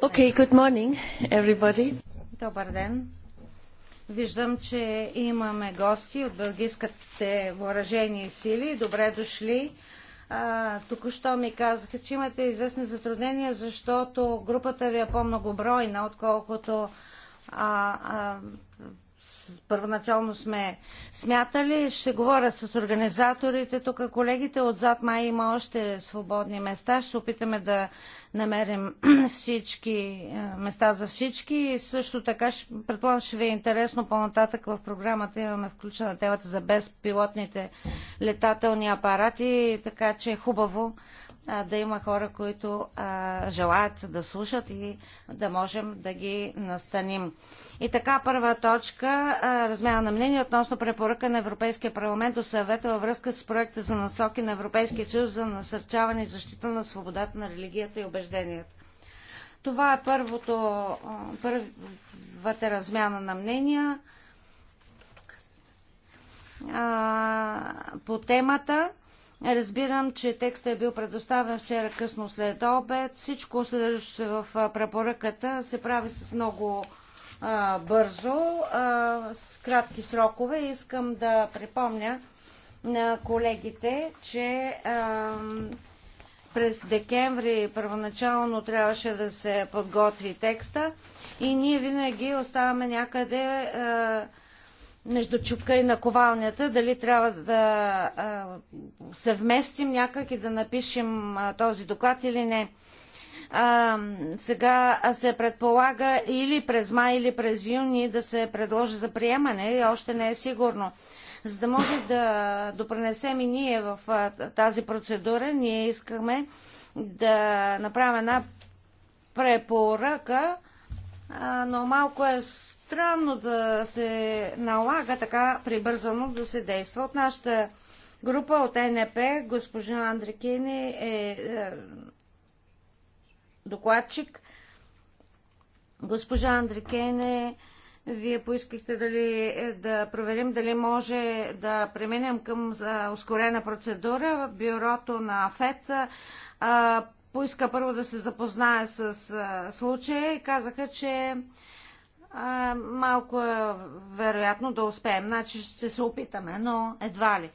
Okay, good morning, everybody. Добър ден. Виждам, че имаме гости от бългийските въоръжени сили. Добре дошли. Току-що ми казаха, че имате известни затруднения, защото групата ви е по-многобройна, отколкото а, а, първоначално сме смятали. Ще говоря с организаторите. Тук колегите отзад май има още свободни места. Ще опитаме да намерим всички е, места за всички. И също така, предполагам, ще ви е интересно по-нататък в програмата имаме включена темата за безпилотните летателни апарати, така че е хубаво да има хора, които желаят да слушат и да можем да ги настаним. И така, първа точка, размяна на мнение относно препоръка на Европейския парламент до съвета във връзка с проекта за насоки на Европейския съюз за насърчаване и защита на свободата на религията и убежденията. Това е първото, първата размяна на мнения а, по темата. Разбирам, че текстът е бил предоставен вчера късно след обед. Всичко, съдържащо се в препоръката, се прави с много а, бързо, а, с кратки срокове. Искам да припомня на колегите, че а, през декември първоначално трябваше да се подготви текста и ние винаги оставаме някъде. А, между чупка и наковалнята, дали трябва да се вместим някак и да напишем този доклад или не. А, сега се предполага или през май, или през юни да се предложи за приемане и още не е сигурно. За да може да допренесем и ние в тази процедура, ние искаме да направим една препоръка, а, но малко е странно да се налага така прибързано да се действа. От нашата група от НП госпожа Андрекини е, е докладчик. Госпожа Андрекене, вие поискахте дали, е, да проверим дали може да преминем към за ускорена процедура. В бюрото на ФЕЦ поиска първо да се запознае с а, случая и казаха, че а, малко е вероятно да успеем. Значи ще се опитаме, но едва ли.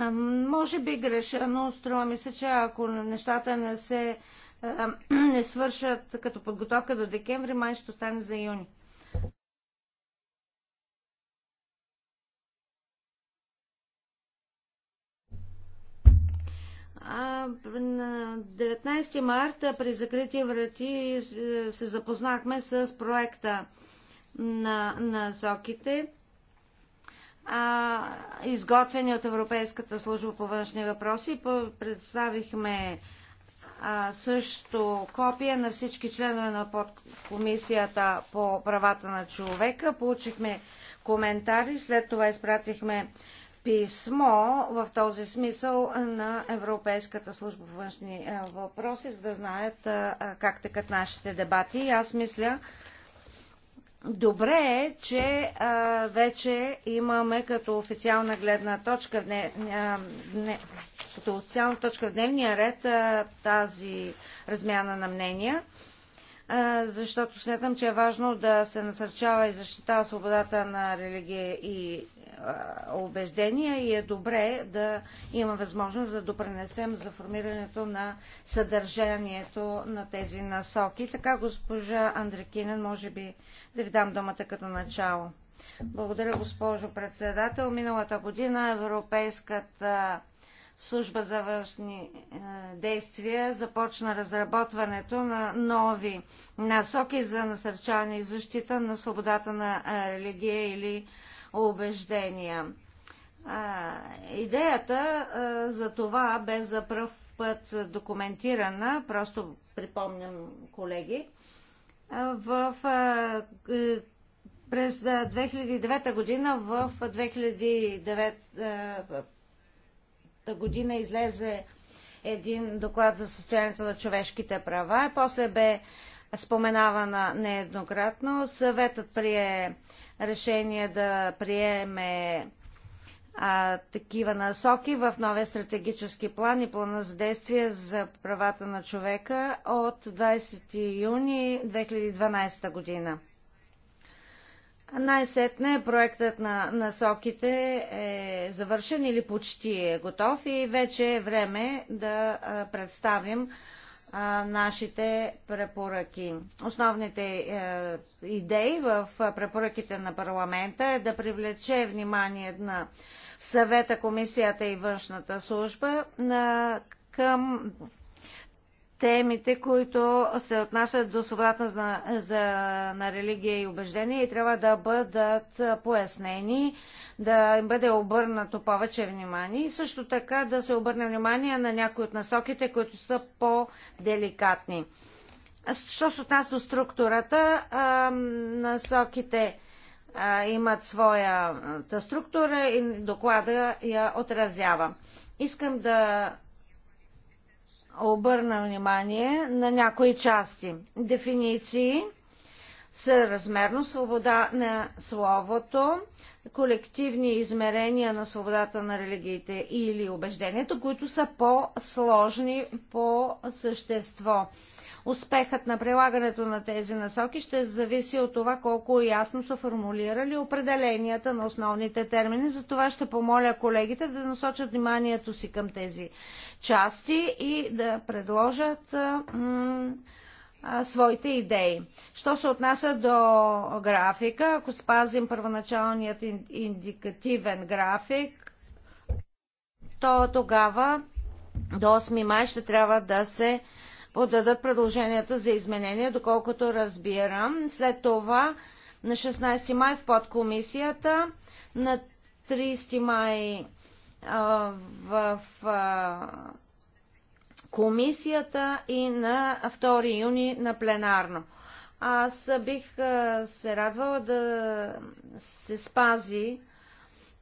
А, може би греша, но струва ми се, че ако нещата не се а, не свършат като подготовка до декември, май ще остане за юни. А, на 19 марта при закрити врати се запознахме с проекта на насоките, а, изготвени от Европейската служба по външни въпроси. Представихме а, също копия на всички членове на подкомисията по правата на човека. Получихме коментари, след това изпратихме писмо в този смисъл на Европейската служба по външни въпроси, за да знаят а, как текат нашите дебати. Аз мисля, Добре е, че а, вече имаме като официална гледна точка, в а, не, като официална точка в дневния ред а, тази размяна на мнения, а, защото смятам, че е важно да се насърчава и защитава свободата на религия и убеждения и е добре да има възможност да допренесем за формирането на съдържанието на тези насоки. Така, госпожа Андрекинен, може би да ви дам думата като начало. Благодаря, госпожо председател. Миналата година Европейската служба за външни е, действия започна разработването на нови насоки за насърчаване и защита на свободата на религия или убеждения. А, идеята а, за това бе за пръв път документирана, просто припомням колеги, в, а, е, през 2009 година в 2009 година излезе един доклад за състоянието на човешките права. После бе споменавана нееднократно. Съветът прие решение да приеме а, такива насоки в новия стратегически план и плана за действие за правата на човека от 20 юни 2012 година. Най-сетне проектът на насоките е завършен или почти е готов и вече е време да представим нашите препоръки. Основните е, идеи в препоръките на парламента е да привлече внимание на съвета, комисията и външната служба на, към темите, които се отнасят до свободата на, за, на религия и убеждение и трябва да бъдат пояснени, да им бъде обърнато повече внимание и също така да се обърне внимание на някои от насоките, които са по-деликатни. Що се отнася до структурата, а, насоките а, имат своята структура и доклада я отразява. Искам да обърна внимание на някои части. Дефиниции размерно свобода на словото, колективни измерения на свободата на религиите или убеждението, които са по-сложни по същество. Успехът на прилагането на тези насоки ще зависи от това колко ясно са формулирали определенията на основните термини. Затова ще помоля колегите да насочат вниманието си към тези части и да предложат своите идеи. Що се отнася до графика, ако спазим първоначалният индикативен график, то тогава до 8 май ще трябва да се подадат предложенията за изменения, доколкото разбирам. След това на 16 май в подкомисията, на 30 май а, в а, комисията и на 2 юни на пленарно. Аз бих а, се радвала да се спази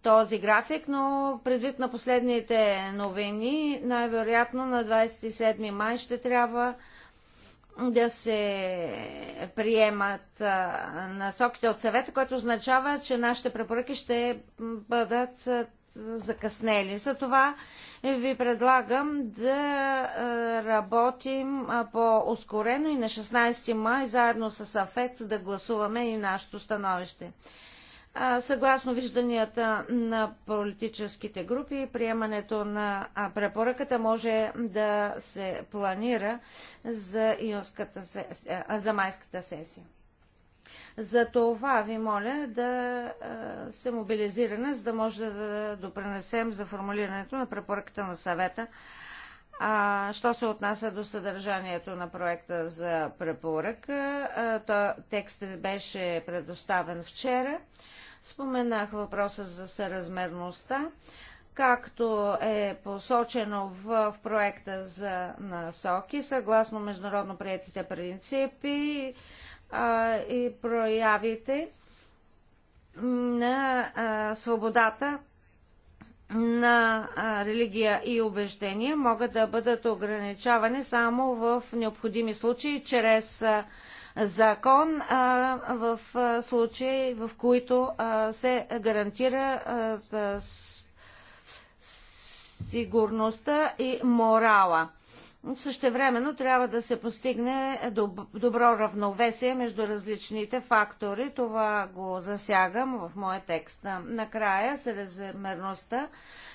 този график, но предвид на последните новини, най-вероятно на 27 май ще трябва да се приемат насоките от съвета, което означава, че нашите препоръки ще бъдат закъснели. За това ви предлагам да работим по-ускорено и на 16 май заедно с Афет да гласуваме и нашето становище. Съгласно вижданията на политическите групи, приемането на препоръката може да се планира за, юнската, за майската сесия. За това ви моля да се мобилизираме, за да може да допренесем за формулирането на препоръката на съвета. А, що се отнася до съдържанието на проекта за препоръка, то текстът беше предоставен вчера. Споменах въпроса за съразмерността, както е посочено в, в проекта за насоки, съгласно международно приятите принципи а, и проявите на а, свободата на а, религия и убеждения могат да бъдат ограничавани само в необходими случаи чрез а, закон в случаи, в които се гарантира сигурността и морала. Същевременно трябва да се постигне добро равновесие между различните фактори. Това го засягам в моя текст. Накрая, съразмерността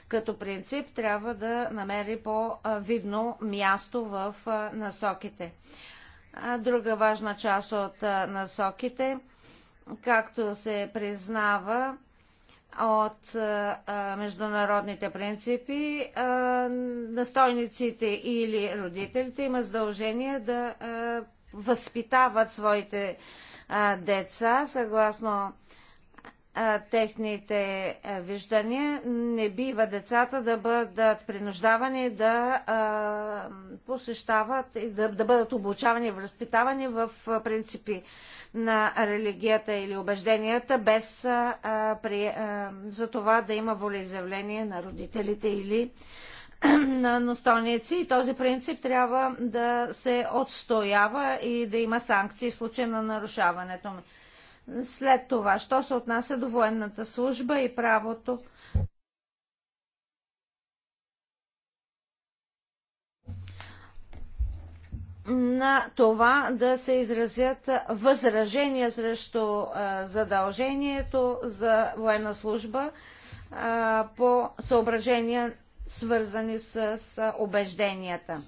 като принцип трябва да намери по-видно място в насоките. Друга важна част от насоките, както се признава от международните принципи, настойниците или родителите имат задължение да възпитават своите деца съгласно а, техните а, виждания. Не бива децата да бъдат принуждавани да а, посещават и да, да бъдат обучавани, възпитавани в принципи на религията или убежденията, без а, при, а, за това да има волеизявление на родителите или на настойници и този принцип трябва да се отстоява и да има санкции в случай на нарушаването му след това. Що се отнася до военната служба и правото на това да се изразят възражения срещу задължението за военна служба по съображения свързани с убежденията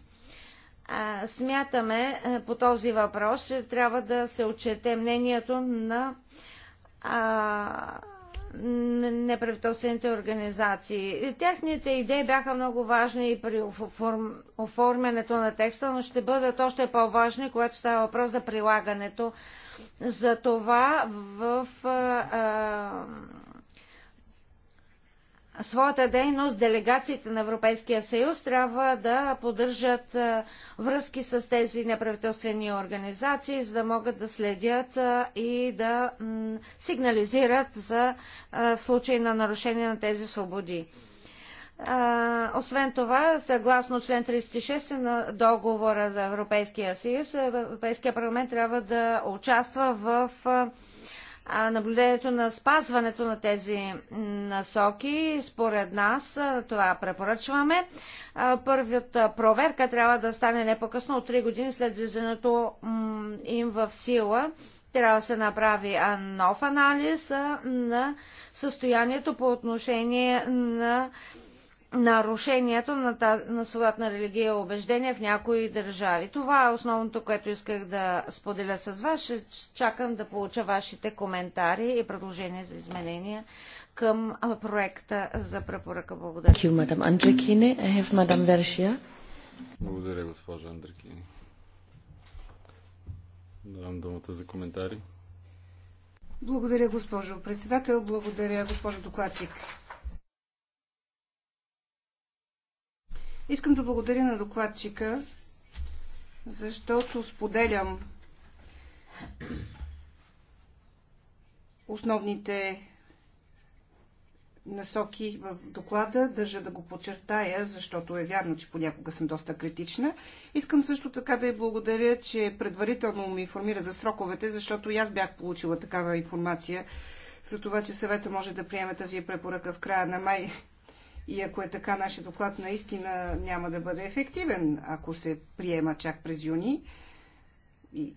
смятаме е, по този въпрос, че трябва да се отчете мнението на неправителствените организации. Техните идеи бяха много важни и при оформянето на текста, но ще бъдат още по-важни, когато става въпрос за прилагането. За това в а, своята дейност делегациите на Европейския съюз трябва да поддържат е, връзки с тези неправителствени организации, за да могат да следят е, и да сигнализират за е, в случай на нарушение на тези свободи. Освен това, съгласно член 36 на договора за Европейския съюз, Европейския парламент трябва да участва в наблюдението на спазването на тези насоки. Според нас това препоръчваме. Първият проверка трябва да стане не по-късно от 3 години след влизането им в сила. Трябва да се направи нов анализ на състоянието по отношение на нарушението на, та, на свободата на религия и убеждение в някои държави. Това е основното, което исках да споделя с вас. Ще чакам да получа вашите коментари и предложения за изменения към проекта за препоръка. Благодаря. Благодаря, госпожа Андрекини. Давам думата за коментари. Благодаря, госпожо председател. Благодаря, госпожо докладчик. Искам да благодаря на докладчика, защото споделям основните насоки в доклада. Държа да го подчертая, защото е вярно, че понякога съм доста критична. Искам също така да я благодаря, че предварително ми информира за сроковете, защото и аз бях получила такава информация за това, че съвета може да приеме тази препоръка в края на май. И ако е така, нашия доклад наистина няма да бъде ефективен, ако се приема чак през юни, и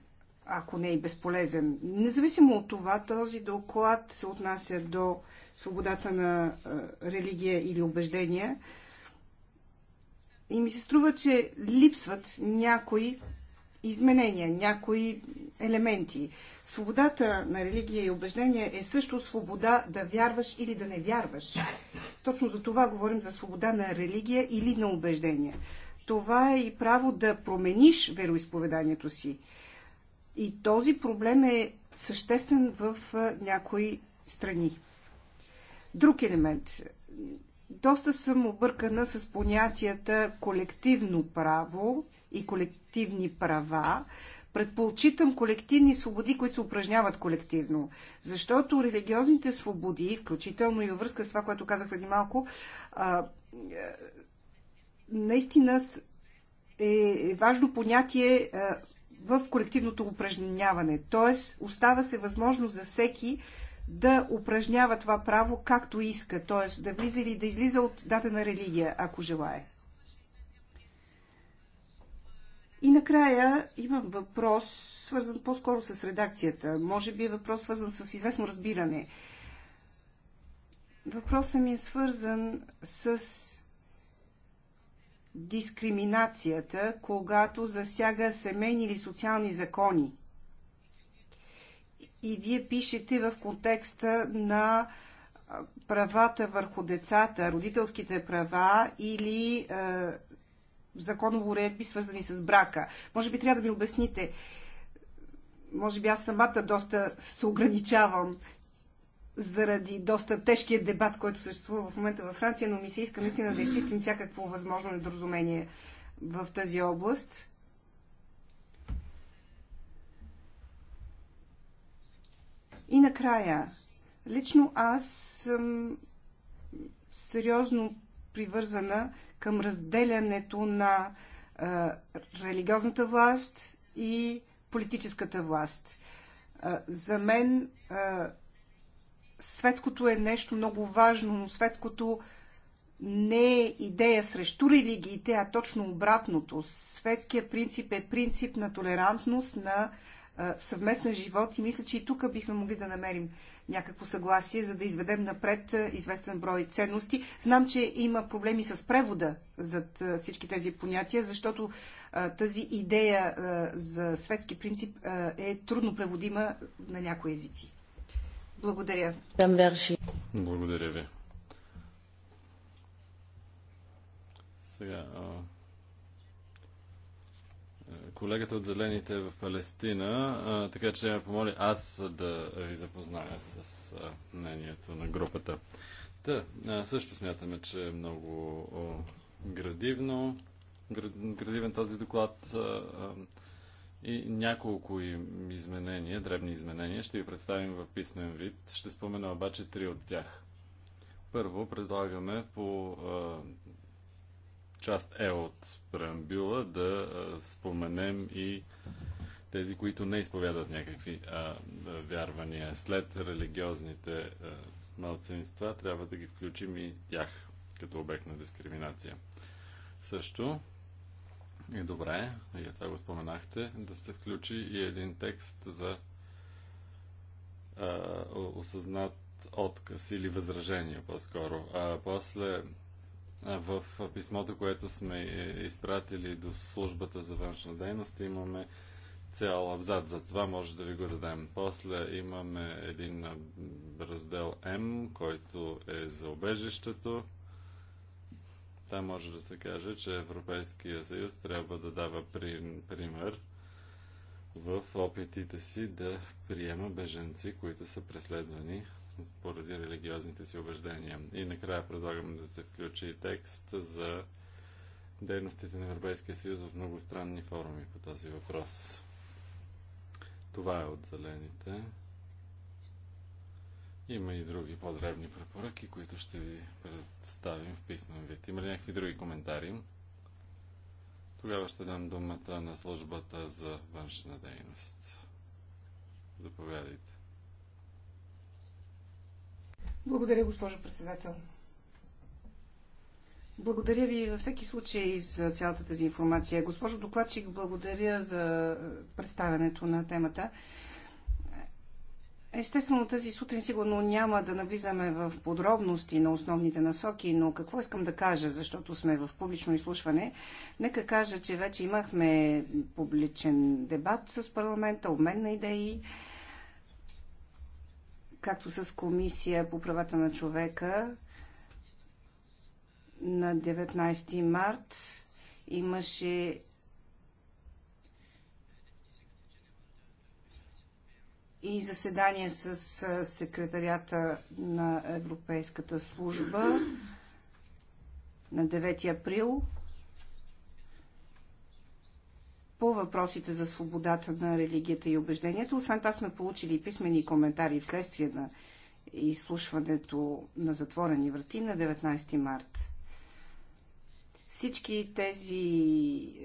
ако не е безполезен. Независимо от това, този доклад се отнася до свободата на религия или убеждения. И ми се струва, че липсват някои изменения, някои елементи. Свободата на религия и убеждение е също свобода да вярваш или да не вярваш. Точно за това говорим за свобода на религия или на убеждение. Това е и право да промениш вероисповеданието си. И този проблем е съществен в някои страни. Друг елемент. Доста съм объркана с понятията колективно право и колективни права, предпочитам колективни свободи, които се упражняват колективно. Защото религиозните свободи, включително и във връзка с това, което казах преди малко, а, е, наистина е, е важно понятие а, е, в колективното упражняване. Тоест, остава се възможност за всеки да упражнява това право както иска, т.е. да влиза или да излиза от дадена религия, ако желая. И накрая имам въпрос, свързан по-скоро с редакцията. Може би е въпрос, свързан с известно разбиране. Въпросът ми е свързан с дискриминацията, когато засяга семейни или социални закони. И вие пишете в контекста на правата върху децата, родителските права или законово уредби, свързани с брака. Може би трябва да ми обясните. Може би аз самата доста се ограничавам заради доста тежкият дебат, който съществува в момента във Франция, но ми се иска наистина да изчистим всякакво възможно недоразумение в тази област. И накрая, лично аз съм сериозно привързана към разделянето на а, религиозната власт и политическата власт. А, за мен а, светското е нещо много важно, но светското не е идея срещу религиите, а точно обратното. Светския принцип е принцип на толерантност, на съвместен живот и мисля, че и тук бихме могли да намерим някакво съгласие, за да изведем напред известен брой ценности. Знам, че има проблеми с превода зад всички тези понятия, защото тази идея за светски принцип е трудно преводима на някои езици. Благодаря. Благодаря ви. Сега, колегата от Зелените в Палестина, така че ме помоли аз да ви запозная с мнението на групата. Та, да, също смятаме, че е много градивно, градивен този доклад и няколко изменения, дребни изменения, ще ви представим в писмен вид. Ще спомена обаче три от тях. Първо предлагаме по част Е от преамбюла да споменем и тези, които не изповядат някакви а, вярвания. След религиозните а, малцинства трябва да ги включим и тях като обект на дискриминация. Също е добре, и е това го споменахте, да се включи и един текст за а, осъзнат отказ или възражение по-скоро. А, после в писмото, което сме е, изпратили до службата за външна дейност, имаме цял абзац за това, може да ви го дадем. После имаме един раздел М, който е за обежището. Там може да се каже, че Европейския съюз трябва да дава пример в опитите си да приема беженци, които са преследвани поради религиозните си убеждения. И накрая предлагам да се включи текст за дейностите на Европейския съюз в многостранни форуми по този въпрос. Това е от зелените. Има и други по-древни препоръки, които ще ви представим в писмен вид. Има ли някакви други коментари? Тогава ще дам думата на службата за външна дейност. Заповядайте. Благодаря, госпожо председател. Благодаря ви във всеки случай за цялата тази информация. Госпожо докладчик, благодаря за представянето на темата. Естествено, тази сутрин сигурно няма да навлизаме в подробности на основните насоки, но какво искам да кажа, защото сме в публично изслушване, нека кажа, че вече имахме публичен дебат с парламента, обмен на идеи както с Комисия по правата на човека на 19 март имаше и заседание с секретарята на Европейската служба на 9 април по въпросите за свободата на религията и убеждението. Освен това сме получили писмени коментари вследствие на изслушването на затворени врати на 19 март. Всички тези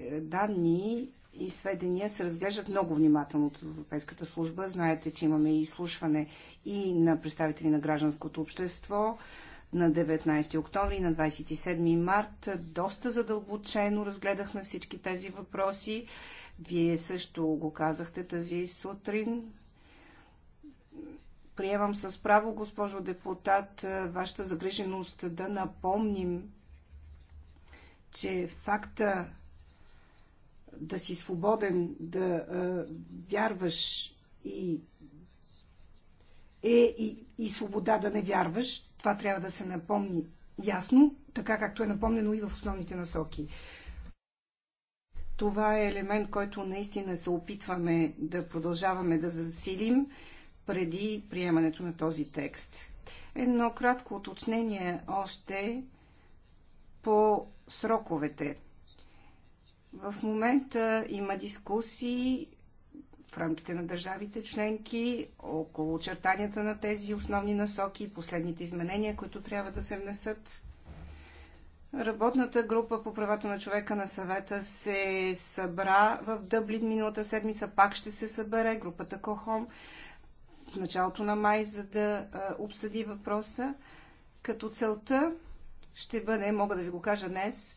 е, данни и сведения се разглеждат много внимателно от Европейската служба. Знаете, че имаме и изслушване и на представители на гражданското общество, на 19 октомври и на 27 март. Доста задълбочено разгледахме всички тези въпроси. Вие също го казахте тази сутрин. Приемам с право, госпожо депутат, вашата загриженост да напомним, че факта да си свободен, да а, вярваш и е и, и свобода да не вярваш, това трябва да се напомни ясно, така както е напомнено и в основните насоки. Това е елемент, който наистина се опитваме да продължаваме да засилим преди приемането на този текст. Едно кратко уточнение още по сроковете. В момента има дискусии в рамките на държавите членки, около очертанията на тези основни насоки и последните изменения, които трябва да се внесат. Работната група по правата на човека на съвета се събра в Дъблин миналата седмица, пак ще се събере групата Кохом в началото на май, за да обсъди въпроса. Като целта ще бъде, мога да ви го кажа днес,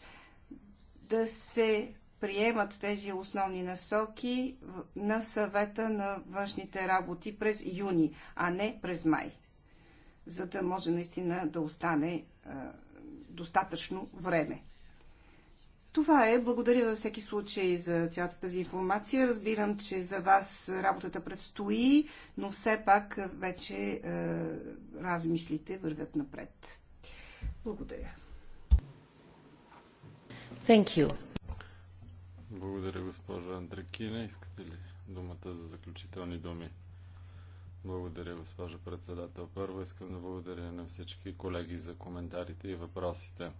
да се приемат тези основни насоки на съвета на външните работи през юни, а не през май, за да може наистина да остане а, е, достатъчно време. Това е. Благодаря във всеки случай за цялата тази информация. Разбирам, че за вас работата предстои, но все пак вече е, размислите вървят напред. Благодаря. Thank you. Благодаря, госпожа Андрекина. Искате ли думата за заключителни думи? Благодаря, госпожа председател. Първо искам да благодаря на всички колеги за коментарите и въпросите.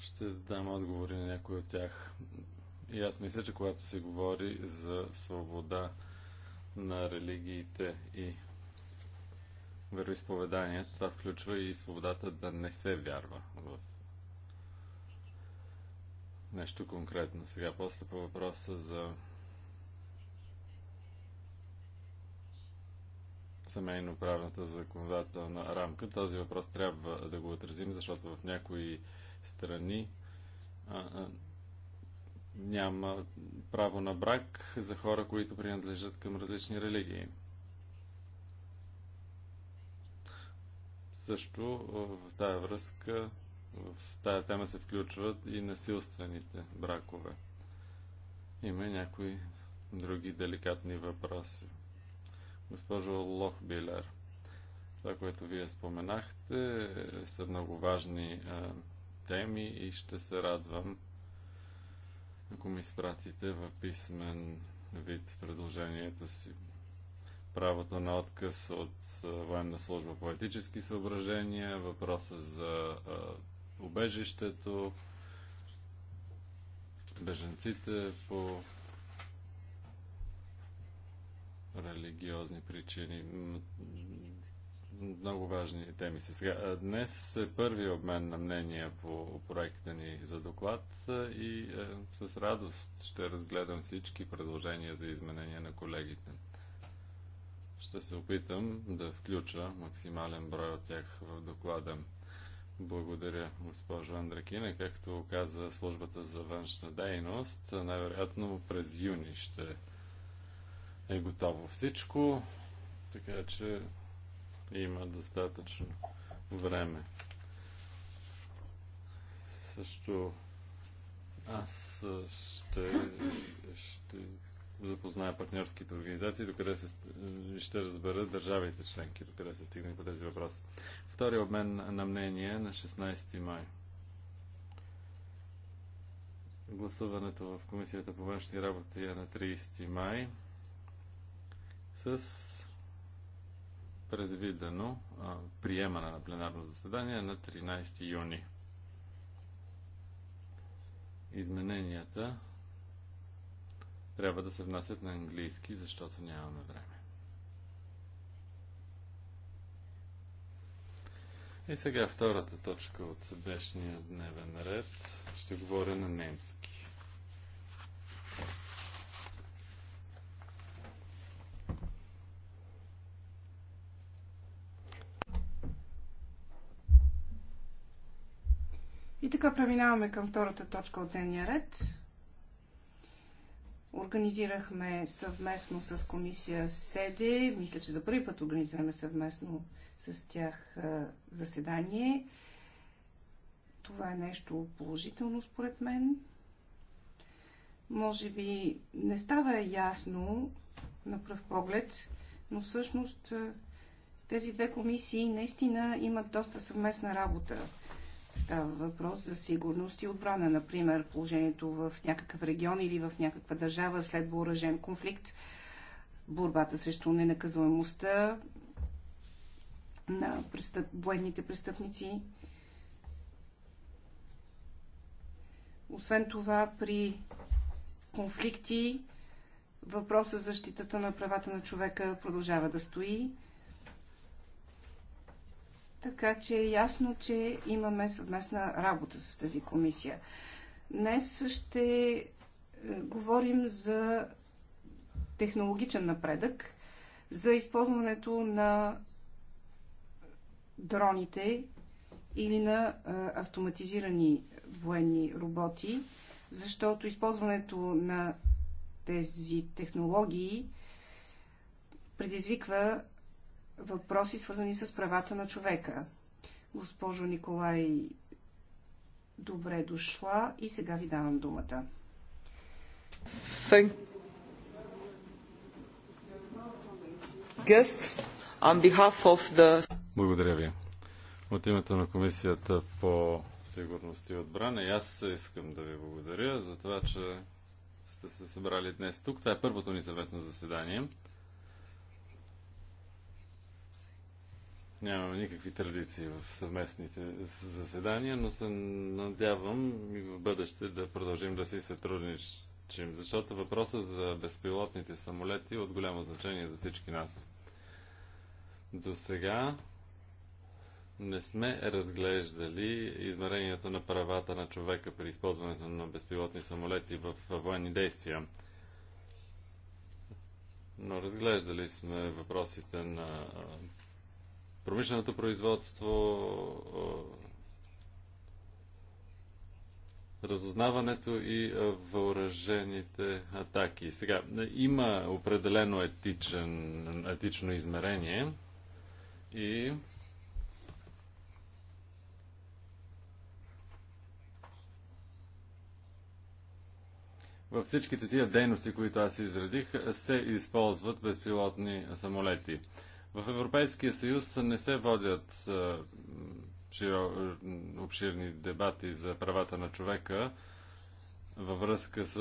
Ще дам отговори на някои от тях. И аз мисля, че когато се говори за свобода на религиите и вероизповедания, това включва и свободата да не се вярва в нещо конкретно. Сега после по въпроса за семейно-правната законодателна рамка. Този въпрос трябва да го отразим, защото в някои страни а, а, няма право на брак за хора, които принадлежат към различни религии. Също в тази връзка в тая тема се включват и насилствените бракове. Има някои други деликатни въпроси. Госпожо Лохбилер, това, което вие споменахте, са много важни а, теми и ще се радвам, ако ми изпратите в писмен вид предложението си. Правото на отказ от военна служба по етически съображения, въпроса за а, убежището, беженците по религиозни причини. Много важни теми са сега. Днес е първи обмен на мнения по проекта ни за доклад и е, с радост ще разгледам всички предложения за изменения на колегите. Ще се опитам да включа максимален брой от тях в доклада. Благодаря, госпожо Андракина. Както каза службата за външна дейност, най-вероятно през юни ще е готово всичко, така че има достатъчно време. Също аз ще, ще запозная партньорските организации, докъде се, ще разберат държавите членки, докъде се стигне по тези въпроси. Втори обмен на мнение на 16 май. Гласуването в Комисията по външни работи е на 30 май с предвидено а, приемане на пленарно заседание на 13 юни. Измененията трябва да се внасят на английски, защото нямаме време. И сега втората точка от днешния дневен ред. Ще говоря на немски. И така преминаваме към втората точка от дневния ред. Организирахме съвместно с комисия СЕДЕ, мисля, че за първи път организираме съвместно с тях заседание. Това е нещо положително според мен. Може би не става ясно на пръв поглед, но всъщност тези две комисии наистина имат доста съвместна работа въпрос за сигурност и отбрана. Например, положението в някакъв регион или в някаква държава след въоръжен конфликт, борбата срещу ненаказуемостта на престъп... военните престъпници. Освен това, при конфликти въпросът за защитата на правата на човека продължава да стои така че е ясно, че имаме съвместна работа с тази комисия. Днес ще е, говорим за технологичен напредък, за използването на дроните или на е, автоматизирани военни роботи, защото използването на тези технологии предизвиква въпроси, свързани с правата на човека. Госпожо Николай, добре дошла и сега ви давам думата. Thank... Guest, on behalf of the... Благодаря ви. От името на Комисията по сигурност и отбрана и аз искам да ви благодаря за това, че сте се събрали днес тук. Това е първото ни съвместно заседание. нямаме никакви традиции в съвместните заседания, но се надявам и в бъдеще да продължим да си сътрудничим, защото въпросът за безпилотните самолети е от голямо значение за всички нас. До сега не сме разглеждали измерението на правата на човека при използването на безпилотни самолети в военни действия. Но разглеждали сме въпросите на промишленото производство, разузнаването и въоръжените атаки. Сега, има определено етичен, етично измерение и във всичките тия дейности, които аз изредих, се използват безпилотни самолети. В Европейския съюз не се водят обширни дебати за правата на човека във връзка с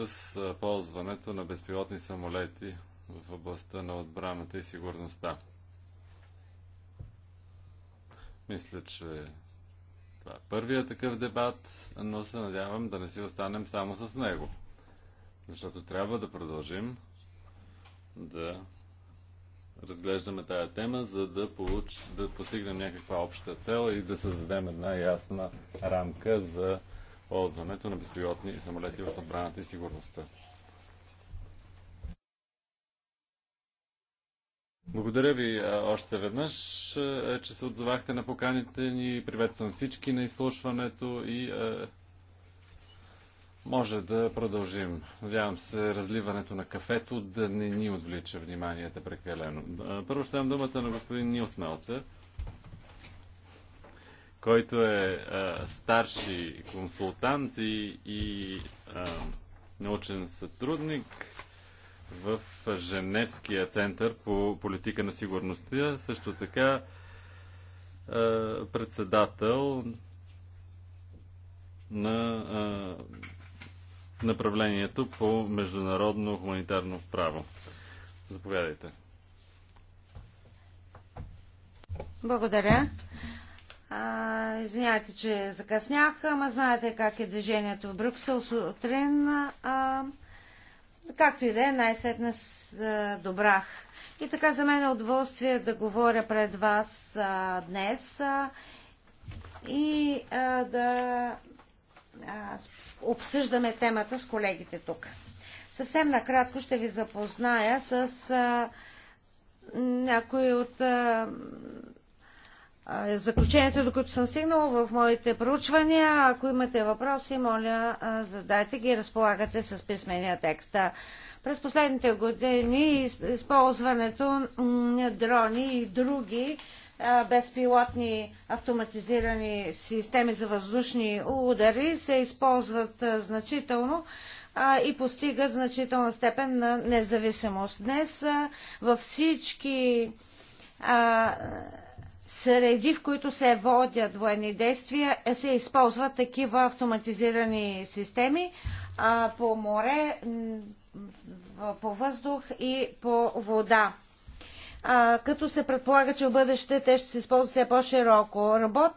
ползването на безпилотни самолети в областта на отбраната и сигурността. Мисля, че това е първият такъв дебат, но се надявам да не си останем само с него. Защото трябва да продължим да разглеждаме тая тема, за да, получ... да постигнем някаква обща цел и да създадем една ясна рамка за ползването на безпилотни самолети в отбраната и сигурността. Благодаря ви още веднъж, е, че се отзовахте на поканите ни. Приветствам всички на изслушването и е, може да продължим. Надявам се разливането на кафето да не ни отвлича вниманието прекалено. Първо ще дам думата на господин Нилс Мелцер, който е а, старши консултант и, и а, научен сътрудник в Женевския център по политика на сигурността, също така а, председател на а, направлението по международно хуманитарно право. Заповядайте. Благодаря. А, извинявайте, че закъснях, ама знаете как е движението в Брюксел сутрин. А, както и да е, най-сетне добрах. И така за мен е удоволствие да говоря пред вас а, днес а, и а, да обсъждаме темата с колегите тук. Съвсем накратко ще ви запозная с а, някои от а, а, заключенията, до които съм стигнала в моите проучвания. Ако имате въпроси, моля, а, задайте ги, разполагате с писмения текст. През последните години използването на дрони и други безпилотни автоматизирани системи за въздушни удари се използват значително и постигат значителна степен на независимост. Днес във всички среди, в които се водят военни действия, се използват такива автоматизирани системи по море, по въздух и по вода а, като се предполага, че в бъдеще те ще се използват все по-широко. Работ...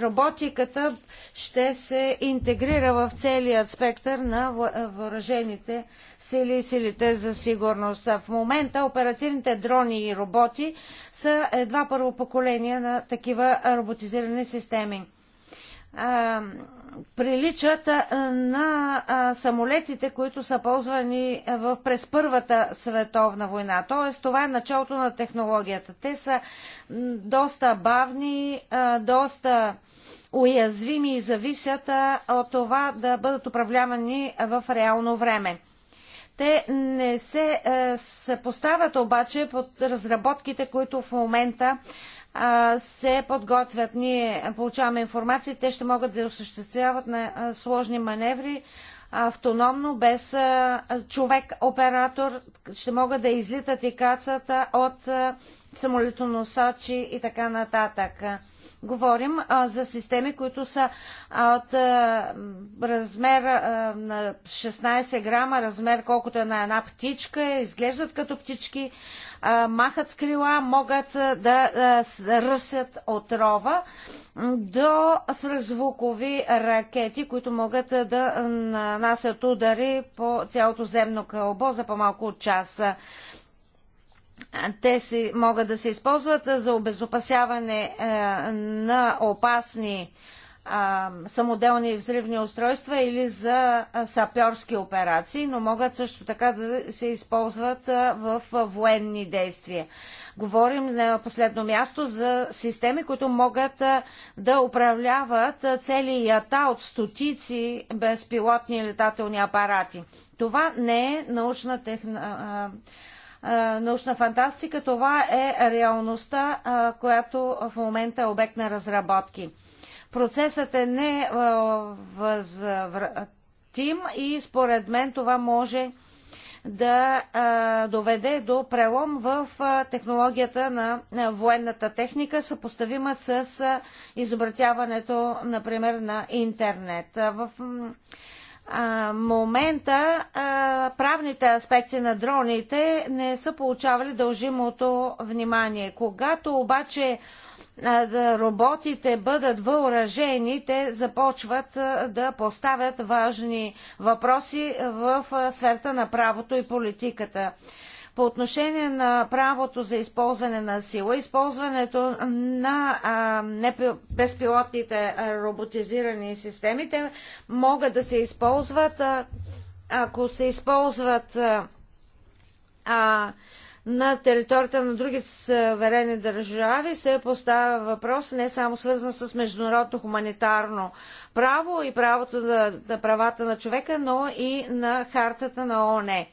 Роботиката ще се интегрира в целият спектър на въоръжените сили и силите за сигурност. В момента оперативните дрони и роботи са едва първо поколение на такива роботизирани системи приличат на самолетите, които са ползвани през Първата световна война. Тоест, това е началото на технологията. Те са доста бавни, доста уязвими и зависят от това да бъдат управлявани в реално време. Те не се, е, се поставят обаче под разработките, които в момента се подготвят. Ние получаваме информация, те ще могат да осъществяват на сложни маневри автономно, без човек-оператор, ще могат да излитат и кацата от самолетоносачи и така нататък. Говорим а, за системи, които са а, от а, размер а, на 16 грама, размер колкото е на една птичка, изглеждат като птички, а, махат с крила, могат а, да а, ръсят отрова до свръхзвукови ракети, които могат а, да нанасят удари по цялото земно кълбо за по-малко от часа те си, могат да се използват за обезопасяване на опасни самоделни взривни устройства или за сапьорски операции, но могат също така да се използват в военни действия. Говорим на последно място за системи, които могат да управляват цели ята от стотици безпилотни летателни апарати. Това не е научна технология научна фантастика. Това е реалността, която в момента е обект на разработки. Процесът е не невъзвратим и според мен това може да доведе до прелом в технологията на военната техника, съпоставима с изобретяването, например, на интернет. в момента а, правните аспекти на дроните не са получавали дължимото внимание. Когато обаче роботите бъдат въоръжени, те започват да поставят важни въпроси в сферата на правото и политиката. По отношение на правото за използване на сила, използването на а, безпилотните роботизирани системи, те могат да се използват, а, ако се използват а, на територията на други суверени държави се поставя въпрос не само свързан с международно хуманитарно право и правото на, на правата на човека, но и на хартата на ООН.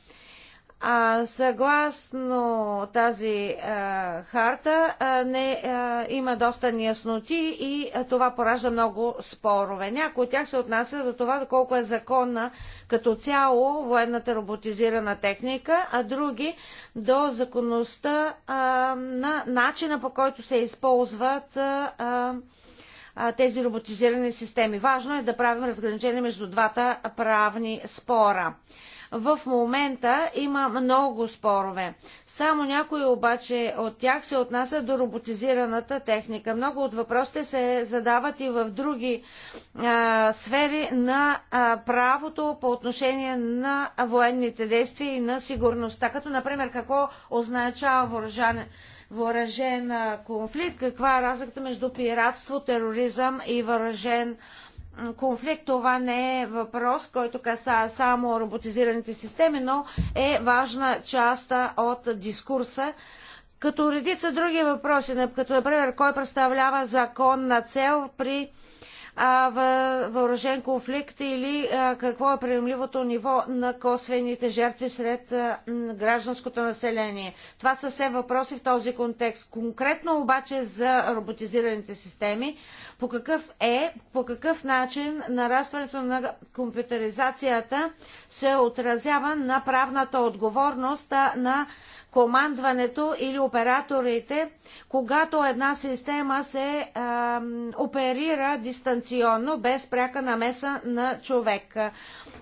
А, съгласно тази а, харта а, не, а, има доста неясноти и а, това поражда много спорове. Някои от тях се отнася до това доколко е законна като цяло военната роботизирана техника, а други до законността а, на начина по който се използват а, а, тези роботизирани системи. Важно е да правим разграничение между двата правни спора. В момента има много спорове. Само някои обаче от тях се отнасят до роботизираната техника. Много от въпросите се задават и в други а, сфери на а, правото по отношение на военните действия и на сигурността. Като, например, какво означава въоръжане въоръжен конфликт, каква е разликата между пиратство, тероризъм и въоръжен конфликт конфликт. Това не е въпрос, който касае само роботизираните системи, но е важна част от дискурса. Като редица други въпроси, като например кой представлява законна цел при въоръжен конфликт или какво е приемливото ниво на косвените жертви сред гражданското население. Това са все въпроси в този контекст. Конкретно обаче за роботизираните системи, по какъв е, по какъв начин нарастването на компютъризацията се отразява на правната отговорност на командването или операторите, когато една система се а, оперира дистанционно, без пряка намеса на човек.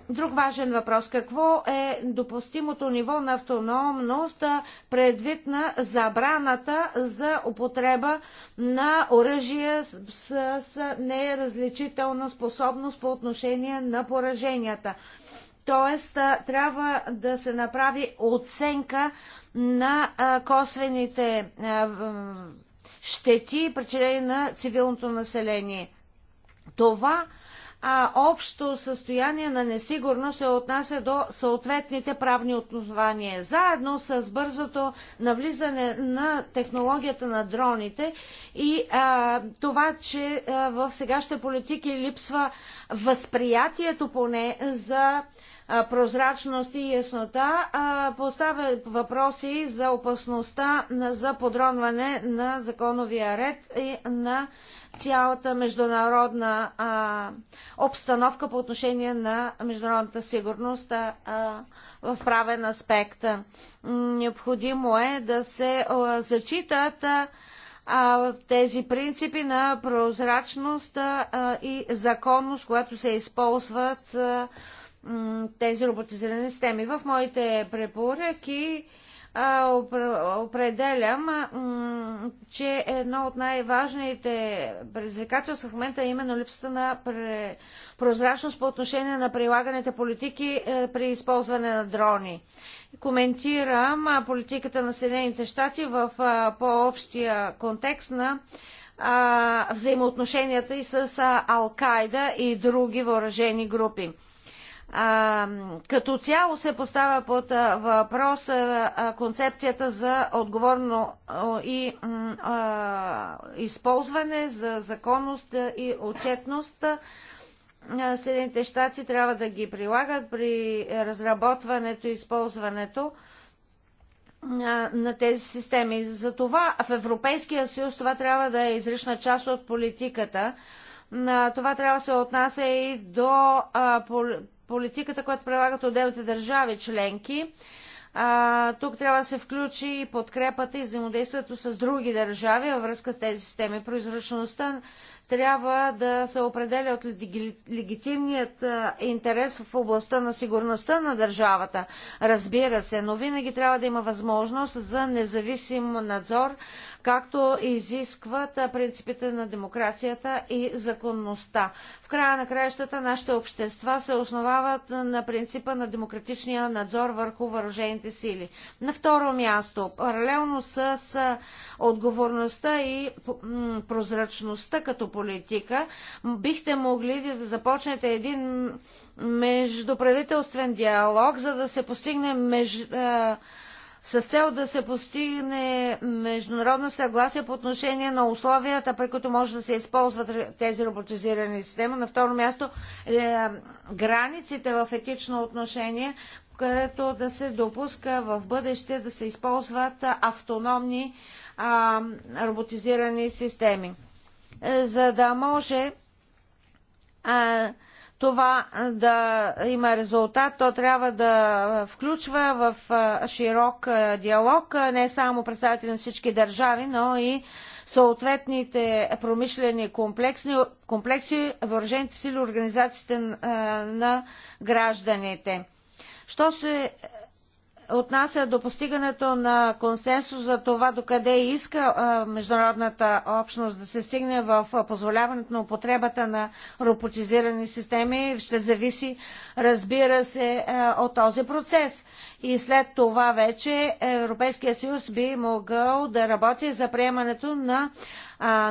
Друг важен въпрос. Какво е допустимото ниво на автономност предвид на забраната за употреба на оръжие с, с, с неразличителна способност по отношение на пораженията? Тоест, трябва да се направи оценка на косвените щети, причинени на цивилното население. Това а, общо състояние на несигурност се отнася до съответните правни отнования, Заедно с бързото навлизане на технологията на дроните и а, това, че а, в сегашните политики липсва възприятието поне за прозрачност и яснота, поставя въпроси за опасността за подронване на законовия ред и на цялата международна обстановка по отношение на международната сигурност в правен аспект. Необходимо е да се зачитат тези принципи на прозрачност и законност, която се използват тези роботизирани системи. В моите препоръки определям, че едно от най-важните предизвикателства в момента е именно липсата на прозрачност по отношение на прилаганите политики е, при използване на дрони. Коментирам политиката на Съединените щати в по-общия контекст на взаимоотношенията и с Ал-Кайда и други въоръжени групи а, като цяло се поставя под въпрос а, концепцията за отговорно а, и използване за законност и отчетност. Съединените щати трябва да ги прилагат при разработването и използването на тези системи. За това в Европейския съюз това трябва да е изрична част от политиката. Това трябва да се отнася и до политиката, която прилагат отделните държави членки. А, тук трябва да се включи и подкрепата и взаимодействието с други държави във връзка с тези системи. Произръчността трябва да се определя от легитимният интерес в областта на сигурността на държавата, разбира се, но винаги трябва да има възможност за независим надзор, както изискват принципите на демокрацията и законността. В края на краищата нашите общества се основават на принципа на демократичния надзор върху въоръжените сили. На второ място, паралелно с отговорността и прозрачността като политика, политика, бихте могли да започнете един междуправителствен диалог, за да се постигне меж... с цел да се постигне международно съгласие по отношение на условията, при които може да се използват тези роботизирани системи. На второ място, е, границите в етично отношение, където да се допуска в бъдеще да се използват автономни а, роботизирани системи. Е, за да може а, това да има резултат, то трябва да включва в широк диалог не само представители на всички държави, но и съответните промишлени комплексни, комплекси, въоръжените сили, организациите на гражданите. Що се отнася до постигането на консенсус за това докъде иска а, международната общност да се стигне в позволяването на употребата на роботизирани системи, ще зависи, разбира се, а, от този процес. И след това вече Европейския съюз би могъл да работи за приемането на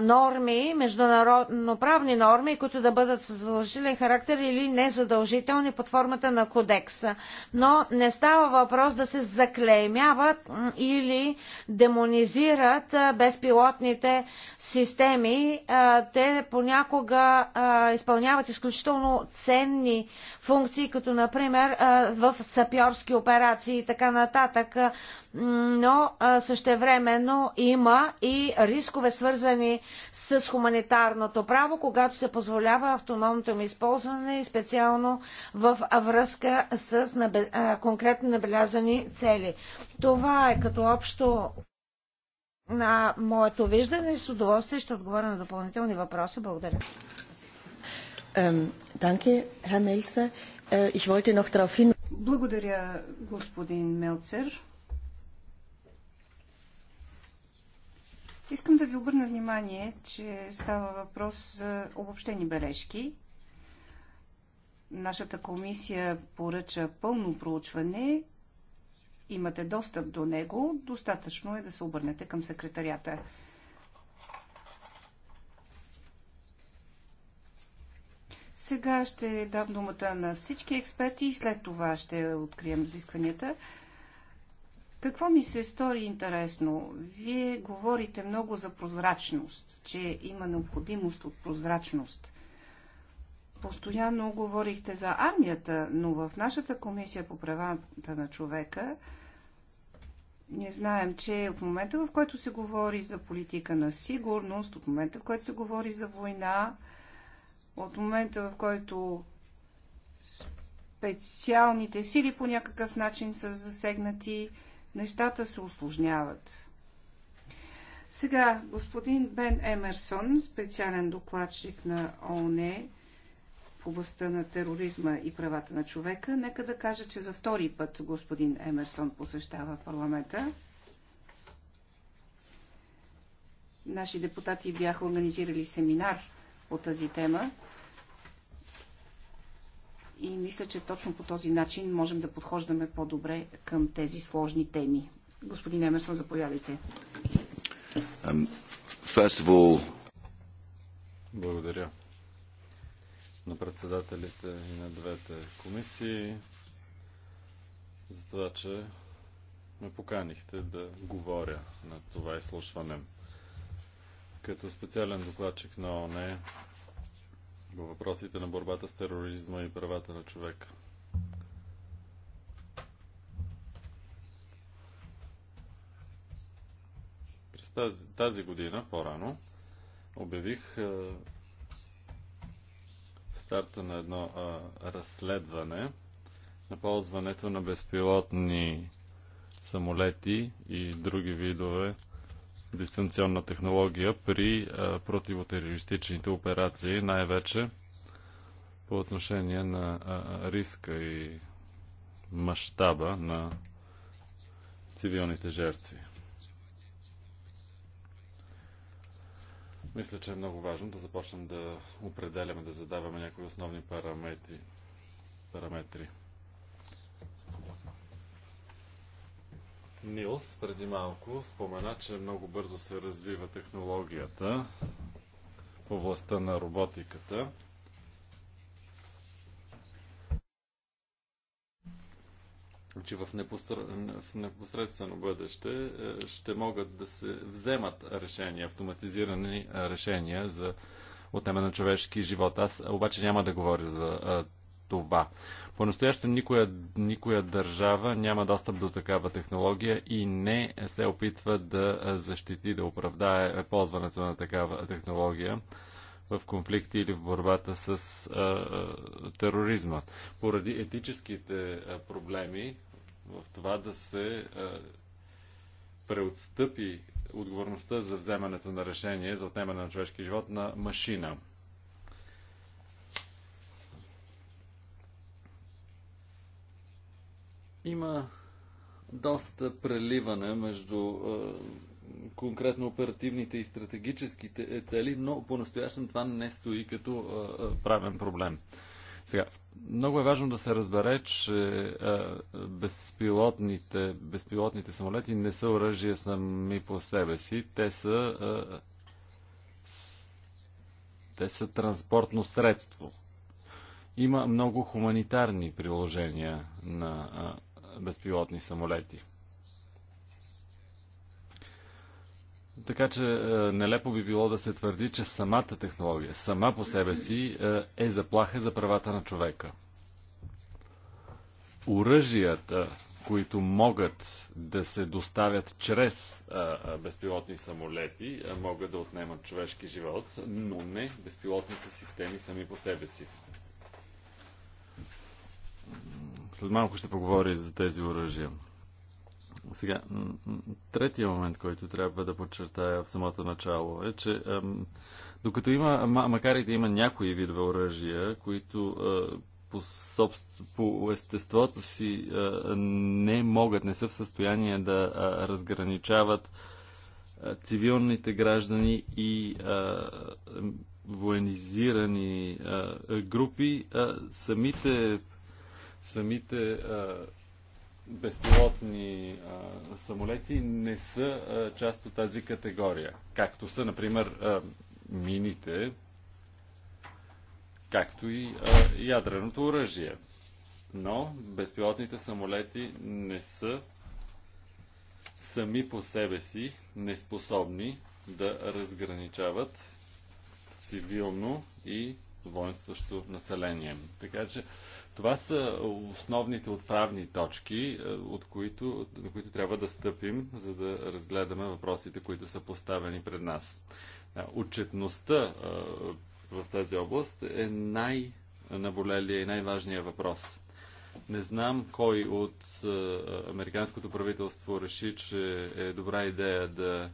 норми, международноправни норми, които да бъдат с задължителен характер или незадължителни под формата на кодекса. Но не става въпрос да се заклеймяват или демонизират безпилотните системи. те понякога изпълняват изключително ценни функции, като например в сапьорски операции и така нататък но същевременно има и рискове свързани с хуманитарното право, когато се позволява автономното им използване и специално в връзка с конкретно набелязани цели. Това е като общо на моето виждане. С удоволствие ще отговоря на допълнителни въпроси. Благодаря. Е, Благодаря, господин Мелцер. Искам да ви обърна внимание, че става въпрос за обобщени бележки. Нашата комисия поръча пълно проучване. Имате достъп до него. Достатъчно е да се обърнете към секретарията. Сега ще дам думата на всички експерти и след това ще открием разискванията. Какво ми се стори интересно? Вие говорите много за прозрачност, че има необходимост от прозрачност. Постоянно говорихте за армията, но в нашата комисия по правата на човека ние знаем, че от момента, в който се говори за политика на сигурност, от момента, в който се говори за война, от момента, в който специалните сили по някакъв начин са засегнати, нещата се осложняват. Сега, господин Бен Емерсон, специален докладчик на ООН в областта на тероризма и правата на човека, нека да кажа, че за втори път господин Емерсон посещава парламента. Наши депутати бяха организирали семинар по тази тема и мисля, че точно по този начин можем да подхождаме по-добре към тези сложни теми. Господин Емерсон, заповядайте. Um, all... Благодаря на председателите и на двете комисии за това, че ме поканихте да говоря на това изслушване. Като специален докладчик на ОНЕ по въпросите на борбата с тероризма и правата на човека. През тази, тази година, по-рано, обявих е, старта на едно е, разследване на ползването на безпилотни самолети и други видове дистанционна технология при противотерористичните операции, най-вече по отношение на риска и мащаба на цивилните жертви. Мисля, че е много важно да започнем да определяме, да задаваме някои основни параметри. параметри. Нилс преди малко спомена, че много бързо се развива технологията в областта на роботиката. че в, непостр... в непосредствено бъдеще е, ще могат да се вземат решения, автоматизирани решения за отнеме на човешки живот. Аз обаче няма да говоря за е, това. По-настояще никоя, никоя държава няма достъп до такава технология и не се опитва да защити, да оправдае ползването на такава технология в конфликти или в борбата с а, тероризма. Поради етическите а, проблеми в това да се а, преотстъпи отговорността за вземането на решение за отнемане на човешки живот на машина. Има доста преливане между е, конкретно оперативните и стратегическите е, цели, но по настоящен това не стои като е, правен проблем. Сега, много е важно да се разбере, че е, безпилотните, безпилотните самолети не са оръжие сами по себе си. Те са, е, те са транспортно средство. Има много хуманитарни приложения на Е, безпилотни самолети. Така че е, нелепо би било да се твърди, че самата технология, сама по себе си е, е заплаха за правата на човека. Оръжията, които могат да се доставят чрез е, безпилотни самолети, могат да отнемат човешки живот, но не безпилотните системи сами по себе си. след малко ще поговори за тези оръжия. Сега, третия момент, който трябва да подчертая в самото начало е, че докато има, макар и да има някои видове оръжия, които по, собств... по естеството си не могат, не са в състояние да разграничават цивилните граждани и военизирани групи, самите самите а, безпилотни а, самолети не са а, част от тази категория. Както са, например, а, мините, както и а, ядреното оръжие. Но безпилотните самолети не са сами по себе си неспособни да разграничават цивилно и воинстващо население. Така че това са основните отправни точки, е, от които, на които трябва да стъпим, за да разгледаме въпросите, които са поставени пред нас. Е, отчетността е, в тази област е най-наболелия и най-важният въпрос. Не знам кой от американското правителство реши, че е добра идея да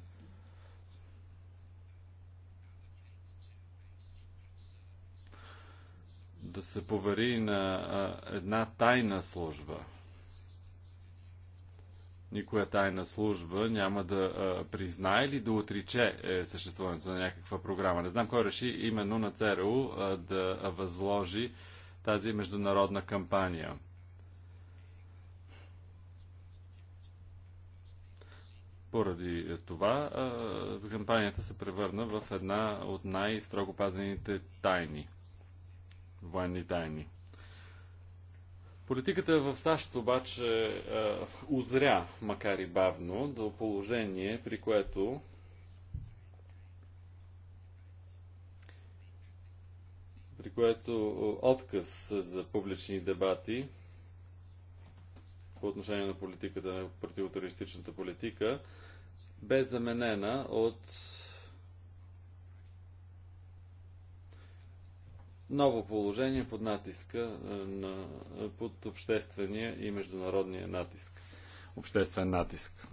да се повери на една тайна служба. Никоя тайна служба няма да признае или да отриче е, съществуването на някаква програма. Не знам кой реши именно на ЦРУ да възложи тази международна кампания. Поради това кампанията се превърна в една от най-строго пазените тайни – военни тайни. Политиката в САЩ обаче е, озря, макар и бавно, до положение, при което при което е, отказ за публични дебати по отношение на политиката, на противотерористичната политика, бе заменена от ново положение под натиска, е, на, под обществения и международния натиск. Обществен натиск.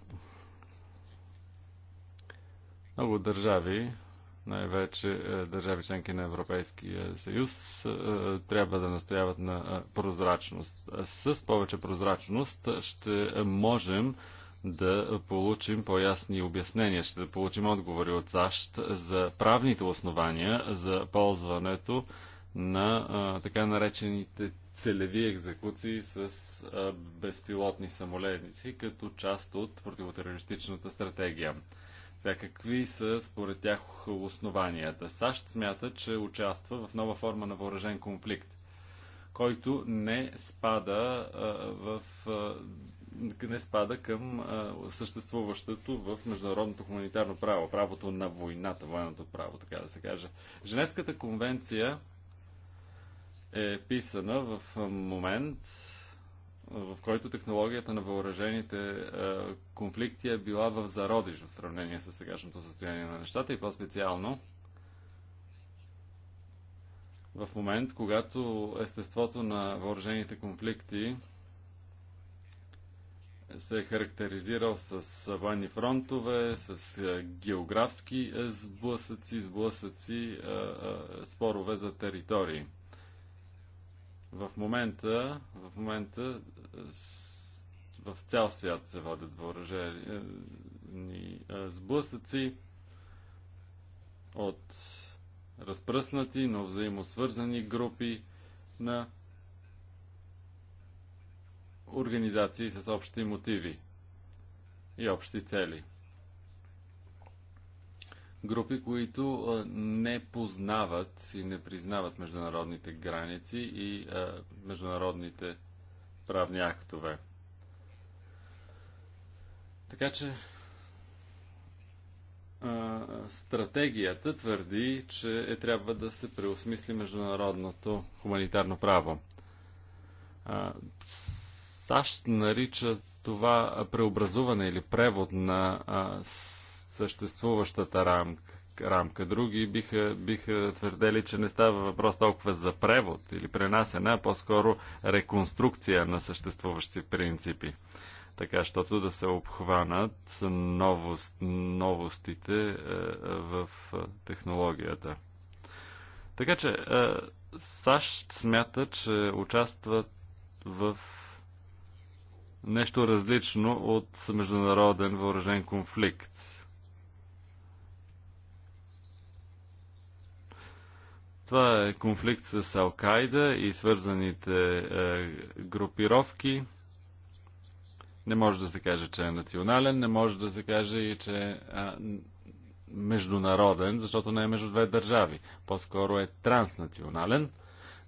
Много държави, най-вече е, държави членки на Европейския съюз, е, трябва да настояват на прозрачност. С повече прозрачност ще можем да получим по-ясни обяснения, ще получим отговори от САЩ за правните основания за ползването на а, така наречените целеви екзекуции с а, безпилотни самолетници като част от противотерористичната стратегия. Сега, какви са според тях основанията? САЩ смята, че участва в нова форма на въоръжен конфликт, който не спада а, в. А, не спада към а, съществуващото в международното хуманитарно право, правото на войната, военното право, така да се каже. Женевската конвенция е писана в момент, в който технологията на въоръжените конфликти е била в зародиш в сравнение с сегашното състояние на нещата и по-специално в момент, когато естеството на въоръжените конфликти се е характеризирал с военни фронтове, с географски сблъсъци, сблъсъци, спорове за територии. В момента, в момента в цял свят се водят въоръжени е, сблъсъци от разпръснати, но взаимосвързани групи на организации с общи мотиви и общи цели – групи, които не познават и не признават международните граници и международните правни актове. Така че стратегията твърди, че е трябва да се преосмисли международното хуманитарно право. САЩ нарича това преобразуване или превод на съществуващата рамка. рамка. Други биха, биха твърдели, че не става въпрос толкова за превод или пренасене, а по-скоро реконструкция на съществуващи принципи. Така, щото да се обхванат новост, новостите е, в е, технологията. Така че е, САЩ смята, че участват в нещо различно от международен въоръжен конфликт. Това е конфликт с Алкайда и свързаните е, групировки. Не може да се каже, че е национален, не може да се каже и, че е международен, защото не е между две държави. По-скоро е транснационален,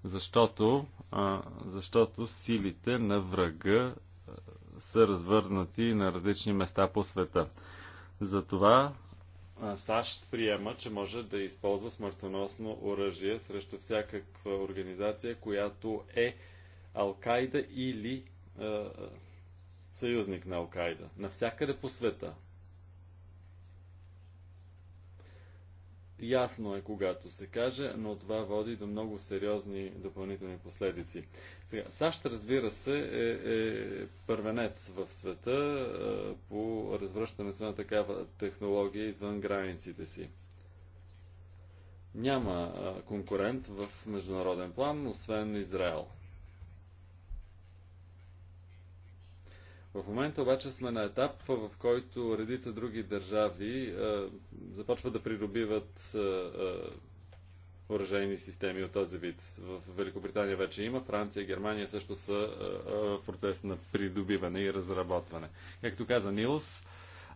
защото, а, е, защото силите на врага е, са развърнати на различни места по света. Затова САЩ приема, че може да използва смъртоносно оръжие срещу всякаква организация, която е Алкайда или е, съюзник на Алкайда. Навсякъде по света Ясно е, когато се каже, но това води до много сериозни допълнителни последици. Сега, САЩ, разбира се, е, е първенец в света е, по развръщането на такава технология извън границите си. Няма е, конкурент в международен план, освен Израел. В момента обаче сме на етап, в който редица други държави е, започват да придобиват е, е, оръжейни системи от този вид. В Великобритания вече има, Франция и Германия също са е, е, в процес на придобиване и разработване. Както каза Нилс,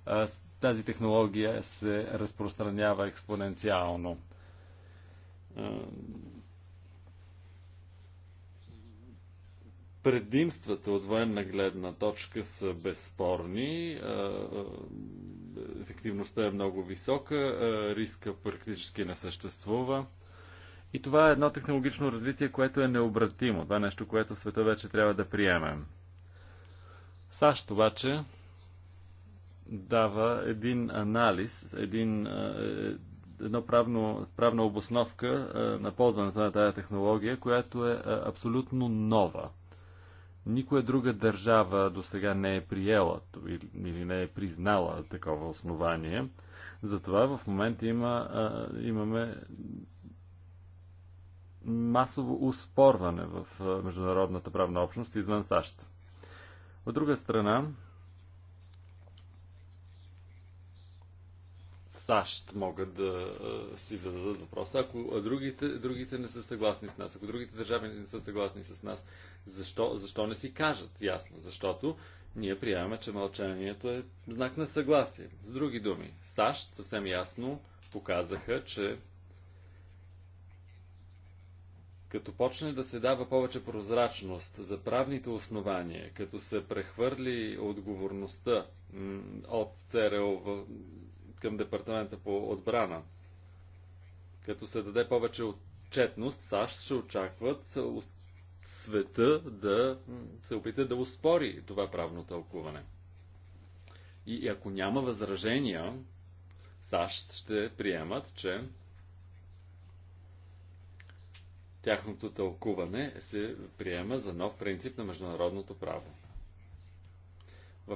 е, тази технология се разпространява експоненциално е, Предимствата от военна гледна точка са безспорни. Ефективността е много висока, риска практически не съществува. И това е едно технологично развитие, което е необратимо. Това е нещо, което света вече трябва да приемем. САЩ обаче дава един анализ, един, е, едно правно, правна обосновка на ползването на тази технология, която е абсолютно нова – Никоя друга държава до сега не е приела или не е признала такова основание. Затова в момента има, имаме масово успорване в международната правна общност извън САЩ. От друга страна, САЩ могат да си зададат въпроса. Ако другите, другите не са съгласни с нас, ако другите държави не са съгласни с нас, защо, защо не си кажат ясно? Защото ние приемаме, че мълчанието е знак на съгласие. С други думи, САЩ съвсем ясно показаха, че като почне да се дава повече прозрачност за правните основания, като се прехвърли отговорността от ЦРУ в, към Департамента по отбрана. Като се даде повече отчетност, САЩ ще очакват света да се опита да успори това правно тълкуване. И ако няма възражения, САЩ ще приемат, че тяхното тълкуване се приема за нов принцип на международното право.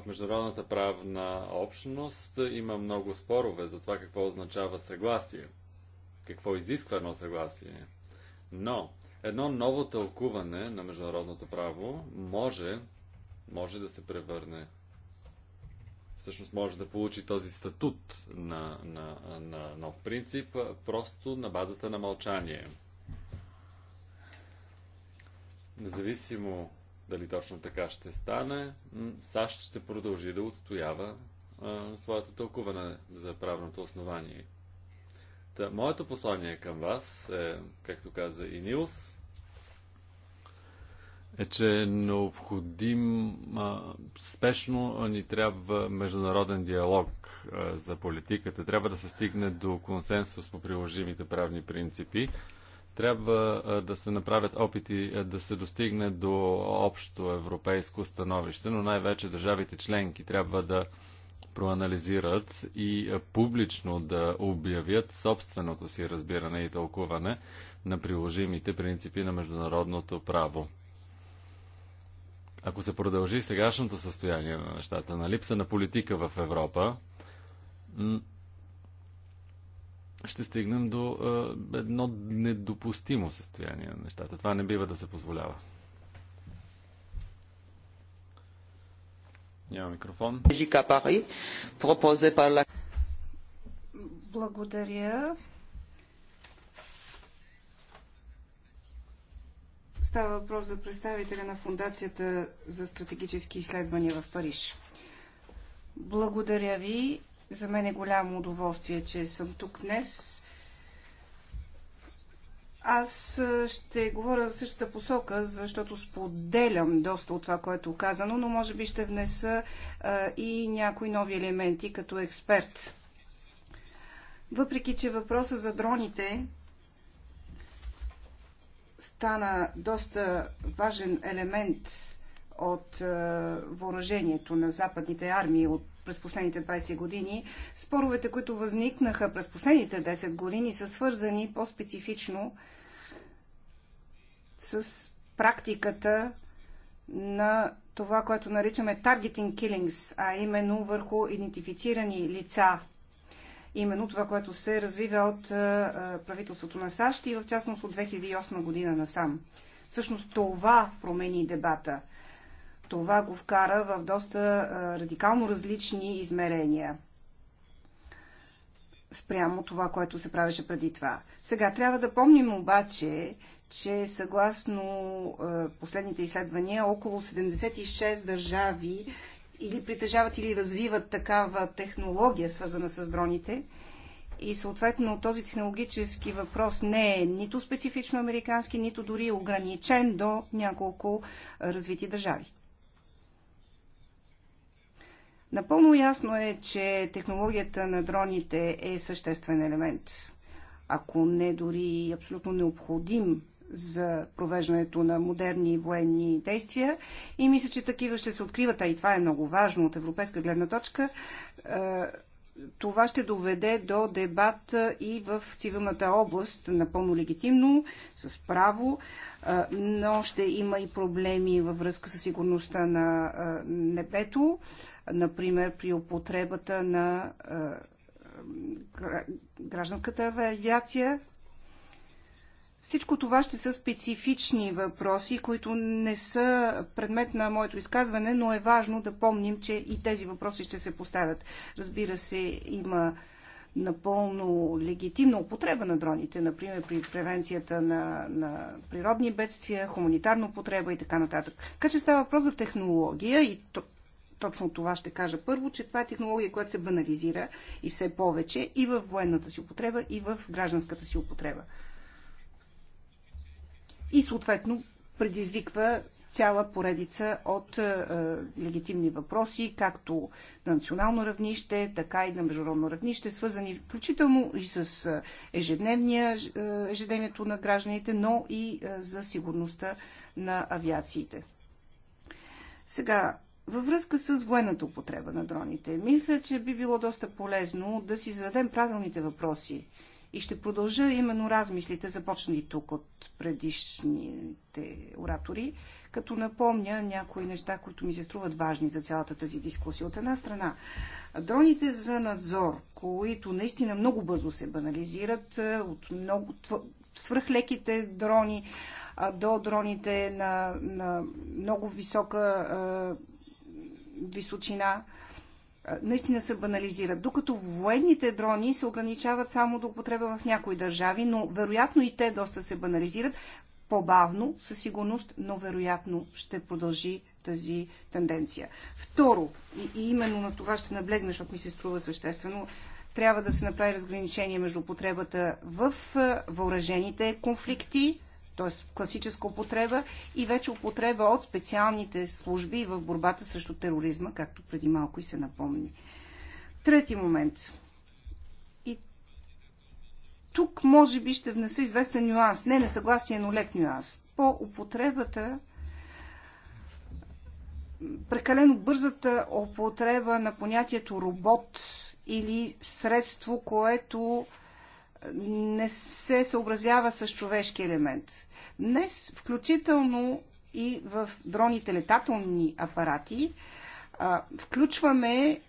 В международната правна общност има много спорове за това какво означава съгласие, какво изисква едно съгласие. Но едно ново тълкуване на международното право може, може да се превърне всъщност може да получи този статут на, на, на нов принцип, просто на базата на мълчание. Независимо дали точно така ще стане, САЩ ще продължи да отстоява а, своето тълкуване за правното основание. Та, моето послание към вас е, както каза и Нилс, е, че е необходим а, спешно ни трябва международен диалог а, за политиката. Трябва да се стигне до консенсус по приложимите правни принципи. Трябва да се направят опити да се достигне до общо европейско становище, но най-вече държавите членки трябва да проанализират и публично да обявят собственото си разбиране и тълкуване на приложимите принципи на международното право. Ако се продължи сегашното състояние на нещата, на липса на политика в Европа, ще стигнем до е, едно недопустимо състояние на нещата. Това не бива да се позволява. Няма микрофон. Благодаря. Става въпрос за представителя на Фундацията за стратегически изследвания в Париж. Благодаря ви за мен е голямо удоволствие, че съм тук днес. Аз ще говоря в същата посока, защото споделям доста от това, което е казано, но може би ще внеса а, и някои нови елементи като експерт. Въпреки, че въпроса за дроните стана доста важен елемент от а, въоръжението на западните армии от през последните 20 години. Споровете, които възникнаха през последните 10 години, са свързани по-специфично с практиката на това, което наричаме targeting killings, а именно върху идентифицирани лица. Именно това, което се развива от правителството на САЩ и в частност от 2008 година насам. Всъщност това промени дебата – това го вкара в доста радикално различни измерения спрямо това, което се правеше преди това. Сега трябва да помним обаче, че съгласно последните изследвания, около 76 държави или притежават или развиват такава технология, свързана с дроните. И съответно този технологически въпрос не е нито специфично американски, нито дори ограничен до няколко развити държави. Напълно ясно е, че технологията на дроните е съществен елемент, ако не дори абсолютно необходим за провеждането на модерни военни действия и мисля, че такива ще се откриват, а и това е много важно от европейска гледна точка. Е, това ще доведе до дебат и в цивилната област, напълно легитимно, с право, но ще има и проблеми във връзка с сигурността на небето, например при употребата на гражданската авиация, всичко това ще са специфични въпроси, които не са предмет на моето изказване, но е важно да помним, че и тези въпроси ще се поставят. Разбира се, има напълно легитимна употреба на дроните, например при превенцията на, на природни бедствия, хуманитарна употреба и така нататък. Така че става въпрос за технология и точно това ще кажа първо, че това е технология, която се банализира и все повече и в военната си употреба, и в гражданската си употреба и съответно предизвиква цяла поредица от е, легитимни въпроси, както на национално равнище, така и на международно равнище, свързани включително и с е, ежедневния, е, ежедневието на гражданите, но и е, за сигурността на авиациите. Сега, във връзка с военната употреба на дроните, мисля, че би било доста полезно да си зададем правилните въпроси. И ще продължа именно размислите, започнали тук от предишните оратори, като напомня някои неща, които ми се струват важни за цялата тази дискусия. От една страна, дроните за надзор, които наистина много бързо се банализират, е, от много свръхлеките дрони до дроните на, на много висока е, височина – наистина се банализират. Докато военните дрони се ограничават само до употреба в някои държави, но вероятно и те доста се банализират. По-бавно, със сигурност, но вероятно ще продължи тази тенденция. Второ, и, и именно на това ще наблегна, защото ми се струва съществено, трябва да се направи разграничение между употребата в въоръжените конфликти, т.е. класическа употреба и вече употреба от специалните служби в борбата срещу тероризма, както преди малко и се напомни. Трети момент. И тук може би ще внеса известен нюанс. Не несъгласие, но лек нюанс. По употребата прекалено бързата употреба на понятието робот или средство, което не се съобразява с човешки елемент. Днес, включително и в дроните летателни апарати, включваме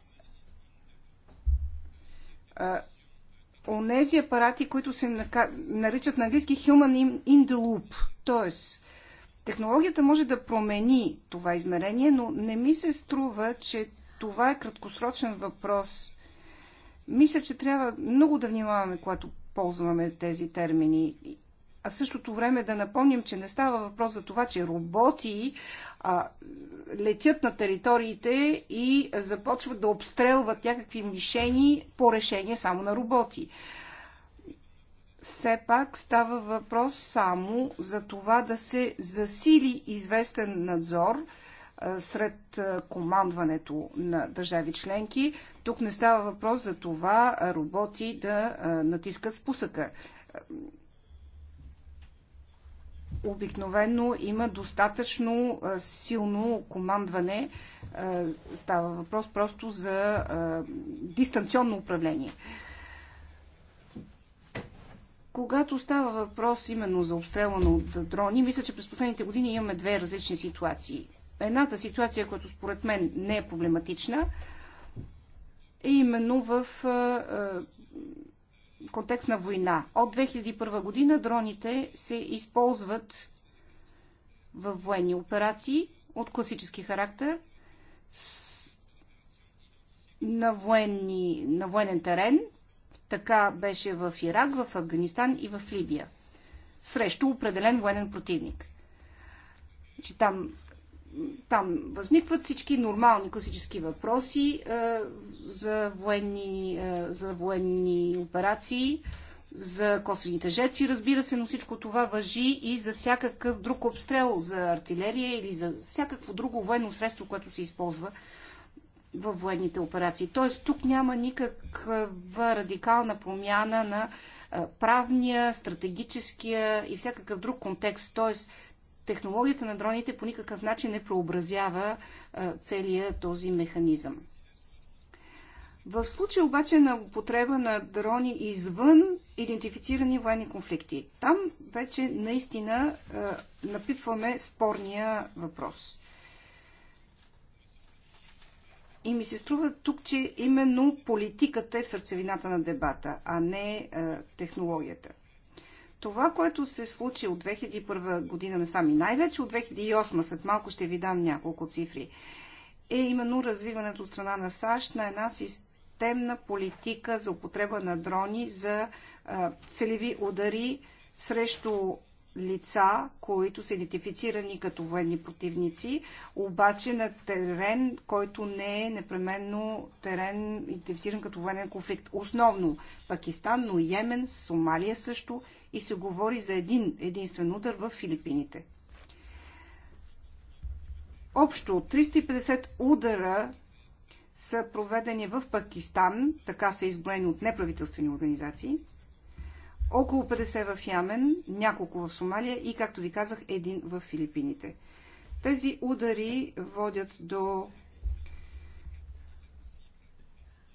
онези апарати, които се наричат на английски Human in the Loop. Тоест, технологията може да промени това измерение, но не ми се струва, че това е краткосрочен въпрос. Мисля, че трябва много да внимаваме, когато ползваме тези термини. А в същото време да напомним, че не става въпрос за това, че роботи а, летят на териториите и започват да обстрелват някакви мишени по решение само на роботи все пак става въпрос само за това да се засили известен надзор сред командването на държави членки. Тук не става въпрос за това роботи да натискат спусъка. Обикновено има достатъчно силно командване. Става въпрос просто за дистанционно управление. Когато става въпрос именно за обстрела на дрони, мисля, че през последните години имаме две различни ситуации едната ситуация, която според мен не е проблематична, е именно в контекст на война. От 2001 година дроните се използват в военни операции от класически характер с... на, военни, на военен терен. Така беше в Ирак, в Афганистан и в Либия. Срещу определен военен противник. Че значи там там възникват всички нормални класически въпроси а, е, за, военни, а, е, за военни операции, за косвените жертви, разбира се, но всичко това въжи и за всякакъв друг обстрел, за артилерия или за всякакво друго военно средство, което се използва във военните операции. Т.е. тук няма никаква радикална промяна на е, правния, стратегическия и всякакъв друг контекст. Т.е технологията на дроните по никакъв начин не прообразява целият този механизъм. В случай обаче на употреба на дрони извън идентифицирани военни конфликти, там вече наистина е, напипваме спорния въпрос. И ми се струва тук, че именно политиката е в сърцевината на дебата, а не е, технологията. Това, което се случи от 2001 година насам и най-вече от 2008, след малко ще ви дам няколко цифри, е именно развиването от страна на САЩ на една системна политика за употреба на дрони за целеви удари срещу лица, които са идентифицирани като военни противници, обаче на терен, който не е непременно терен, идентифициран като военен конфликт. Основно Пакистан, но Йемен, Сомалия също и се говори за един единствен удар в Филипините. Общо 350 удара са проведени в Пакистан, така са изброени от неправителствени организации – около 50 в Ямен, няколко в Сомалия и, както ви казах, един в Филипините. Тези удари водят до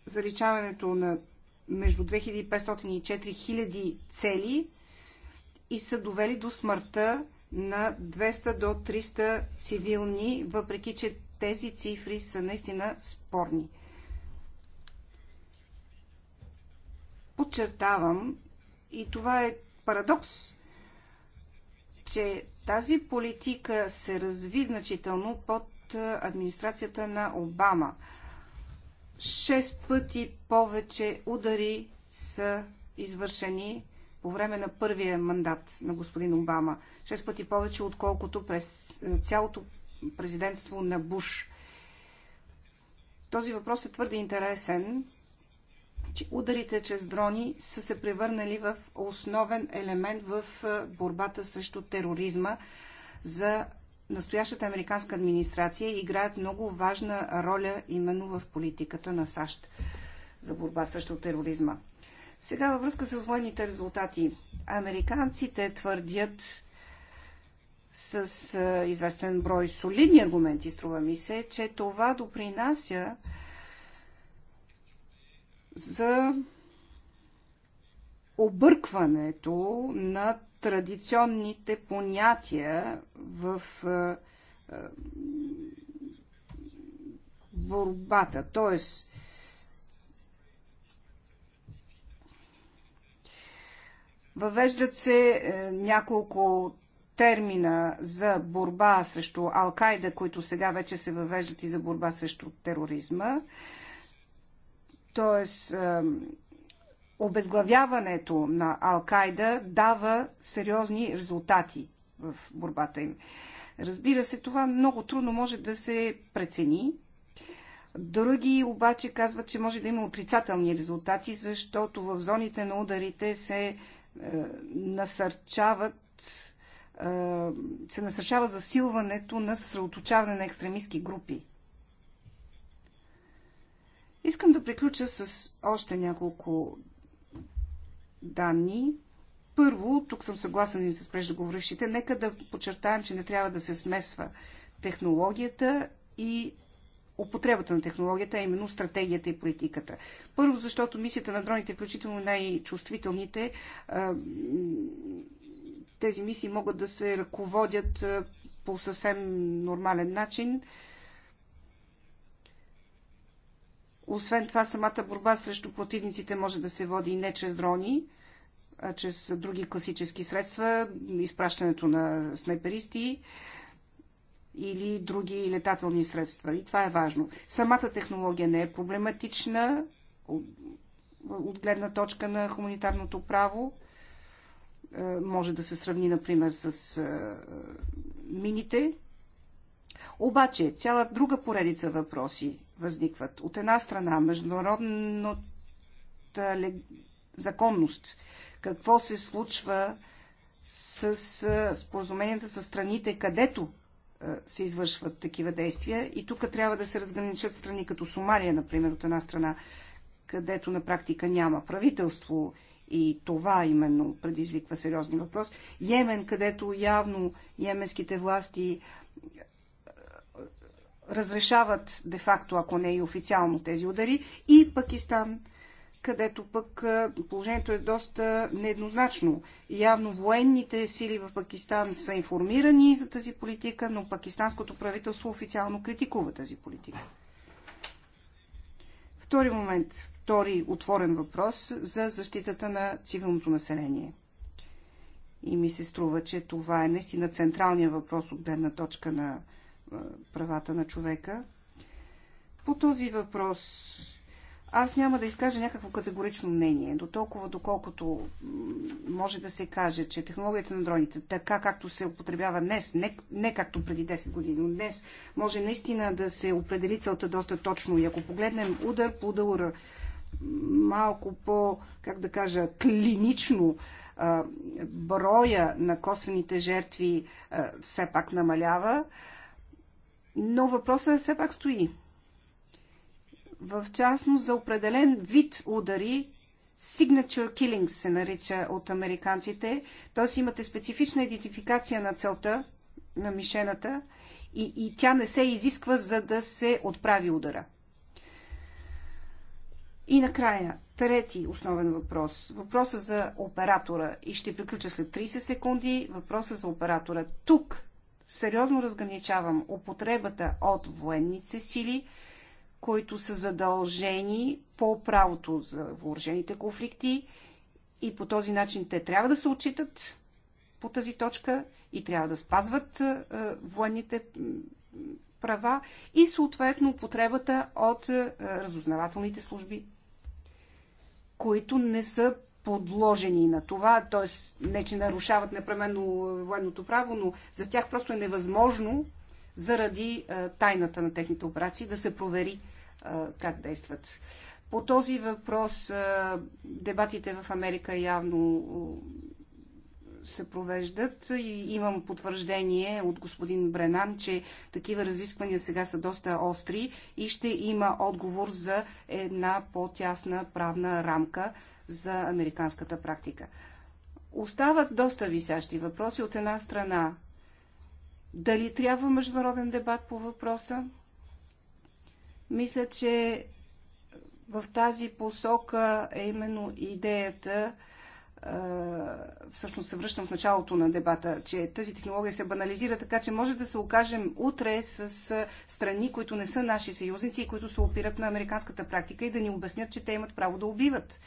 заличаването на между 2500 и 4000 цели и са довели до смъртта на 200 до 300 цивилни, въпреки че тези цифри са наистина спорни. Подчертавам, и това е парадокс, че тази политика се разви значително под администрацията на Обама. Шест пъти повече удари са извършени по време на първия мандат на господин Обама. Шест пъти повече, отколкото през цялото президентство на Буш. Този въпрос е твърде интересен че ударите чрез дрони са се превърнали в основен елемент в борбата срещу тероризма за настоящата американска администрация и играят много важна роля именно в политиката на САЩ за борба срещу тероризма. Сега във връзка с военните резултати. Американците твърдят с известен брой солидни аргументи, струва ми се, че това допринася за объркването на традиционните понятия в борбата. т.е. въвеждат се е, няколко термина за борба срещу Алкайда, които сега вече се въвеждат и за борба срещу тероризма. Т.е. обезглавяването на Ал-Кайда дава сериозни резултати в борбата им. Разбира се, това много трудно може да се прецени. Други обаче казват, че може да има отрицателни резултати, защото в зоните на ударите се е, насърчават е, се насърчава засилването на съсредоточаване на екстремистски групи. Искам да приключа с още няколко данни. Първо, тук съм съгласен и с преждоговорившите, нека да подчертаем, че не трябва да се смесва технологията и употребата на технологията, а именно стратегията и политиката. Първо, защото мисията на дроните, включително най-чувствителните, тези мисии могат да се ръководят по съвсем нормален начин Освен това, самата борба срещу противниците може да се води не чрез дрони, а чрез други класически средства, изпращането на снайперисти или други летателни средства. И това е важно. Самата технология не е проблематична от гледна точка на хуманитарното право. Е, може да се сравни, например, с е, мините. Обаче, цяла друга поредица въпроси възникват. От една страна, международната законност. Какво се случва с споразуменията с страните, където се извършват такива действия. И тук трябва да се разграничат страни като Сомалия, например, от една страна, където на практика няма правителство и това именно предизвиква сериозни въпрос. Йемен, където явно йеменските власти разрешават де-факто, ако не и официално тези удари, и Пакистан, където пък положението е доста нееднозначно. Явно военните сили в Пакистан са информирани за тази политика, но пакистанското правителство официално критикува тази политика. Втори момент, втори отворен въпрос за защитата на цивилното население. И ми се струва, че това е наистина централният въпрос от гледна точка на правата на човека. По този въпрос аз няма да изкажа някакво категорично мнение, до толкова доколкото може да се каже, че технологията на дроните, така както се употребява днес, не, не както преди 10 години, но днес може наистина да се определи целта доста точно. И ако погледнем удар по удар, малко по, как да кажа, клинично броя на косвените жертви все пак намалява. Но въпросът е все пак стои. В частност за определен вид удари, Signature Killings се нарича от американците, т.е. имате специфична идентификация на целта, на мишената и, и тя не се изисква за да се отправи удара. И накрая, трети основен въпрос. Въпроса за оператора. И ще приключа след 30 секунди. Въпросът за оператора. Тук сериозно разграничавам употребата от военните сили, които са задължени по правото за въоръжените конфликти и по този начин те трябва да се отчитат по тази точка и трябва да спазват е, военните права и съответно употребата от е, разузнавателните служби, които не са подложени на това, т.е. не, че нарушават непременно военното право, но за тях просто е невъзможно заради тайната на техните операции да се провери как действат. По този въпрос дебатите в Америка явно се провеждат и имам потвърждение от господин Бренан, че такива разисквания сега са доста остри и ще има отговор за една по-тясна правна рамка за американската практика. Остават доста висящи въпроси от една страна. Дали трябва международен дебат по въпроса? Мисля, че в тази посока е именно идеята, всъщност се връщам в началото на дебата, че тази технология се банализира, така че може да се окажем утре с страни, които не са наши съюзници и които се опират на американската практика и да ни обяснят, че те имат право да убиват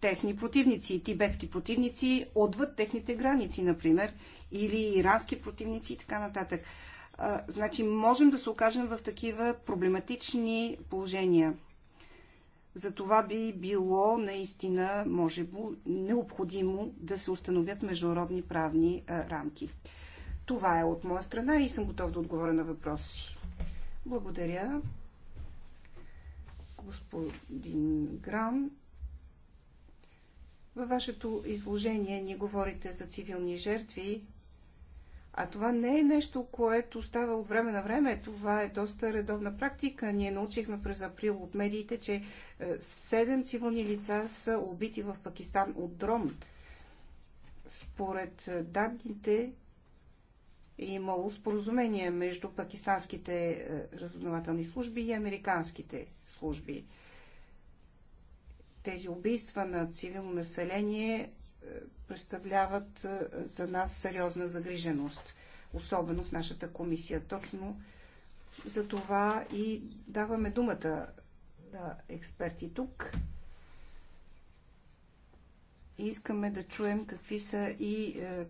техни противници, тибетски противници отвъд техните граници, например, или ирански противници и така нататък. значи можем да се окажем в такива проблематични положения. За това би било наистина, може би, необходимо да се установят международни правни а, рамки. Това е от моя страна и съм готов да отговоря на въпроси. Благодаря. Господин Грам, във вашето изложение ни говорите за цивилни жертви, а това не е нещо, което става от време на време. Това е доста редовна практика. Ние научихме през април от медиите, че е, седем цивилни лица са убити в Пакистан от дрон. Според е, данните е имало споразумение между пакистанските е, разузнавателни служби и американските служби. Тези убийства на цивилно население е, представляват е, за нас сериозна загриженост, особено в нашата комисия. Точно за това и даваме думата на експерти тук. И искаме да чуем какви са и е,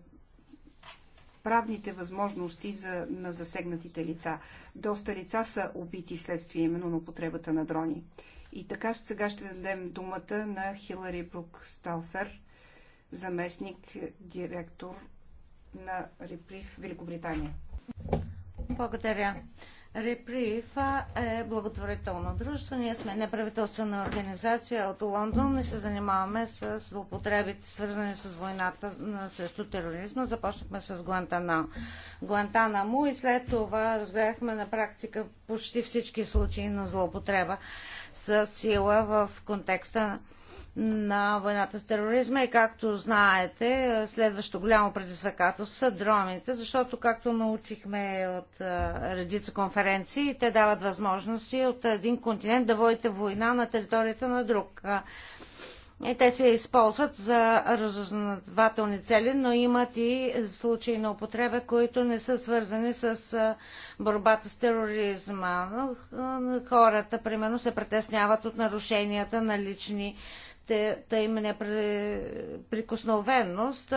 правните възможности за, на засегнатите лица. Доста лица са убити вследствие именно на употребата на дрони. И така сега ще дадем думата на Хилари Брук Сталфер, заместник директор на Реприв Великобритания. Благодаря. Реприв е благотворително дружество. Ние сме неправителствена организация от Лондон и се занимаваме с злоупотребите, свързани с войната срещу тероризма. Започнахме с Гуантана. Гуантанамо и след това разгледахме на практика почти всички случаи на злоупотреба с сила в контекста на на войната с тероризма и както знаете, следващото голямо предизвикателство са дроните, защото както научихме от редица конференции, те дават възможности от един континент да водите война на територията на друг. и те се използват за разузнавателни цели, но имат и случаи на употреба, които не са свързани с борбата с тероризма. Хората, примерно, се притесняват от нарушенията на лични да има неприкосновеност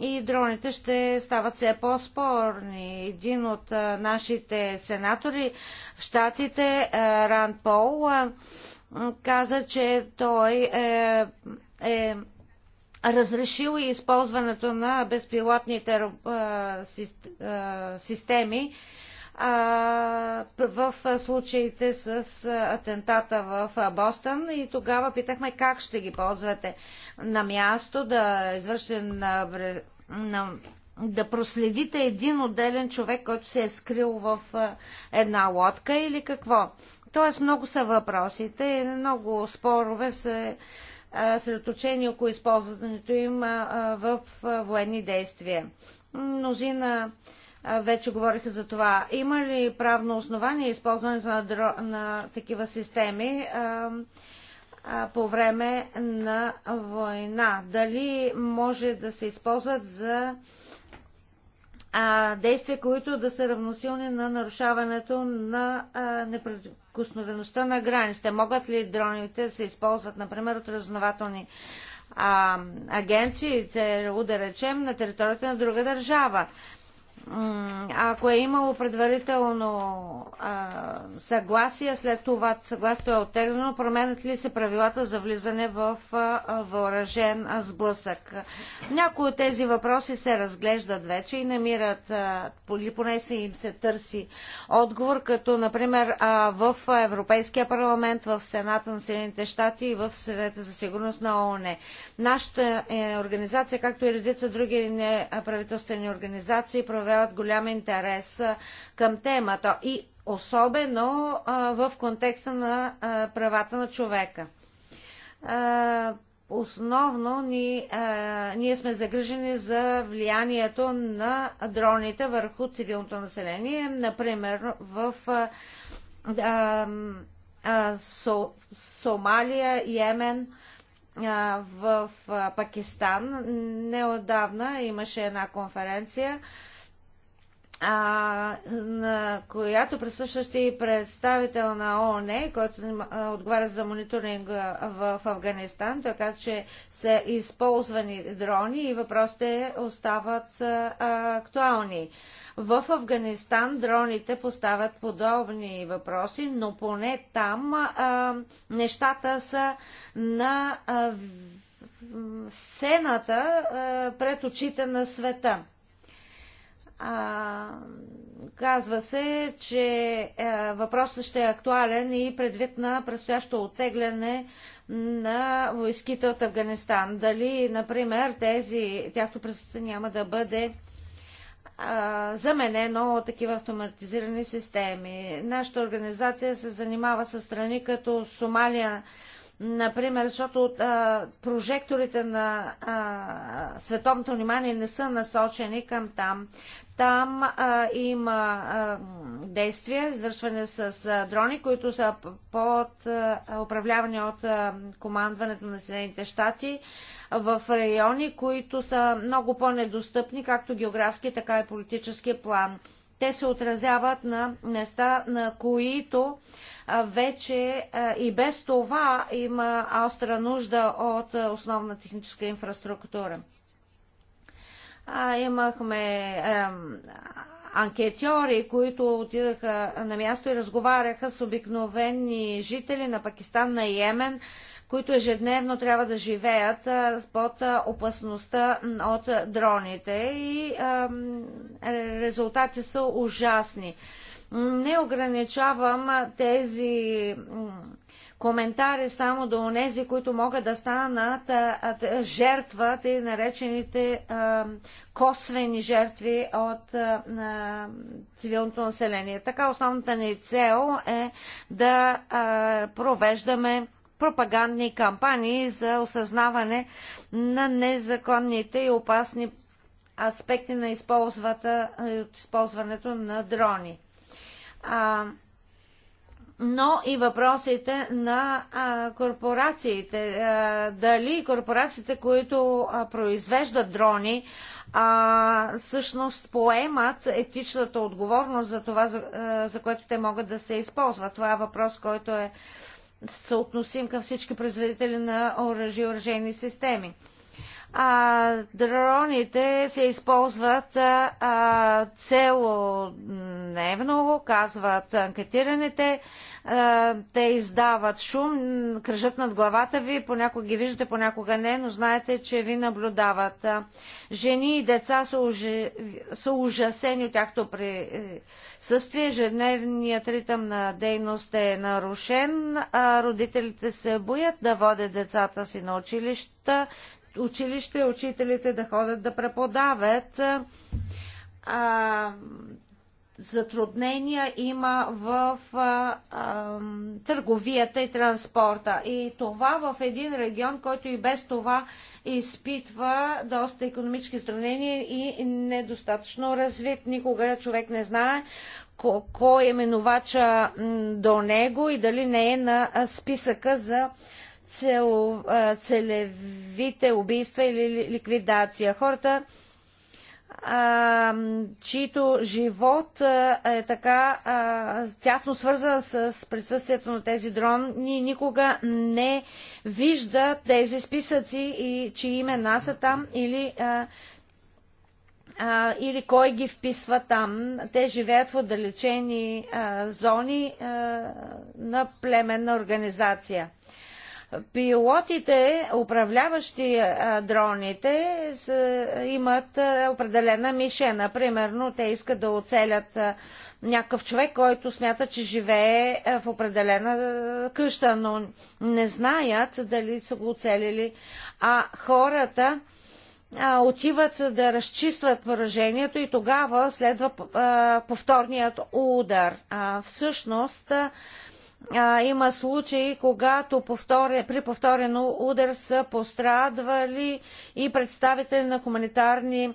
и дроните ще стават все по-спорни. Един от нашите сенатори в Штатите, Ран Пол, каза, че той е, е разрешил и използването на безпилотните системи а, в случаите с атентата в Бостън и тогава питахме как ще ги ползвате на място да извършите на, на да проследите един отделен човек, който се е скрил в една лодка или какво. Тоест много са въпросите и много спорове са средоточени около използването им в военни действия. Мнозина вече говориха за това. Има ли правно основание използването на, дро... на такива системи а, а, по време на война? Дали може да се използват за а, действия, които да са равносилни на нарушаването на непрекосновеността на границите? Могат ли дроните да се използват, например, от разнователни агенции, ЦРУ, да речем, на територията на друга държава? ако е имало предварително а, съгласие, след това съгласието е оттеглено, променят ли се правилата за влизане в а, въоръжен а, сблъсък? Някои от тези въпроси се разглеждат вече и намират, а, или поне се им се търси отговор, като например а, в Европейския парламент, в Сената на Съединените щати и в Съвета за сигурност на ООН. Нашата е, организация, както и редица други неправителствени организации, проверят проявяват голям интерес към темата и особено в контекста на правата на човека. Основно ни, а, ние сме загрижени за влиянието на дроните върху цивилното население. Например, в а, а, Со, Сомалия, Йемен, а, в а, Пакистан неодавна имаше една конференция а, а, на която присъщащи и представител на ООН, който отговаря за мониторинг в Афганистан. Той каза, че са използвани дрони и въпросите остават а, актуални. В Афганистан дроните поставят подобни въпроси, но поне там а, нещата са на а, сцената а, пред очите на света. А, казва се, че а, е, въпросът ще е актуален и предвид на предстоящо оттегляне на войските от Афганистан. Дали, например, тези, тяхто присъствие няма да бъде заменено от такива автоматизирани системи. Нашата организация се занимава с страни като Сомалия, Например, защото а, прожекторите на а, световното внимание не са насочени към там. Там а, има а, действия, извършване с а, дрони, които са под а, управлявани от а, командването на Съединените щати в райони, които са много по-недостъпни, както географски, така и политически план. Те се отразяват на места, на които вече и без това има остра нужда от основна техническа инфраструктура. Имахме анкетьори, които отидаха на място и разговаряха с обикновени жители на Пакистан, на Йемен, които ежедневно трябва да живеят под опасността от дроните и резултати са ужасни не ограничавам тези коментари само до онези, които могат да станат жертва, те наречените косвени жертви от цивилното население. Така основната ни цел е да провеждаме пропагандни кампании за осъзнаване на незаконните и опасни аспекти на използването на дрони а, но и въпросите на а, корпорациите. А, дали корпорациите, които а, произвеждат дрони, а, всъщност поемат етичната отговорност за това, за, а, за което те могат да се използват. Това е въпрос, който е съотносим към всички производители на оръжие и оръжейни системи а, дроните се използват а, целодневно, казват анкетираните. А, те издават шум, кръжат над главата ви, понякога ги виждате, понякога не, но знаете, че ви наблюдават. А, жени и деца са, ужи, са ужасени от тяхто присъствие. Ежедневният ритъм на дейност е нарушен. А, родителите се боят да водят децата си на училища, училище, учителите да ходят да преподават. А, затруднения има в а, а, търговията и транспорта. И това в един регион, който и без това изпитва доста економически затруднения и недостатъчно развит. Никога човек не знае кой е минувача до него и дали не е на списъка за цело, целевите убийства или ликвидация. Хората, а, чието живот а, е така а, тясно свързан с, присъствието на тези дрони, никога не вижда тези списъци и чии имена са там или а, а, или кой ги вписва там. Те живеят в отдалечени а, зони а, на племенна организация. Пилотите, управляващи дроните, имат определена мишена. Примерно, те искат да оцелят някакъв човек, който смята, че живее в определена къща, но не знаят дали са го оцелили. А хората, отиват да разчистват поражението и тогава следва повторният удар. всъщност, а, има случаи, когато повторе, при повторено удар са пострадвали и представители на хуманитарни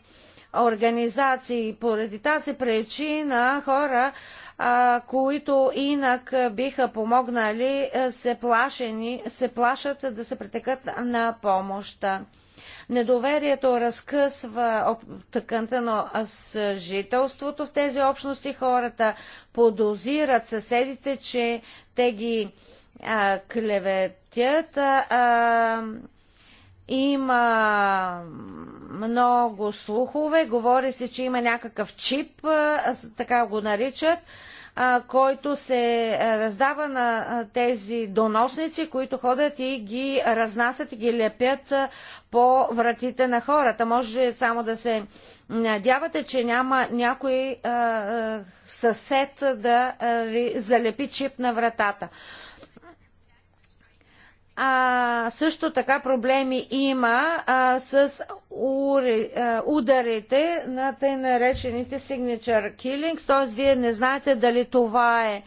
организации. Поради тази причина хора, а, които инак биха помогнали, се, плашени, се плашат да се притекат на помощта. Недоверието разкъсва тъканта на съжителството в тези общности. Хората подозират съседите, че те ги а, клеветят. А, а, има много слухове, говори се, че има някакъв чип, така го наричат, който се раздава на тези доносници, които ходят и ги разнасят и ги лепят по вратите на хората. Може само да се надявате, че няма някой съсед да ви залепи чип на вратата. А, също така проблеми има а, с ури, а, ударите на тъй наречените signature killings, т.е. вие не знаете дали това е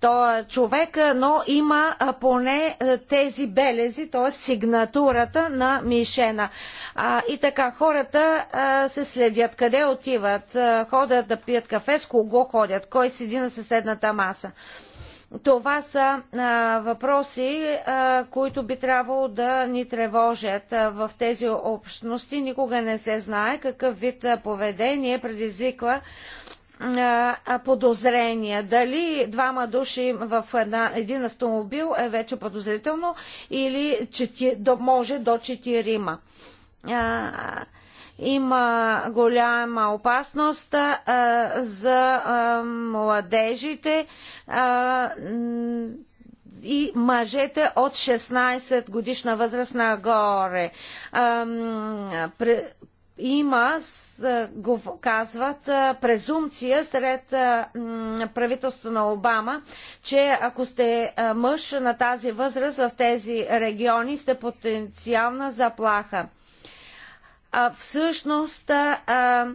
то е човека, но има поне тези белези, т.е. сигнатурата на мишена. А, и така, хората а, се следят. Къде отиват? А, ходят да пият кафе, с кого ходят? Кой седи на съседната маса? Това са а, въпроси, а, които би трябвало да ни тревожат а, в тези общности. Никога не се знае какъв вид поведение предизвиква а, подозрения. Дали двама души в една, един автомобил е вече подозрително или чети, до, може до четирима. А, има голяма опасност а, за а, младежите а, и мъжете от 16 годишна възраст нагоре. А, пре, има, го казват, презумпция сред правителството на Обама, че ако сте мъж на тази възраст в тези региони, сте потенциална заплаха а, всъщност а,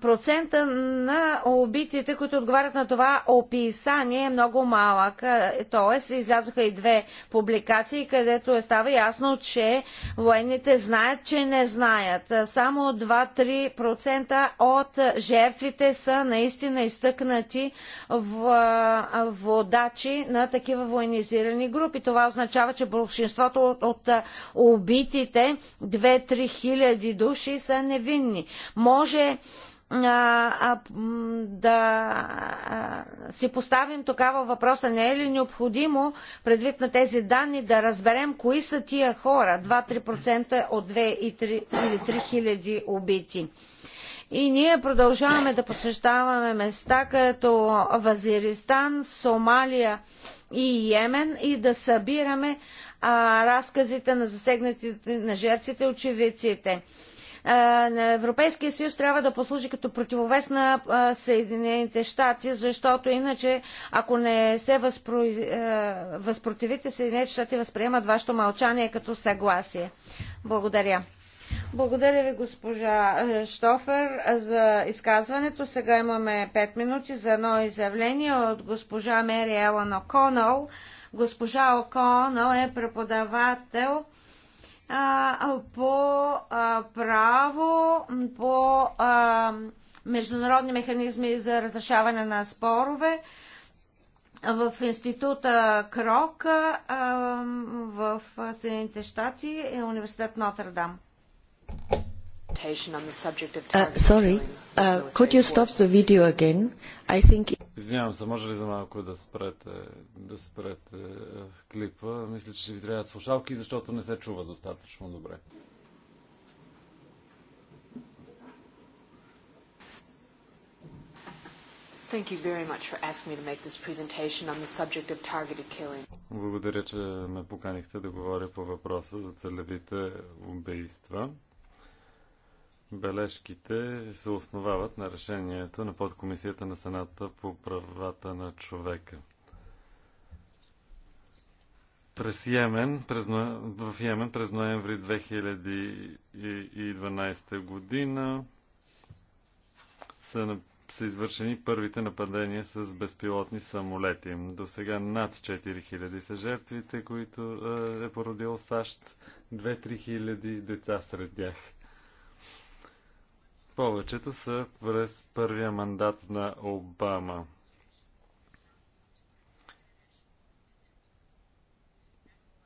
процента на убитите, които отговарят на това описание е много малък. Тоест, излязоха и две публикации, където е става ясно, че военните знаят, че не знаят. Само 2-3% от жертвите са наистина изтъкнати в водачи на такива военизирани групи. Това означава, че большинството от, от убитите, 2-3 хиляди души, са невинни. Може а, да а, си поставим тогава въпроса, не е ли необходимо предвид на тези данни да разберем кои са тия хора, 2-3% от 2 и 3, или 3 хиляди убити. И ние продължаваме да посещаваме места като Вазиристан, Сомалия и Йемен и да събираме а, разказите на засегнатите, на жертвите, очевидците на Европейския съюз трябва да послужи като противовес на Съединените щати, защото иначе, ако не се възпро... възпротивите, Съединените щати възприемат вашето мълчание като съгласие. Благодаря. Благодаря ви, госпожа Штофер, за изказването. Сега имаме 5 минути за едно изявление от госпожа Мери Елан О'Конъл. Госпожа О'Конъл е преподавател по право, по международни механизми за разрешаване на спорове в института Крок в Съединените щати и е университет Нотърдам presentation on the subject of uh, targeted Sorry, uh, could you stop the video again? I think... Извинявам се, може ли за малко да спрете, да спрете е, клипа? Мисля, че ще ви трябват слушалки, защото не се чува достатъчно добре. Thank you very much for asking me to make this presentation on the subject of targeted killing. Благодаря, че ме поканихте да говоря по въпроса за целевите убийства бележките се основават на решението на подкомисията на Сената по правата на човека. През Йемен, през, в Йемен през ноември 2012 година са, са извършени първите нападения с безпилотни самолети. До сега над 4000 са жертвите, които е, е породил САЩ. 2-3 хиляди деца сред тях. Повечето са през първия мандат на Обама.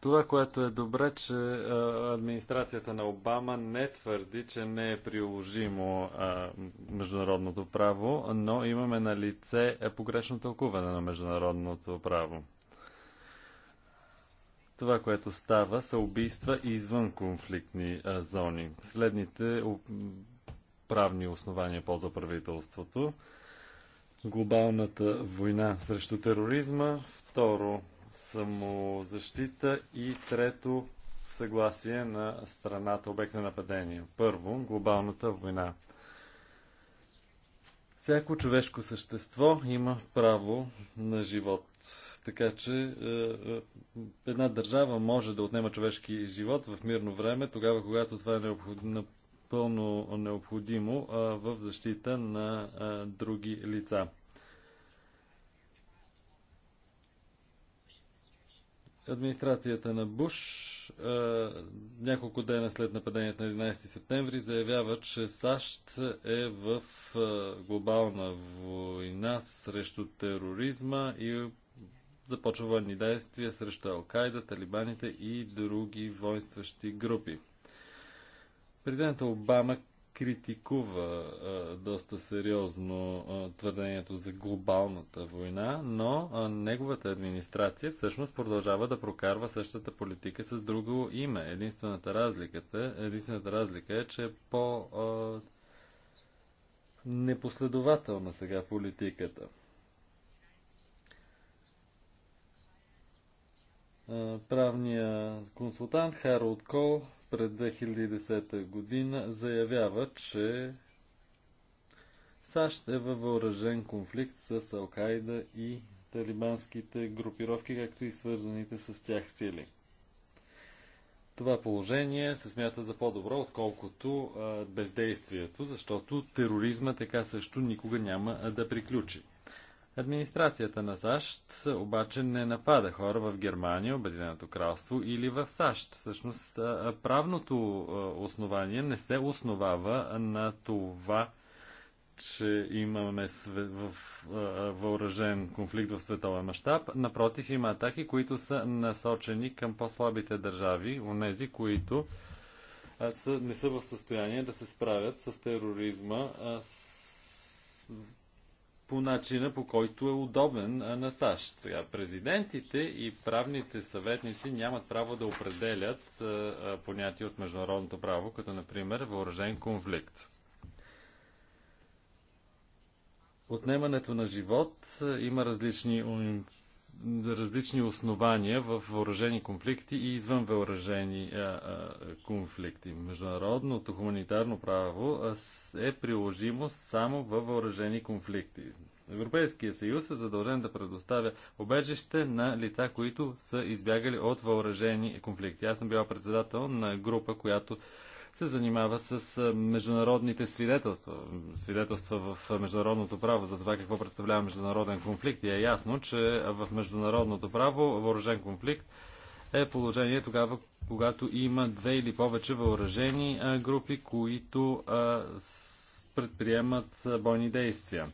Това, което е добре, че а, администрацията на Обама не твърди, че не е приложимо а, международното право, но имаме на лице е, погрешно тълкуване на международното право. Това, което става, са убийства извън конфликтни а, зони. Следните правни основания за правителството. Глобалната война срещу тероризма, второ самозащита и трето съгласие на страната обект на нападение. Първо, глобалната война. Всяко човешко същество има право на живот. Така че е, е, една държава може да отнема човешки живот в мирно време, тогава когато това е необходимо, Пълно необходимо в защита на други лица. администрацията на Буш няколко дена след нападението на 11 септември заявява, че САЩ е в глобална война срещу тероризма и започва военни действия срещу Алкайда, талибаните и други воинстващи групи. Президентът Обама критикува а, доста сериозно а, твърдението за глобалната война, но а, неговата администрация всъщност продължава да прокарва същата политика с друго име. Единствената, разликата, единствената разлика е, че е по а, непоследователна сега политиката. правния консултант Харолд Кол пред 2010 година заявява, че САЩ е във въоръжен конфликт с Алкайда и талибанските групировки, както и свързаните с тях сили. Това положение се смята за по-добро, отколкото а, бездействието, защото тероризма така също никога няма да приключи. Администрацията на САЩ обаче не напада хора в Германия, Обединеното кралство или в САЩ. Всъщност правното основание не се основава на това, че имаме в въоръжен конфликт в световен мащаб. Напротив, има атаки, които са насочени към по-слабите държави, онези, които са, не са в състояние да се справят с тероризма а, с, по начина по който е удобен на САЩ. Сега, президентите и правните съветници нямат право да определят понятия от международното право, като например въоръжен конфликт. Отнемането на живот има различни различни основания в въоръжени конфликти и извън въоръжени а, а, конфликти. Международното хуманитарно право е приложимо само във въоръжени конфликти. Европейския съюз е задължен да предоставя обежище на лица, които са избягали от въоръжени конфликти. Аз съм била председател на група, която се занимава с международните свидетелства, свидетелства в международното право за това какво представлява международен конфликт. И е ясно, че в международното право въоръжен конфликт е положение тогава, когато има две или повече въоръжени групи, които предприемат бойни действия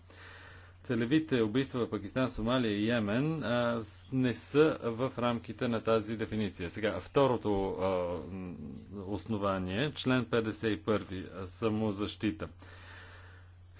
целевите убийства в Пакистан, Сомалия и Йемен а, не са в рамките на тази дефиниция. Сега, второто а, основание, член 51, самозащита.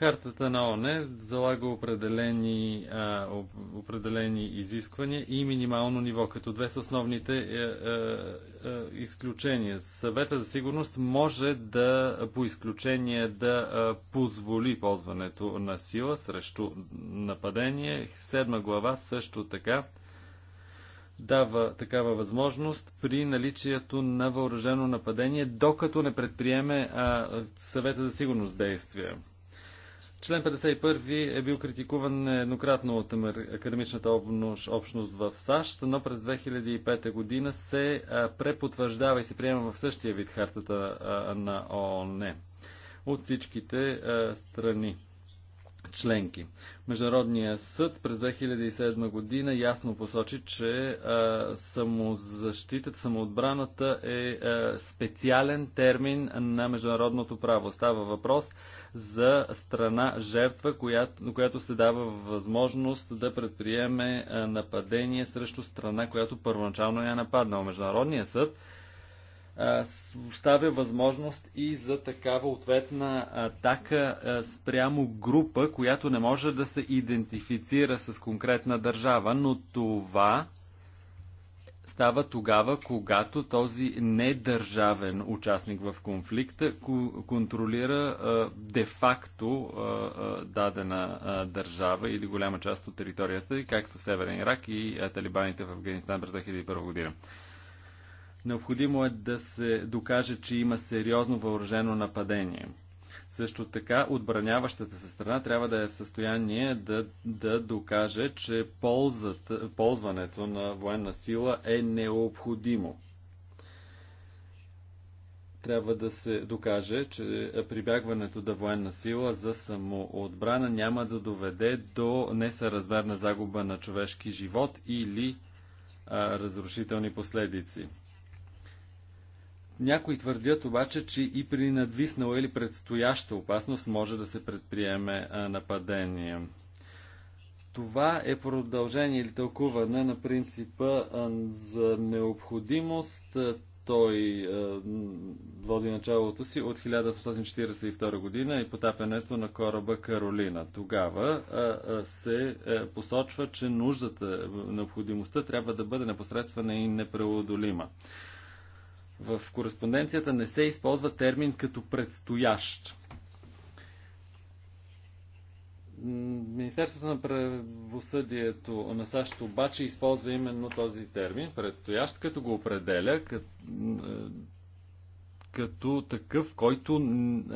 Картата на ОНЕ залага определени, а, определени изисквания и минимално ниво, като две са основните а, а, а, изключения. Съвета за сигурност може да по изключение да а, позволи ползването на сила срещу нападение. Седма глава също така дава такава възможност при наличието на въоръжено нападение, докато не предприеме а, съвета за сигурност действия. Член 51 е бил критикуван еднократно от академичната общност в САЩ, но през 2005 година се препотвърждава и се приема в същия вид хартата на ООН от всичките страни членки. Международният съд през 2007 година ясно посочи, че самозащитата, самоотбраната е специален термин на международното право. Става въпрос за страна жертва, която, която се дава възможност да предприеме нападение срещу страна, която първоначално я е нападнала. Международният съд оставя възможност и за такава ответна атака спрямо група, която не може да се идентифицира с конкретна държава, но това става тогава, когато този недържавен участник в конфликта контролира де-факто дадена държава или голяма част от територията, както в Северен Ирак и талибаните в Афганистан през 2001 година. Необходимо е да се докаже, че има сериозно въоръжено нападение. Също така, отбраняващата се страна трябва да е в състояние да, да докаже, че ползът, ползването на военна сила е необходимо. Трябва да се докаже, че прибягването до да военна сила за самоотбрана няма да доведе до несъразмерна загуба на човешки живот или а, разрушителни последици. Някои твърдят обаче, че и при надвиснала или предстояща опасност може да се предприеме нападение. Това е продължение или тълкуване на принципа за необходимост. Той води началото си от 1842 година и потапянето на кораба Каролина. Тогава се посочва, че нуждата, необходимостта трябва да бъде непосредствена и непреодолима. В кореспонденцията не се използва термин като предстоящ. Министерството на правосъдието на САЩ обаче използва именно този термин, предстоящ, като го определя като, е, като такъв, който е,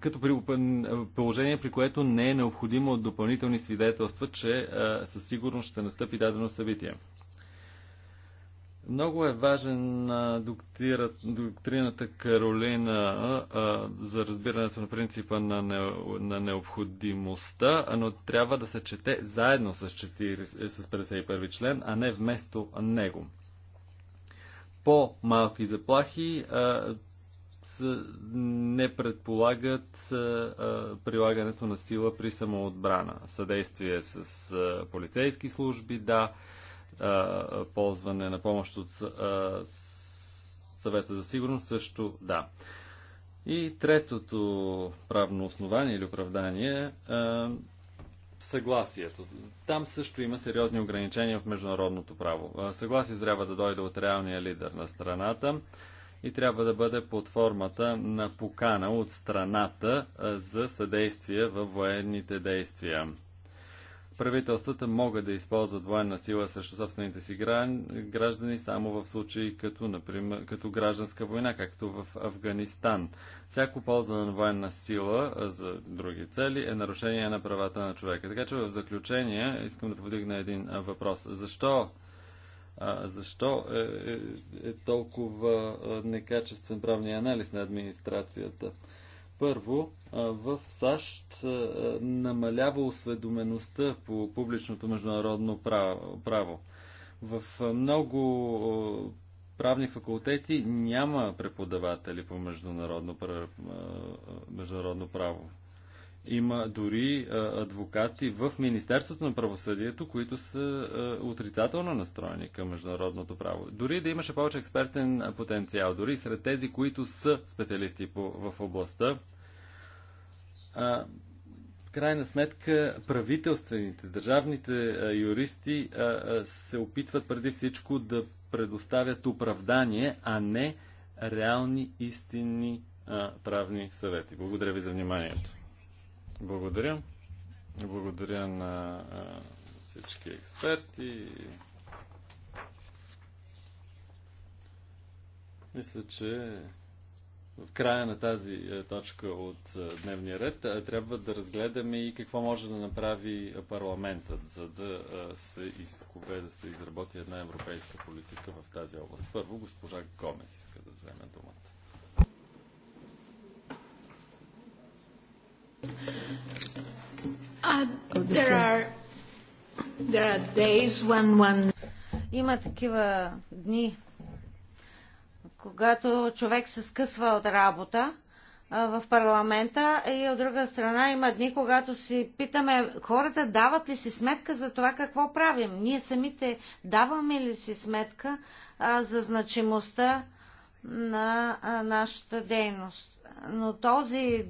като при положение, при което не е необходимо от допълнителни свидетелства, че е, със сигурност ще настъпи дадено събитие. Много е важен доктира, доктрината Каролина а, за разбирането на принципа на, не, на необходимостта, но трябва да се чете заедно с, 4, е, с 51 член, а не вместо него. По-малки заплахи а, с, не предполагат а, прилагането на сила при самоотбрана. Съдействие с а, полицейски служби, да. А, а, ползване на помощ от а, съвета за сигурност, също да. И третото правно основание или оправдание а, съгласието. Там също има сериозни ограничения в международното право. Съгласието трябва да дойде от реалния лидер на страната и трябва да бъде под формата на покана от страната за съдействие във военните действия правителствата могат да използват военна сила срещу собствените си граждани само в случаи като, например, като гражданска война, както в Афганистан. Всяко ползване на военна сила за други цели е нарушение на правата на човека. Така че в заключение искам да повдигна един въпрос. Защо а, защо е, е, е толкова некачествен правния анализ на администрацията? Първо, в САЩ намалява осведомеността по публичното международно право. В много правни факултети няма преподаватели по международно, международно право. Има дори адвокати в Министерството на правосъдието, които са отрицателно настроени към международното право. Дори да имаше повече експертен потенциал, дори сред тези, които са специалисти по, в областта, а, крайна сметка правителствените, държавните а, юристи а, а, се опитват преди всичко да предоставят оправдание, а не реални, истинни а, правни съвети. Благодаря ви за вниманието. Благодаря. Благодаря на а, всички експерти. Мисля, че в края на тази е, точка от е, дневния ред е, трябва да разгледаме и какво може да направи парламентът, за да се изкове, да се изработи една европейска политика в тази област. Първо, госпожа Гомес иска да вземе думата. Uh, Има такива дни, когато човек се скъсва от работа а, в парламента и от друга страна има дни, когато си питаме хората дават ли си сметка за това какво правим. Ние самите даваме ли си сметка а, за значимостта на а, нашата дейност. Но този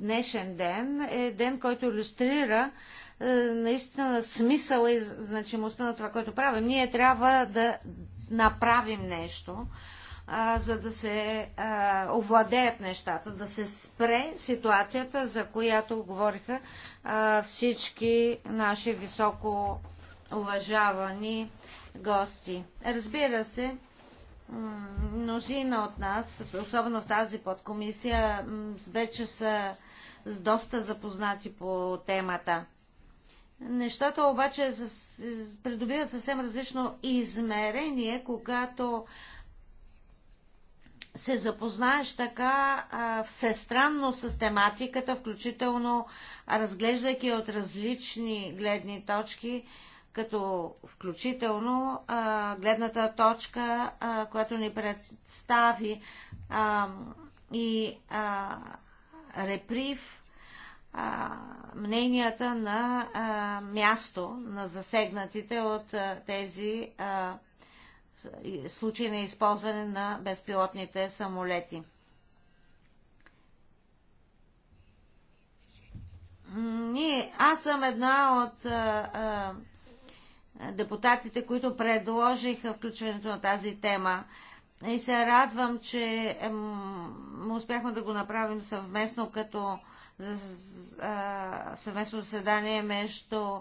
днешен ден е ден, който иллюстрира е, наистина смисъл и значимостта на това, което правим. Ние трябва да направим нещо а, за да се а, овладеят нещата, да се спре ситуацията, за която говориха а, всички наши високо уважавани гости. Разбира се, мнозина от нас, особено в тази подкомисия, вече са доста запознати по темата. Нещата обаче придобиват съвсем различно измерение, когато се запознаеш така а, всестранно с тематиката, включително разглеждайки от различни гледни точки, като включително а, гледната точка, а, която ни представи а, и а, реприв а, мненията на а, място на засегнатите от а, тези а, случаи на използване на безпилотните самолети. Ние, аз съм една от а, а, депутатите, които предложиха включването на тази тема. И се радвам, че ем, успяхме да го направим съвместно като за, а, съвместно заседание между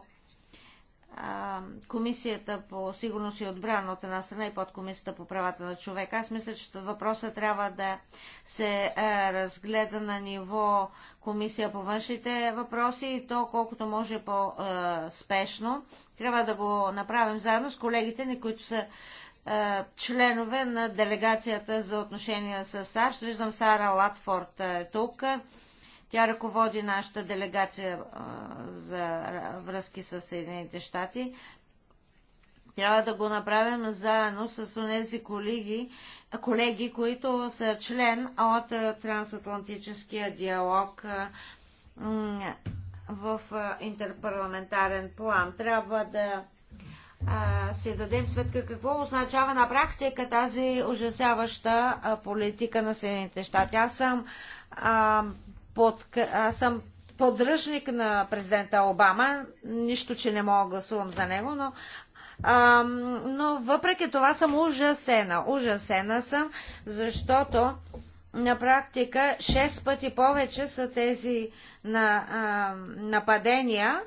Комисията по сигурност и отбрана от една страна и под Комисията по правата на човека. Аз мисля, че въпроса трябва да се е, разгледа на ниво Комисия по външните въпроси и то колкото може по-спешно. Трябва да го направим заедно с колегите ни, които са е, членове на делегацията за отношения с САЩ. Виждам Сара Латфорд е тук. Тя ръководи нашата делегация а, за връзки с Съединените щати. Трябва да го направим заедно с тези колеги, колеги, които са член от трансатлантическия диалог в интерпарламентарен план. Трябва да си дадем сметка какво означава на практика тази ужасяваща политика на Съединените щати. Аз съм под... аз съм поддръжник на президента Обама, нищо, че не мога да гласувам за него, но, а, но въпреки това съм ужасена. Ужасена съм, защото на практика 6 пъти повече са тези на, а, нападения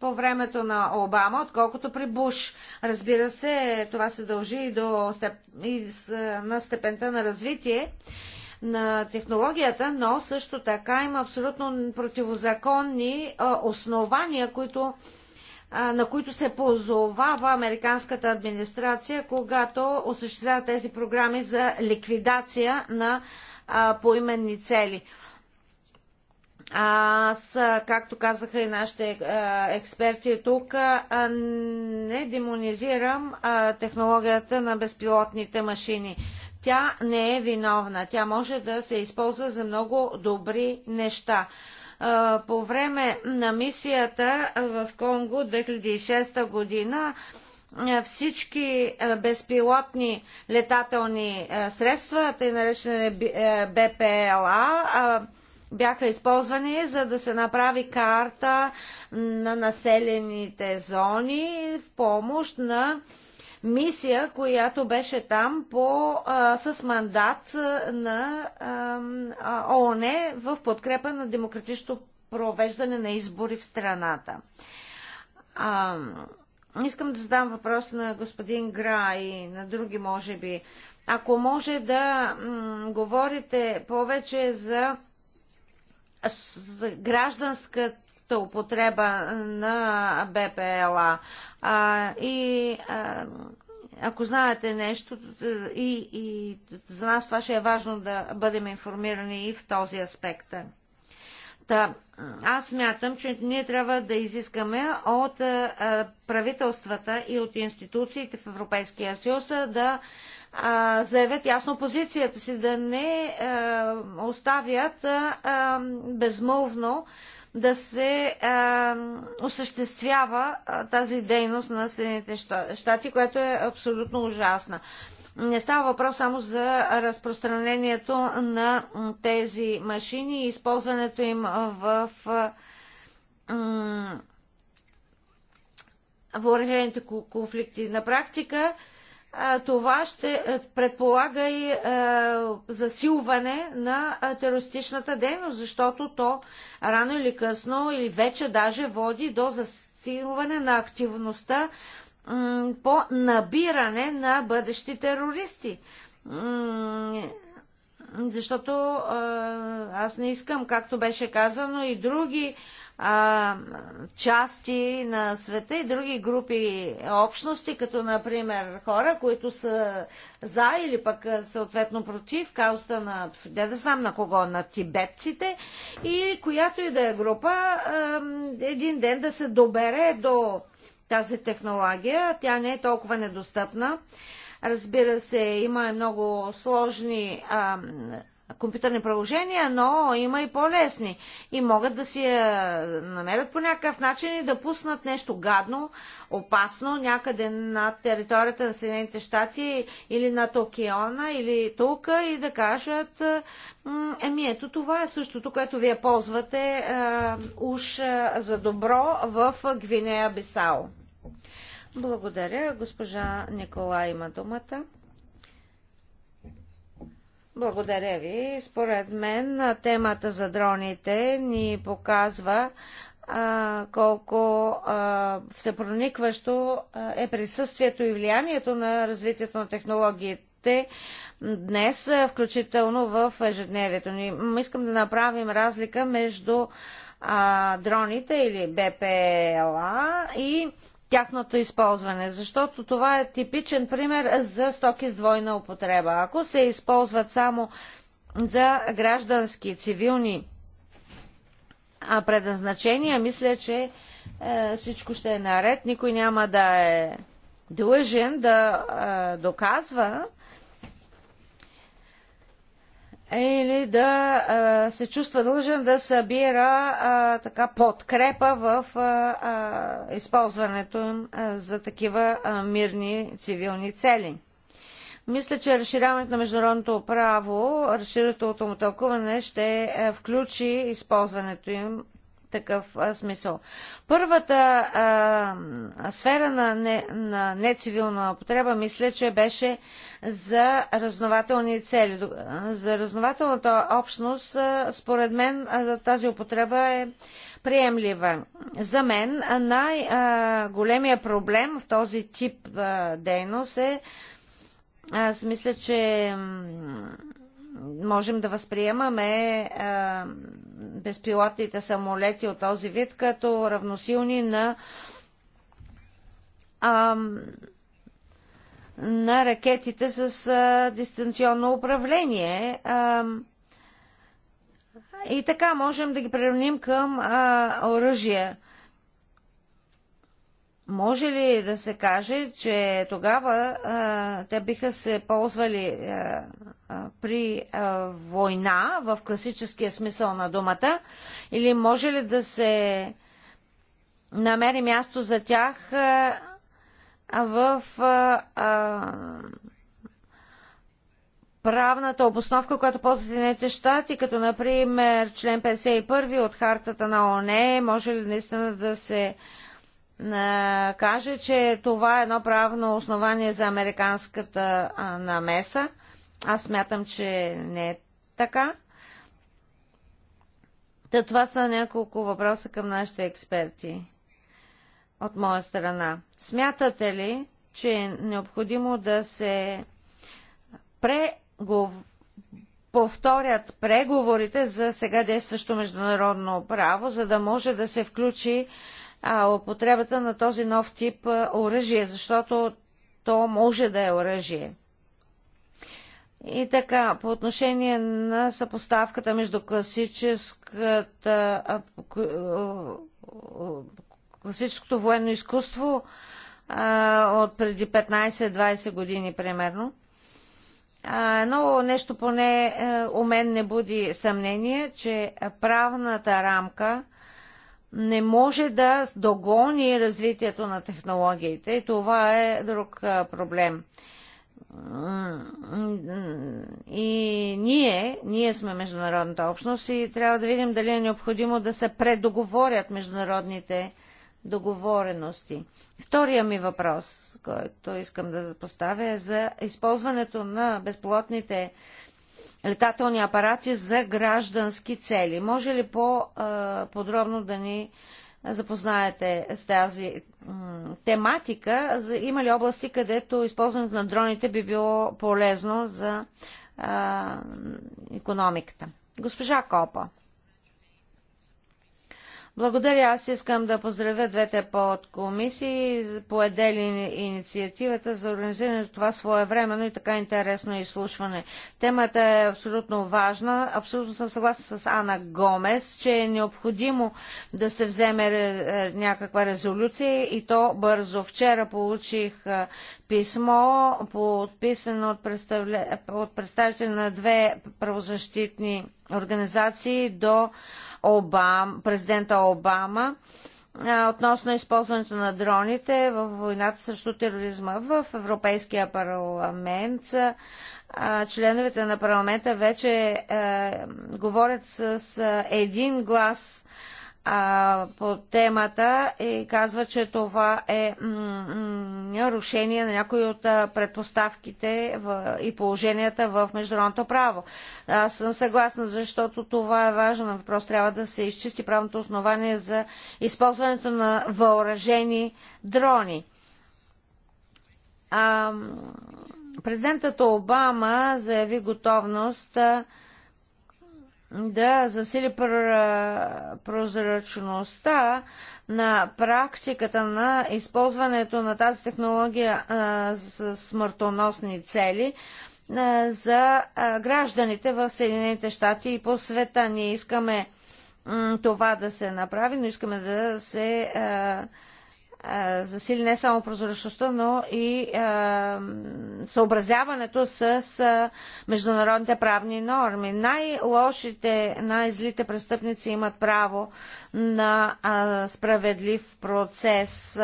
по времето на Обама, отколкото при Буш. Разбира се, това се дължи и, до степ... и с, на степента на развитие на технологията, но също така има абсолютно противозаконни основания, които на които се позовава американската администрация, когато осъществява тези програми за ликвидация на поименни цели. Аз, както казаха и нашите експерти тук, не демонизирам технологията на безпилотните машини. Тя не е виновна. Тя може да се използва за много добри неща по време на мисията в Конго 2006 година всички безпилотни летателни средства, тъй наречени БПЛА, бяха използвани за да се направи карта на населените зони в помощ на мисия, която беше там по, а, с мандат на а, ООН в подкрепа на демократичното провеждане на избори в страната. А, искам да задам въпрос на господин Гра и на други, може би. Ако може да говорите повече за, за гражданската общата употреба на БПЛА. А, и а, ако знаете нещо, и, и за нас това ще е важно да бъдем информирани и в този аспект. Та, аз смятам, че ние трябва да изискаме от правителствата и от институциите в Европейския съюз да заявят ясно позицията си, да не оставят безмълвно да се е, осъществява тази дейност на Съединените щати, която е абсолютно ужасна. Не става въпрос само за разпространението на тези машини и използването им в въоръжените конфликти. На практика това ще предполага и засилване на терористичната дейност, защото то рано или късно или вече даже води до засилване на активността по набиране на бъдещи терористи. Защото аз не искам, както беше казано, и други а, части на света и други групи общности, като например хора, които са за или пък съответно против каузата на, не да знам на кого, на тибетците и която и да е група, а, един ден да се добере до тази технология. Тя не е толкова недостъпна. Разбира се, има много сложни а, компютърни приложения, но има и по-лесни. И могат да си я намерят по някакъв начин и да пуснат нещо гадно, опасно някъде на територията на Съединените щати или на Токиона или тук и да кажат еми ето това е същото, което вие ползвате а, уж а, за добро в Гвинея Бисао. Благодаря. Госпожа Никола има думата. Благодаря ви. Според мен темата за дроните ни показва а, колко а, всепроникващо е присъствието и влиянието на развитието на технологиите днес, включително в ежедневието ни. Искам да направим разлика между а, дроните или БПЛА и а, тяхното използване, защото това е типичен пример за стоки с двойна употреба. Ако се използват само за граждански, цивилни предназначения, мисля, че е, всичко ще е наред. Никой няма да е длъжен да е, доказва, или да а, се чувства дължен да събира а, така подкрепа в а, а, използването а, за такива а, мирни цивилни цели. Мисля, че разширяването на международното право, разширителното му тълкуване ще е, включи използването им такъв смисъл. Първата а, сфера на, не, на нецивилна употреба, мисля, че беше за разнователни цели. За разнователната общност, според мен, тази употреба е приемлива. За мен най-големия проблем в този тип дейност е, аз мисля, че можем да възприемаме безпилотните самолети от този вид като равносилни на ам, на ракетите с а, дистанционно управление. Ам, и така можем да ги приравним към оръжия може ли да се каже, че тогава а, те биха се ползвали а, а, при а, война в класическия смисъл на думата? Или може ли да се намери място за тях а, в а, а, правната обосновка, която ползва Съединените щати, като например член 51 от хартата на ОНЕ, може ли наистина да се а, каже, че това е едно правно основание за американската намеса. Аз смятам, че не е така. Та това са няколко въпроса към нашите експерти от моя страна. Смятате ли, че е необходимо да се прегов... повторят преговорите за сега действащо международно право, за да може да се включи а, употребата на този нов тип оръжие, защото то може да е оръжие. И така, по отношение на съпоставката между класическата, класическото военно изкуство а, от преди 15-20 години примерно, но нещо поне е, у мен не буди съмнение, че правната рамка не може да догони развитието на технологиите. И това е друг проблем. И ние, ние сме международната общност и трябва да видим дали е необходимо да се предоговорят международните договорености. Втория ми въпрос, който искам да поставя е за използването на безплотните летателни апарати за граждански цели. Може ли по-подробно да ни запознаете с тази тематика? Има ли области, където използването на дроните би било полезно за економиката? Госпожа Копа. Благодаря. Аз искам да поздравя двете подкомисии, поедели инициативата за организирането това своевременно и така интересно изслушване. Темата е абсолютно важна. Абсолютно съм съгласна с Ана Гомес, че е необходимо да се вземе е, някаква резолюция и то бързо. Вчера получих е, писмо, подписано от представители на две правозащитни организации до Обам, президента Обама относно използването на дроните в войната срещу тероризма. В Европейския парламент членовете на парламента вече е, говорят с един глас а, по темата и казва, че това е нарушение на някои от а, предпоставките в, и положенията в международното право. Аз съм съгласна, защото това е важен въпрос. Трябва да се изчисти правното основание за използването на въоръжени дрони. А, президентът Обама заяви готовност а, да засили прозрачността на практиката на използването на тази технология с смъртоносни цели за гражданите в Съединените щати и по света. Ние искаме това да се направи, но искаме да се засили не само прозрачността, но и съобразяването с международните правни норми. Най-лошите, най-злите престъпници имат право на справедлив процес.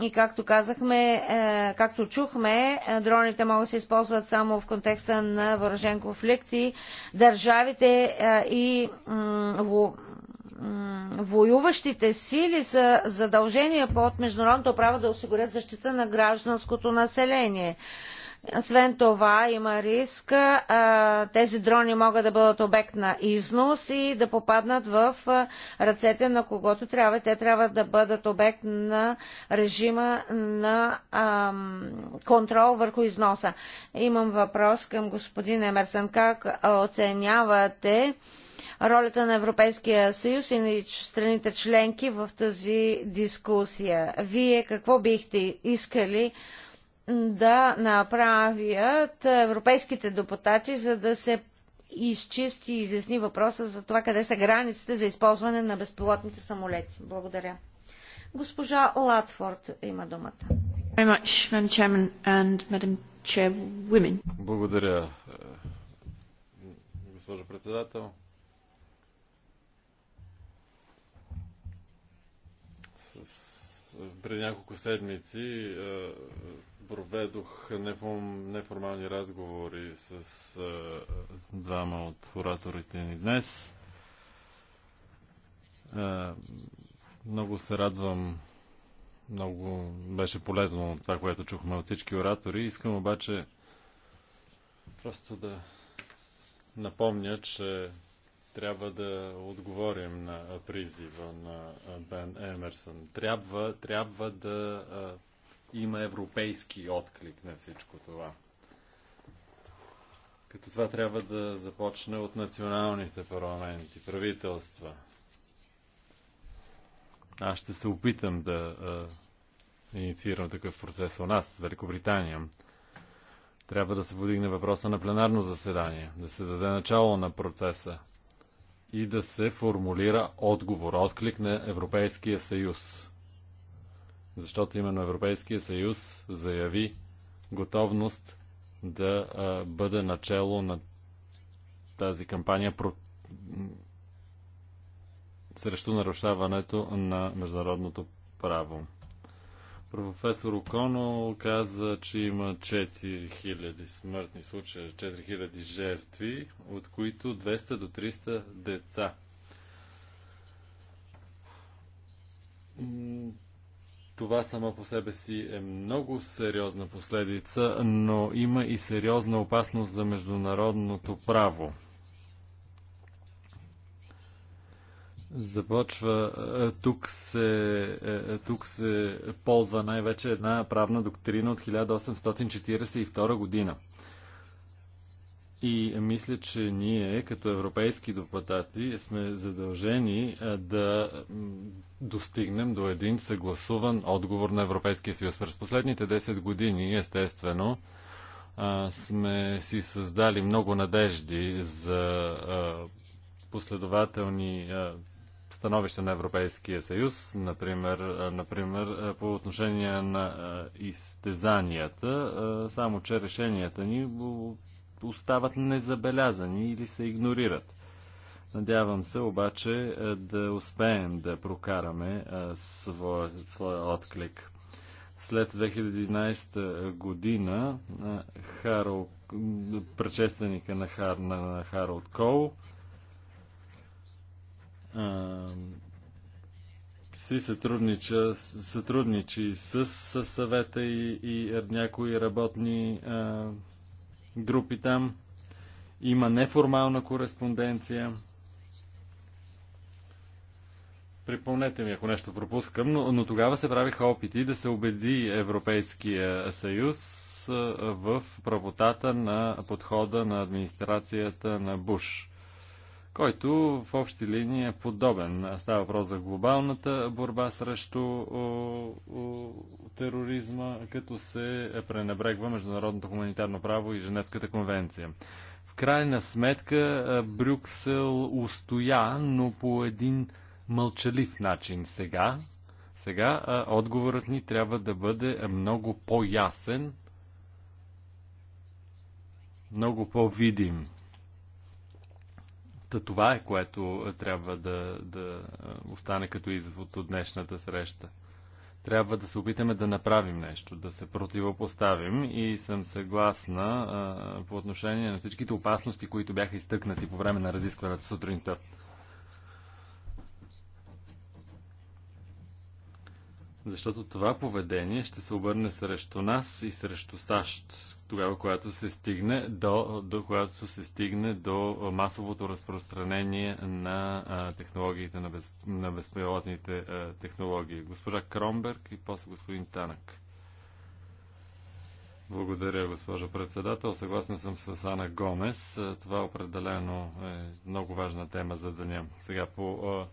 И както казахме, е, както чухме, е, дроните могат да се използват само в контекста на въоръжен конфликт и държавите е, и воюващите сили са задължения под международното право да осигурят защита на гражданското население. Освен това има риск а, тези дрони могат да бъдат обект на износ и да попаднат в а, ръцете на когото трябва. Те трябва да бъдат обект на режима на а, контрол върху износа. Имам въпрос към господин Емерсен. Как оценявате а, ролята на Европейския съюз и на страните членки в тази дискусия. Вие какво бихте искали да направят европейските депутати, за да се изчисти и изясни въпроса за това къде са границите за използване на безпилотните самолети. Благодаря. Госпожа Латфорд има думата. Благодаря, е, госпожо председател. преди няколко седмици е, проведох неформални разговори с е, двама от ораторите ни днес. Е, много се радвам, много беше полезно това, което чухме от всички оратори. Искам обаче просто да напомня, че трябва да отговорим на призива на Бен Емерсън. Трябва, трябва да има европейски отклик на всичко това. Като това трябва да започне от националните парламенти, правителства. Аз ще се опитам да а, инициирам такъв процес у нас, Великобритания. Трябва да се подигне въпроса на пленарно заседание, да се даде начало на процеса и да се формулира отговор, отклик на Европейския съюз. Защото именно Европейския съюз заяви готовност да а, бъде начало на тази кампания про... срещу нарушаването на международното право. Професор Оконо каза, че има 4000 смъртни случая, 4000 жертви, от които 200 до 300 деца. Това само по себе си е много сериозна последица, но има и сериозна опасност за международното право. започва. Е, тук се, е, е, тук се ползва най-вече една правна доктрина от 1842 година. И мисля, че ние, като европейски депутати, сме задължени да достигнем до един съгласуван отговор на Европейския съюз. През последните 10 години, естествено, сме си създали много надежди за последователни становище на Европейския съюз, например, например по отношение на изтезанията, само че решенията ни остават незабелязани или се игнорират. Надявам се обаче да успеем да прокараме своя, своя отклик. След 2011 година Харо, предшественика на, Хар, на Харолд Кол, си сътруднича, сътрудничи с, с съвета и, и някои работни а, групи там. Има неформална кореспонденция. Припомнете ми, ако нещо пропускам, но, но тогава се правиха опити да се убеди Европейския съюз в правотата на подхода на администрацията на Буш който в общи линии е подобен. Става въпрос за глобалната борба срещу о, о, тероризма, като се пренебрегва международното хуманитарно право и Женевската конвенция. В крайна сметка е, Брюксел устоя, но по един мълчалив начин сега. Сега е, отговорът ни трябва да бъде много по-ясен, много по-видим. Та това е което трябва да, да остане като извод от днешната среща. Трябва да се опитаме да направим нещо, да се противопоставим и съм съгласна а, по отношение на всичките опасности, които бяха изтъкнати по време на разискването сутринта. Защото това поведение ще се обърне срещу нас и срещу САЩ, тогава, когато се стигне до, до, когато се стигне до масовото разпространение на а, технологиите, на, без, на безпилотните а, технологии. Госпожа Кромберг и после господин Танък. Благодаря, госпожо председател. Съгласна съм с Ана Гомес. Това определено е много важна тема за деня. Сега по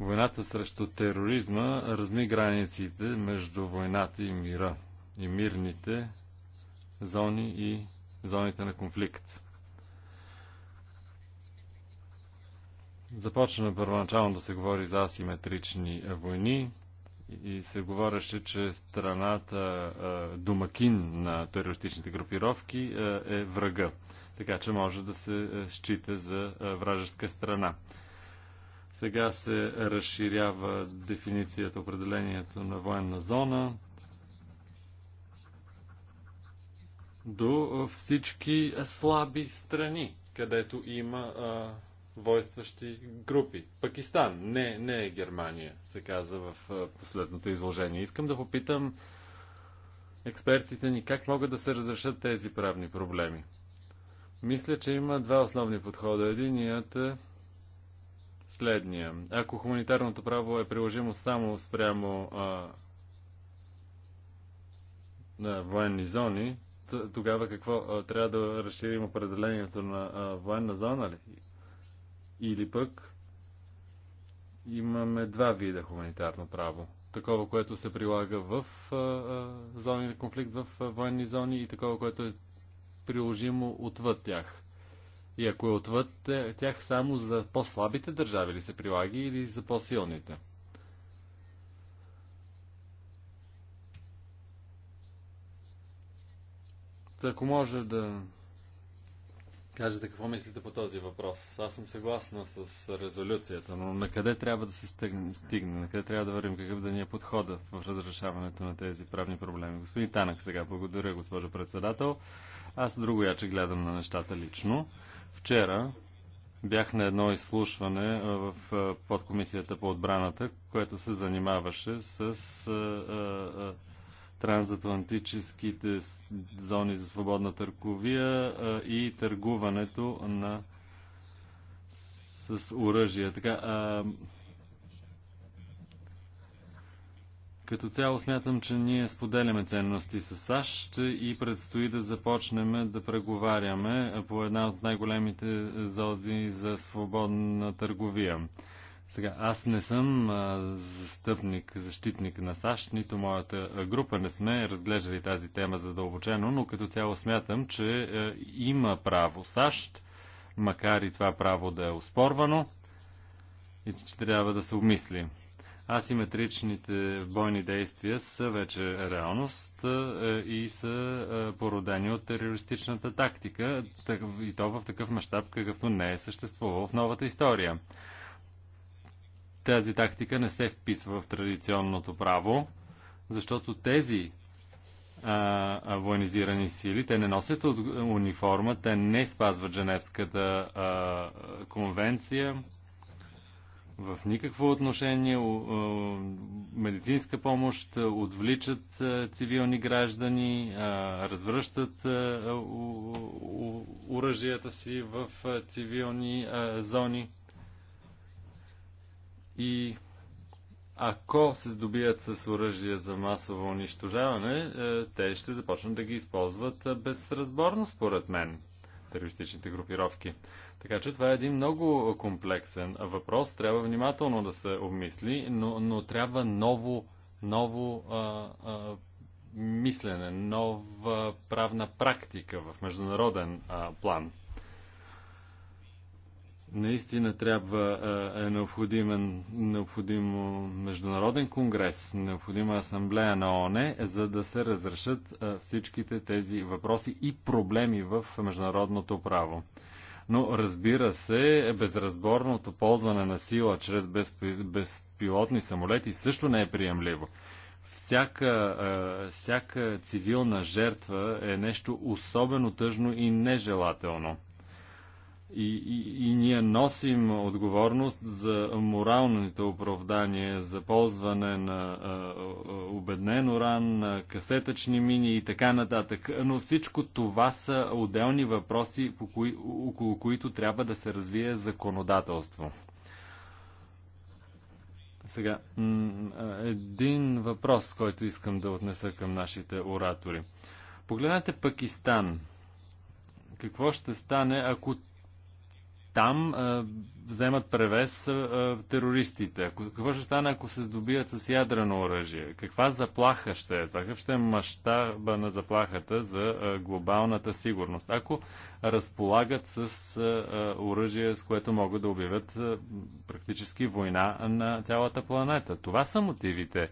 Войната срещу тероризма разни границите между войната и мира и мирните зони и зоните на конфликт. Започна първоначално да се говори за асиметрични войни и се говореше, че страната домакин на терористичните групировки е врага, така че може да се счита за вражеска страна. Сега се разширява дефиницията, определението на военна зона до всички слаби страни, където има а, войстващи групи. Пакистан, не, не е Германия, се каза в а, последното изложение. Искам да попитам експертите ни как могат да се разрешат тези правни проблеми. Мисля, че има два основни подхода. Единият е следния. Ако хуманитарното право е приложимо само спрямо а, на военни зони, тогава какво? А, трябва да разширим определението на а, военна зона ли? Или пък имаме два вида хуманитарно право. Такова, което се прилага в а, а, зони на конфликт, в а, военни зони и такова, което е приложимо отвъд тях. И ако е отвъд тях само за по-слабите държави ли се прилага или за по-силните? Ако може да кажете какво мислите по този въпрос. Аз съм съгласна с резолюцията, но на къде трябва да се стигне, стигне на къде трябва да вървим, какъв да ни е подхода в разрешаването на тези правни проблеми. Господин Танък сега, благодаря, госпожо председател. Аз друго яче гледам на нещата лично. Вчера бях на едно изслушване в подкомисията по отбраната, което се занимаваше с трансатлантическите зони за свободна търговия и търгуването на с оръжие. Така, Като цяло смятам, че ние споделяме ценности с САЩ и предстои да започнем да преговаряме по една от най-големите зоди за свободна търговия. Сега, аз не съм а, застъпник, защитник на САЩ, нито моята група не сме разглеждали тази тема задълбочено, но като цяло смятам, че а, има право САЩ, макар и това право да е оспорвано и че трябва да се обмисли. Асиметричните бойни действия са вече реалност е, и са е, породени от терористичната тактика, и то в такъв мащаб, какъвто не е съществувал в новата история. Тази тактика не се вписва в традиционното право, защото тези е, военизирани сили. Те не носят униформа, те не спазват Женевската а, конвенция в никакво отношение медицинска помощ, отвличат цивилни граждани, развръщат оръжията си в цивилни зони. И ако се здобият с оръжие за масово унищожаване, те ще започнат да ги използват безразборно, според мен, терористичните групировки. Така че това е един много комплексен въпрос. Трябва внимателно да се обмисли, но, но трябва ново, ново а, а, мислене, нова правна практика в международен а, план. Наистина трябва е необходим, необходим международен конгрес, необходима асамблея на ООН, за да се разрешат всичките тези въпроси и проблеми в международното право. Но разбира се, безразборното ползване на сила чрез безпилотни самолети също не е приемливо. Всяка, е, всяка цивилна жертва е нещо особено тъжно и нежелателно. И, и, и ние носим отговорност за моралните оправдания, за ползване на а, обеднен уран, на касетъчни мини и така нататък. Но всичко това са отделни въпроси, по кои, около които трябва да се развие законодателство. Сега, един въпрос, който искам да отнеса към нашите оратори. Погледнете Пакистан. Какво ще стане, ако там а, вземат превес а, терористите? Ако, какво ще стане, ако се здобият с ядрено оръжие? Каква заплаха ще е? Какъв ще е мащаба на заплахата за а, глобалната сигурност? Ако разполагат с а, а, оръжие, с което могат да обявят а, практически война на цялата планета. Това са мотивите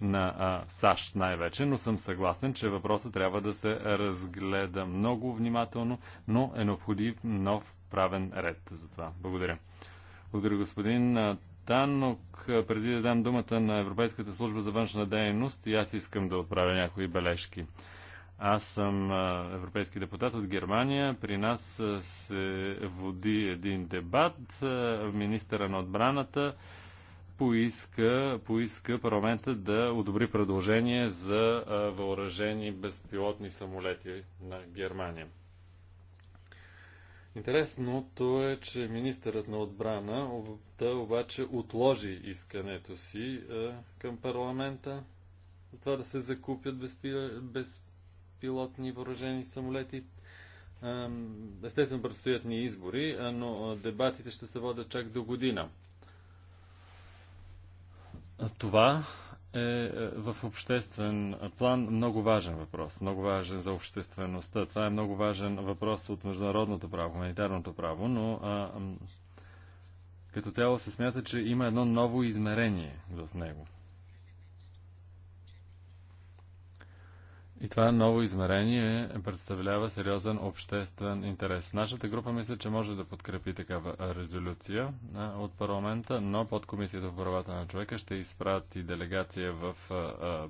на а, САЩ най-вече, но съм съгласен, че въпросът трябва да се разгледа много внимателно, но е необходим нов правен ред за това. Благодаря. Благодаря, господин Танок. Преди да дам думата на Европейската служба за външна дейност, и аз искам да отправя някои бележки. Аз съм европейски депутат от Германия. При нас се води един дебат. Министъра на отбраната поиска, поиска парламента да одобри предложение за въоръжени безпилотни самолети на Германия. Интересното е, че министърът на отбрана да обаче отложи искането си е, към парламента за това да се закупят безпилотни въоръжени самолети. Е, естествено, предстоят ни избори, но дебатите ще се водят чак до година. Това е, е в обществен план много важен въпрос, много важен за обществеността. Това е много важен въпрос от международното право, хуманитарното право, но а, като цяло се смята, че има едно ново измерение в него. И това ново измерение представлява сериозен обществен интерес. Нашата група мисля, че може да подкрепи такава резолюция от парламента, но под Комисията по правата на човека ще изпрати делегация в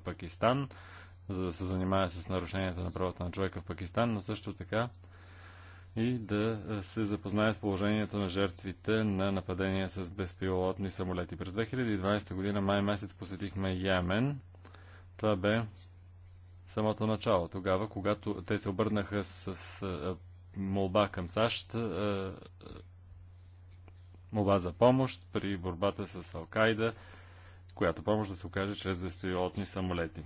Пакистан, за да се занимава с нарушенията на правата на човека в Пакистан, но също така и да се запознае с положението на жертвите на нападения с безпилотни самолети. През 2012 година май месец посетихме Ямен. Това бе самото начало. Тогава, когато те се обърнаха с, с молба към САЩ, молба за помощ при борбата с Алкайда, която помощ да се окаже чрез безпилотни самолети.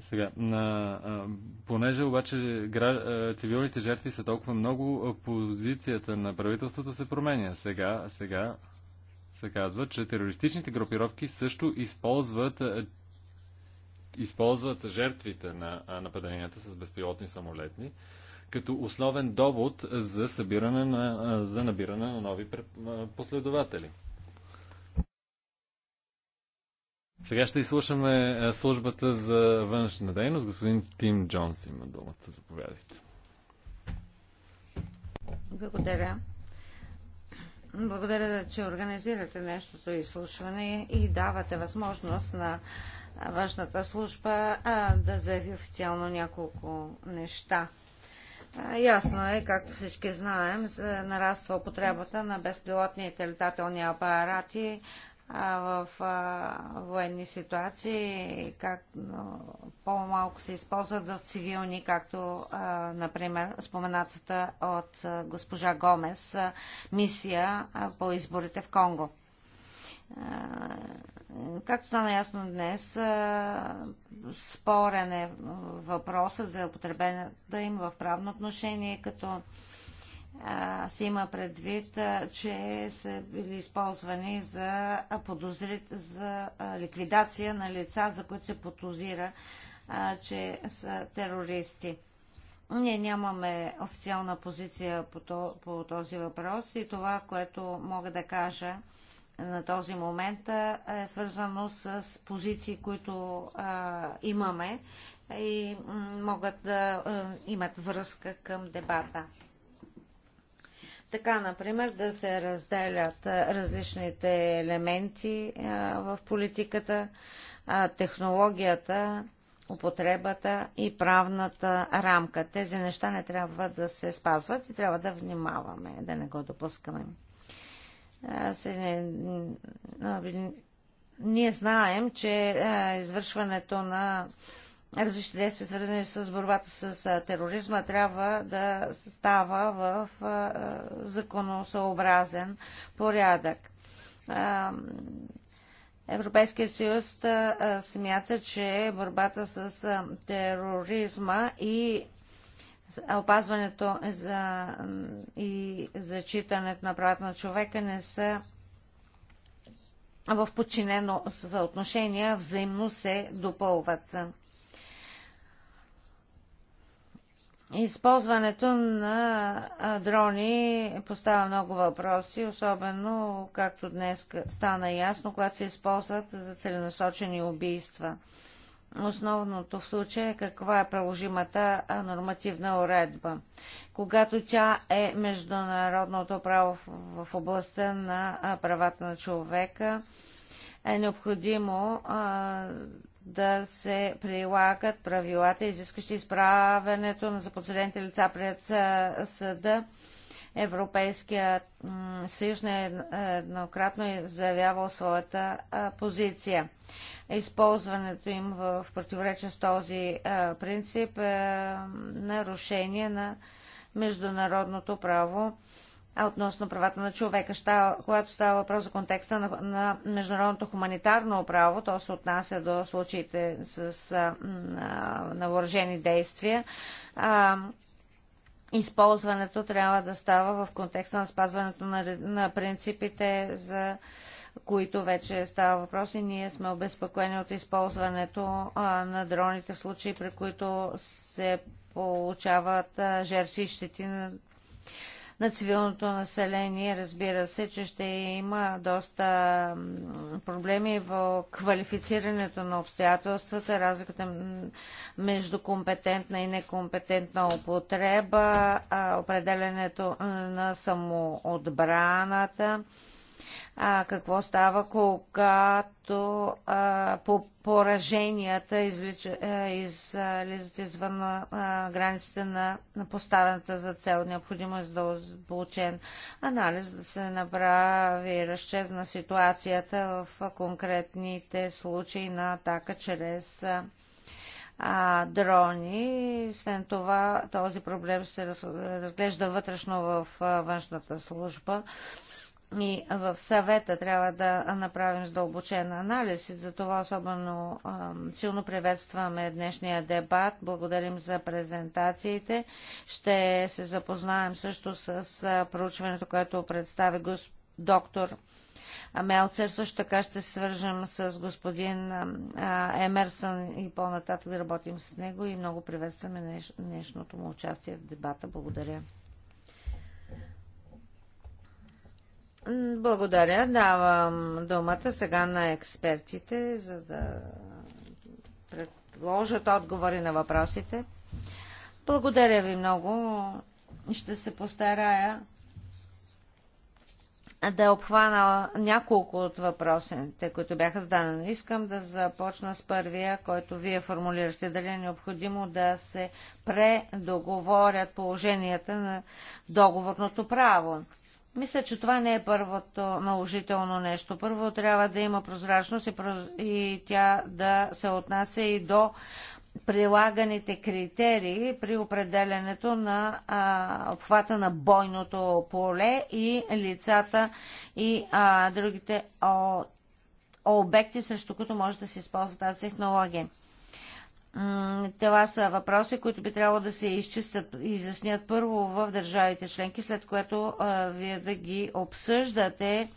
Сега, на, а, понеже обаче гра, а, цивилните жертви са толкова много, позицията на правителството се променя. Сега, сега се казва, че терористичните групировки също използват използват жертвите на нападенията с безпилотни самолетни като основен довод за, събиране на, за набиране на нови последователи. Сега ще изслушаме службата за външна дейност. Господин Тим Джонс има думата. Заповядайте. Благодаря. Благодаря, че организирате нещото изслушване и давате възможност на външната служба а, да заяви официално няколко неща. А, ясно е, както всички знаем, за нараства употребата на безпилотните летателни апарати а, в а, военни ситуации, как по-малко се използват в цивилни, както, а, например, споменатата от а, госпожа Гомес а, мисия а, по изборите в Конго. А, Както стана ясно днес, спорен е въпросът за употребената им в правно отношение, като се има предвид, че са били използвани за, подозри... за ликвидация на лица, за които се подозира, че са терористи. Ние нямаме официална позиция по този въпрос и това, което мога да кажа на този момент е свързано с позиции, които а, имаме и могат да а, имат връзка към дебата. Така, например, да се разделят различните елементи а, в политиката, а, технологията, употребата и правната рамка. Тези неща не трябва да се спазват и трябва да внимаваме, да не го допускаме се, ние знаем, че извършването на различни действия, свързани с борбата с тероризма, трябва да става в законосъобразен порядък. Европейския съюз смята, че борбата с тероризма и опазването за, и зачитането на правата на човека не са в подчинено съотношение, взаимно се допълват. Използването на дрони поставя много въпроси, особено както днес стана ясно, когато се използват за целенасочени убийства. Основното в случая е каква е приложимата нормативна уредба. Когато тя е международното право в областта на правата на човека, е необходимо да се прилагат правилата, изискащи изправенето на заподозрените лица пред съда. Европейският съюз не еднократно е заявявал своята позиция използването им в противоречие с този е, принцип е нарушение на международното право относно правата на човека. когато става въпрос за контекста на, на международното хуманитарно право, то се отнася до случаите с е, а, действия. А, използването трябва да става в контекста на спазването на, на принципите за които вече става въпрос и ние сме обезпокоени от използването на дроните в случаи, при които се получават жертви и на, на цивилното население. Разбира се, че ще има доста проблеми в квалифицирането на обстоятелствата, разликата между компетентна и некомпетентна употреба, определенето на самоотбраната а, какво става, когато а, по пораженията излизат извън а, границите на, на поставената за цел. Необходимо е получен анализ да се направи разчет на ситуацията в конкретните случаи на атака чрез а, дрони. Освен това, този проблем се разглежда вътрешно в външната служба и в съвета трябва да направим задълбочен анализ и за това особено силно приветстваме днешния дебат. Благодарим за презентациите. Ще се запознаем също с проучването, което представи доктор Мелцер. Също така ще се свържем с господин Емерсън и по-нататък да работим с него и много приветстваме днешното му участие в дебата. Благодаря. Благодаря. Давам думата сега на експертите, за да предложат отговори на въпросите. Благодаря ви много. Ще се постарая да обхвана няколко от въпросите, които бяха зададени. Искам да започна с първия, който вие формулирате Дали е необходимо да се предоговорят положенията на договорното право? Мисля, че това не е първото наложително нещо. Първо трябва да има прозрачност и, проз... и тя да се отнася и до прилаганите критерии при определенето на а, обхвата на бойното поле и лицата и а, другите о, обекти, срещу които може да се използва тази технология. Това са въпроси, които би трябвало да се изчистят и изяснят първо в държавите членки, след което вие да ги обсъждате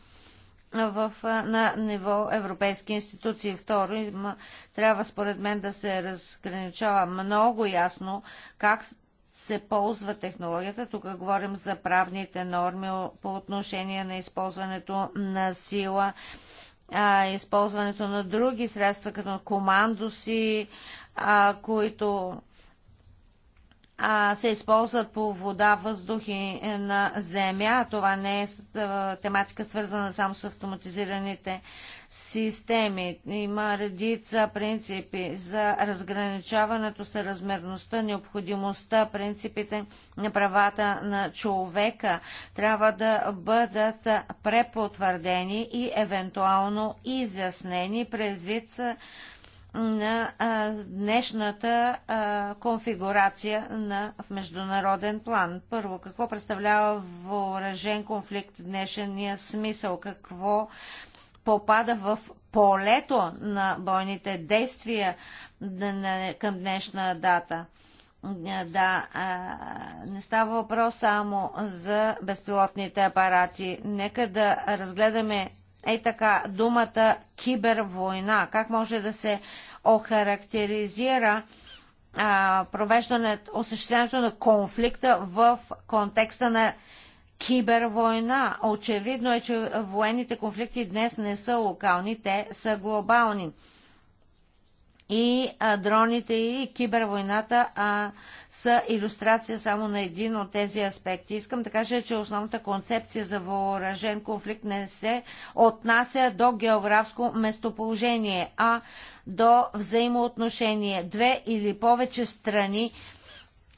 в, на ниво европейски институции. Второ, има, трябва според мен да се разграничава много ясно как се ползва технологията. Тук говорим за правните норми по отношение на използването на сила, използването на други средства, като командоси, а, които а, се използват по вода, въздух и е, на земя. Това не е тематика свързана само с автоматизираните системи. Има редица принципи за разграничаването, съразмерността, необходимостта, принципите на правата на човека трябва да бъдат препотвърдени и евентуално изяснени предвид на а, днешната а, конфигурация на, в международен план. Първо, какво представлява въоръжен конфликт в днешния смисъл? Какво попада в полето на бойните действия към днешна дата? Да, не става въпрос само за безпилотните апарати. Нека да разгледаме е така, думата кибервойна, как може да се охарактеризира провеждането, осъществяването на конфликта в контекста на кибервойна. Очевидно е, че военните конфликти днес не са локални, те са глобални и а, дроните и кибервойната а, са иллюстрация само на един от тези аспекти. Искам да кажа, че основната концепция за въоръжен конфликт не се отнася до географско местоположение, а до взаимоотношение. Две или повече страни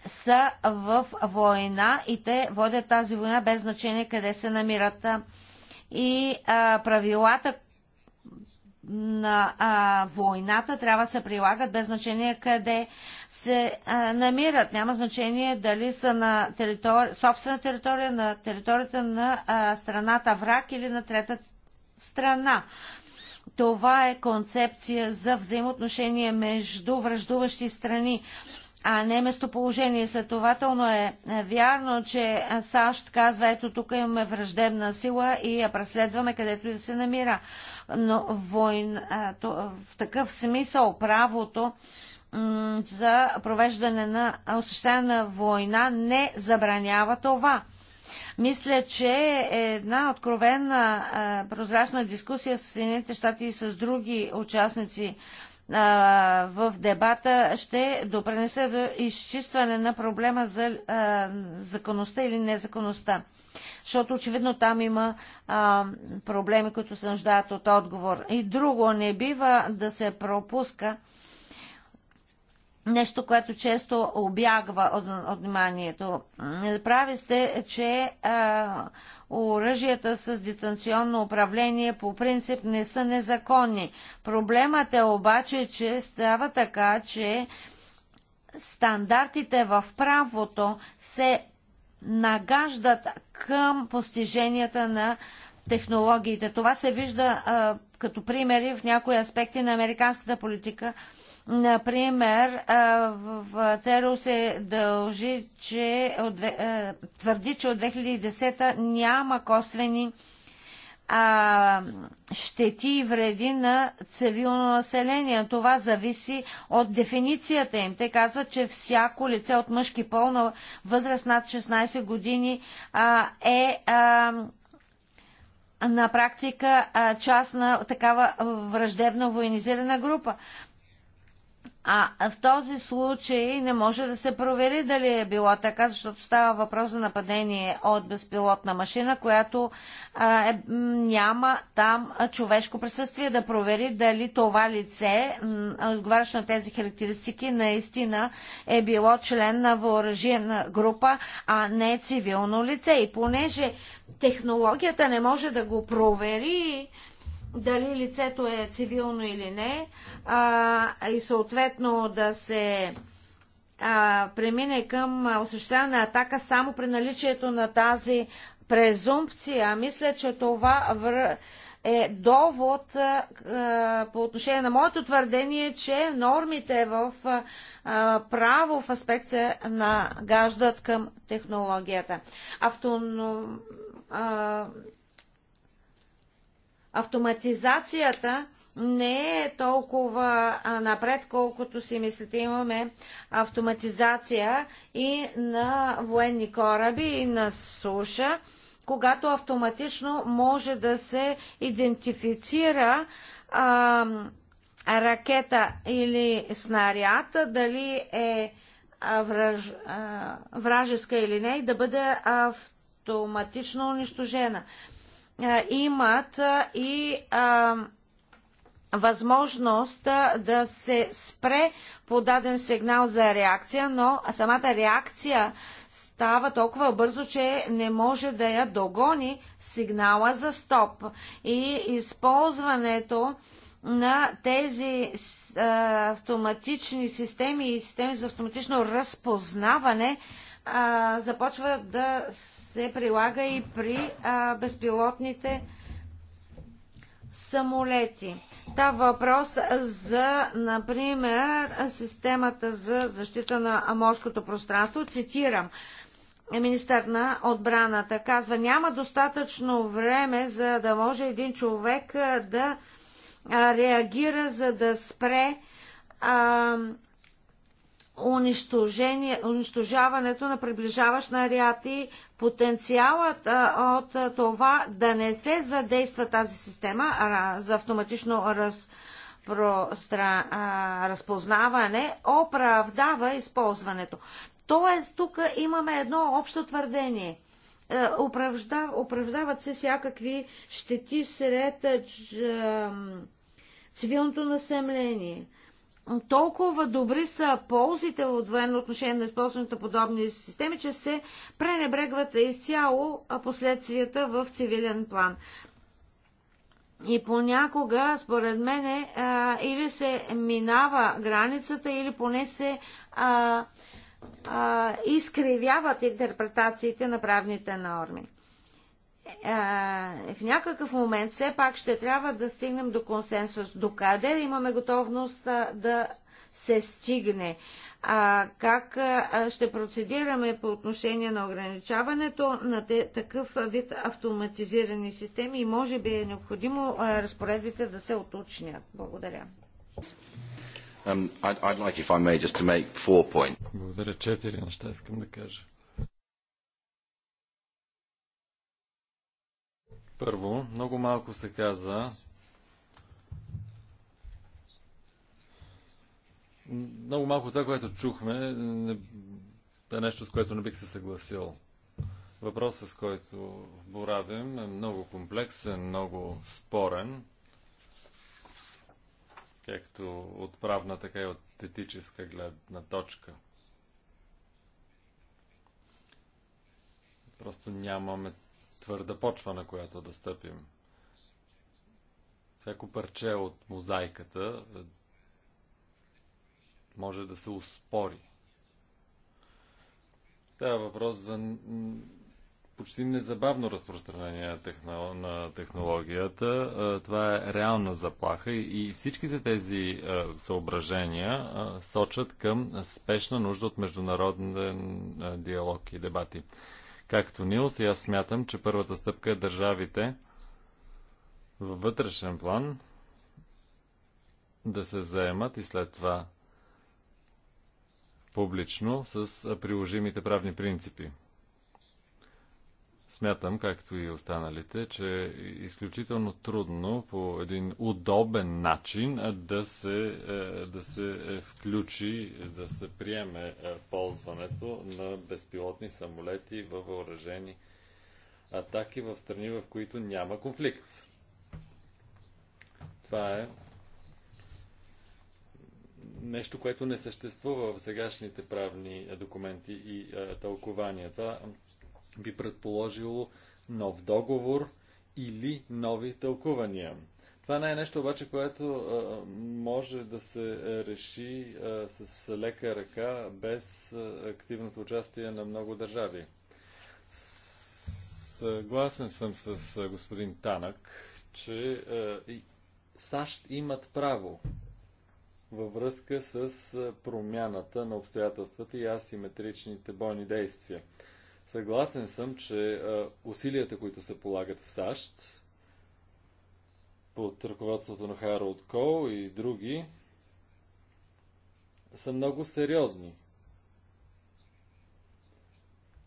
са в война и те водят тази война без значение къде се намират. И а, правилата, на а, войната трябва да се прилагат без значение къде се а, намират. Няма значение дали са на територи... собствена територия, на територията на а, страната враг или на трета страна. Това е концепция за взаимоотношение между връждуващи страни а не местоположение. Следователно е вярно, че САЩ казва, ето тук имаме враждебна сила и я преследваме където и да се намира. Но войн, в такъв смисъл правото за провеждане на осъществяване на война не забранява това. Мисля, че е една откровена прозрачна дискусия с Съединените щати и с други участници в дебата ще допренесе до изчистване на проблема за законността или незаконността. Защото очевидно там има а, проблеми, които се нуждаят от отговор. И друго, не бива да се пропуска нещо, което често обягва от, от вниманието. Прави сте, че а, оръжията с дистанционно управление по принцип не са незаконни. Проблемът е обаче, че става така, че стандартите в правото се нагаждат към постиженията на технологиите. Това се вижда а, като примери в някои аспекти на американската политика. А, Например, в ЦРУ се дължи, че от, твърди, че от 2010 няма косвени а, щети и вреди на цивилно население. Това зависи от дефиницията им. Те казват, че всяко лице от мъжки пълна възраст над 16 години а, е а, на практика а, част на такава враждебна военизирана група. А в този случай не може да се провери дали е било така, защото става въпрос за нападение от безпилотна машина, която а, е, няма там човешко присъствие да провери дали това лице, отговаряш на тези характеристики, наистина е било член на въоръжена група, а не цивилно лице. И понеже технологията не може да го провери, дали лицето е цивилно или не, а, и съответно да се а, премине към осъществяване на атака само при наличието на тази презумпция. Мисля, че това вър... е довод а, по отношение на моето твърдение, че нормите в а, право в аспект се нагаждат към технологията. Автоном автоматизацията не е толкова напред, колкото си мислите. Имаме автоматизация и на военни кораби, и на суша, когато автоматично може да се идентифицира а, ракета или снаряд, дали е враж, а, вражеска или не, и да бъде автоматично унищожена имат и възможност да се спре подаден сигнал за реакция, но самата реакция става толкова бързо, че не може да я догони сигнала за стоп. И използването на тези автоматични системи и системи за автоматично разпознаване започва да се се прилага и при а, безпилотните самолети. Та въпрос за, например, системата за защита на морското пространство. Цитирам е, министър на отбраната. Казва, няма достатъчно време, за да може един човек да реагира, за да спре а, унищожаването на приближаващ наряд и потенциалът а, от това да не се задейства тази система а, за автоматично раз, стра, а, разпознаване оправдава използването. Тоест, тук имаме едно общо твърдение. Е, оправдават се всякакви щети сред цивилното население толкова добри са ползите от военно отношение на използването на подобни системи, че се пренебрегват изцяло последствията в цивилен план. И понякога, според мен, е, или се минава границата, или поне се а, а, изкривяват интерпретациите на правните норми. Е, в някакъв момент все пак ще трябва да стигнем до консенсус. До къде имаме готовност да се стигне? А, как ще процедираме по отношение на ограничаването на такъв вид автоматизирани системи и може би е необходимо разпоредбите да се оточнят? Благодаря. Um, Благодаря. Четири неща искам да кажа. Първо, много малко се каза много малко това, което чухме, е нещо, с което не бих се съгласил. Въпросът, с който боравим, е много комплексен, много спорен, както от правна, така и от етическа гледна точка. Просто нямаме твърда почва, на която да стъпим. Всяко парче от мозайката е, може да се успори. Става въпрос за почти незабавно разпространение на технологията. Е, това е реална заплаха и всичките тези е, съображения сочат към спешна нужда от международен диалог и дебати. Както Нилс и аз смятам, че първата стъпка е държавите във вътрешен план да се заемат и след това публично с приложимите правни принципи. Смятам, както и останалите, че е изключително трудно по един удобен начин да се, е, да се е, включи, да се приеме е, ползването на безпилотни самолети във въоръжени атаки в страни, в които няма конфликт. Това е нещо, което не съществува в сегашните правни документи и тълкования. Това би предположило нов договор или нови тълкувания. Това не е нещо обаче, което а, може да се реши а, с лека ръка без а, активното участие на много държави. Съгласен съм с а, господин Танък, че а, и САЩ имат право във връзка с промяната на обстоятелствата и асиметричните бойни действия. Съгласен съм, че усилията, които се полагат в САЩ под ръководството на Харолд Кол и други, са много сериозни.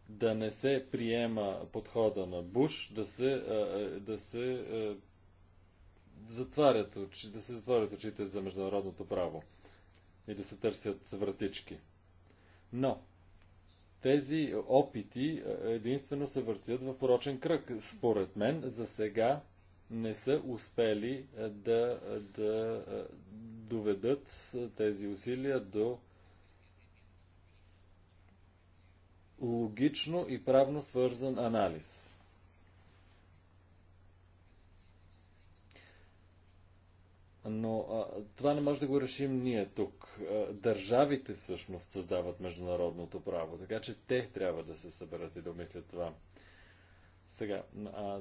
Да не се приема подхода на Буш, да се, да се затварят очи, да се затварят очите за международното право и да се търсят вратички. Но, тези опити е, единствено се въртят в порочен кръг. Според мен, за сега не са успели е, да, е, да доведат тези усилия до логично и правно свързан анализ. Но а, това не може да го решим ние тук. Държавите всъщност създават международното право, така че те трябва да се съберат и да мислят това. Сега, а,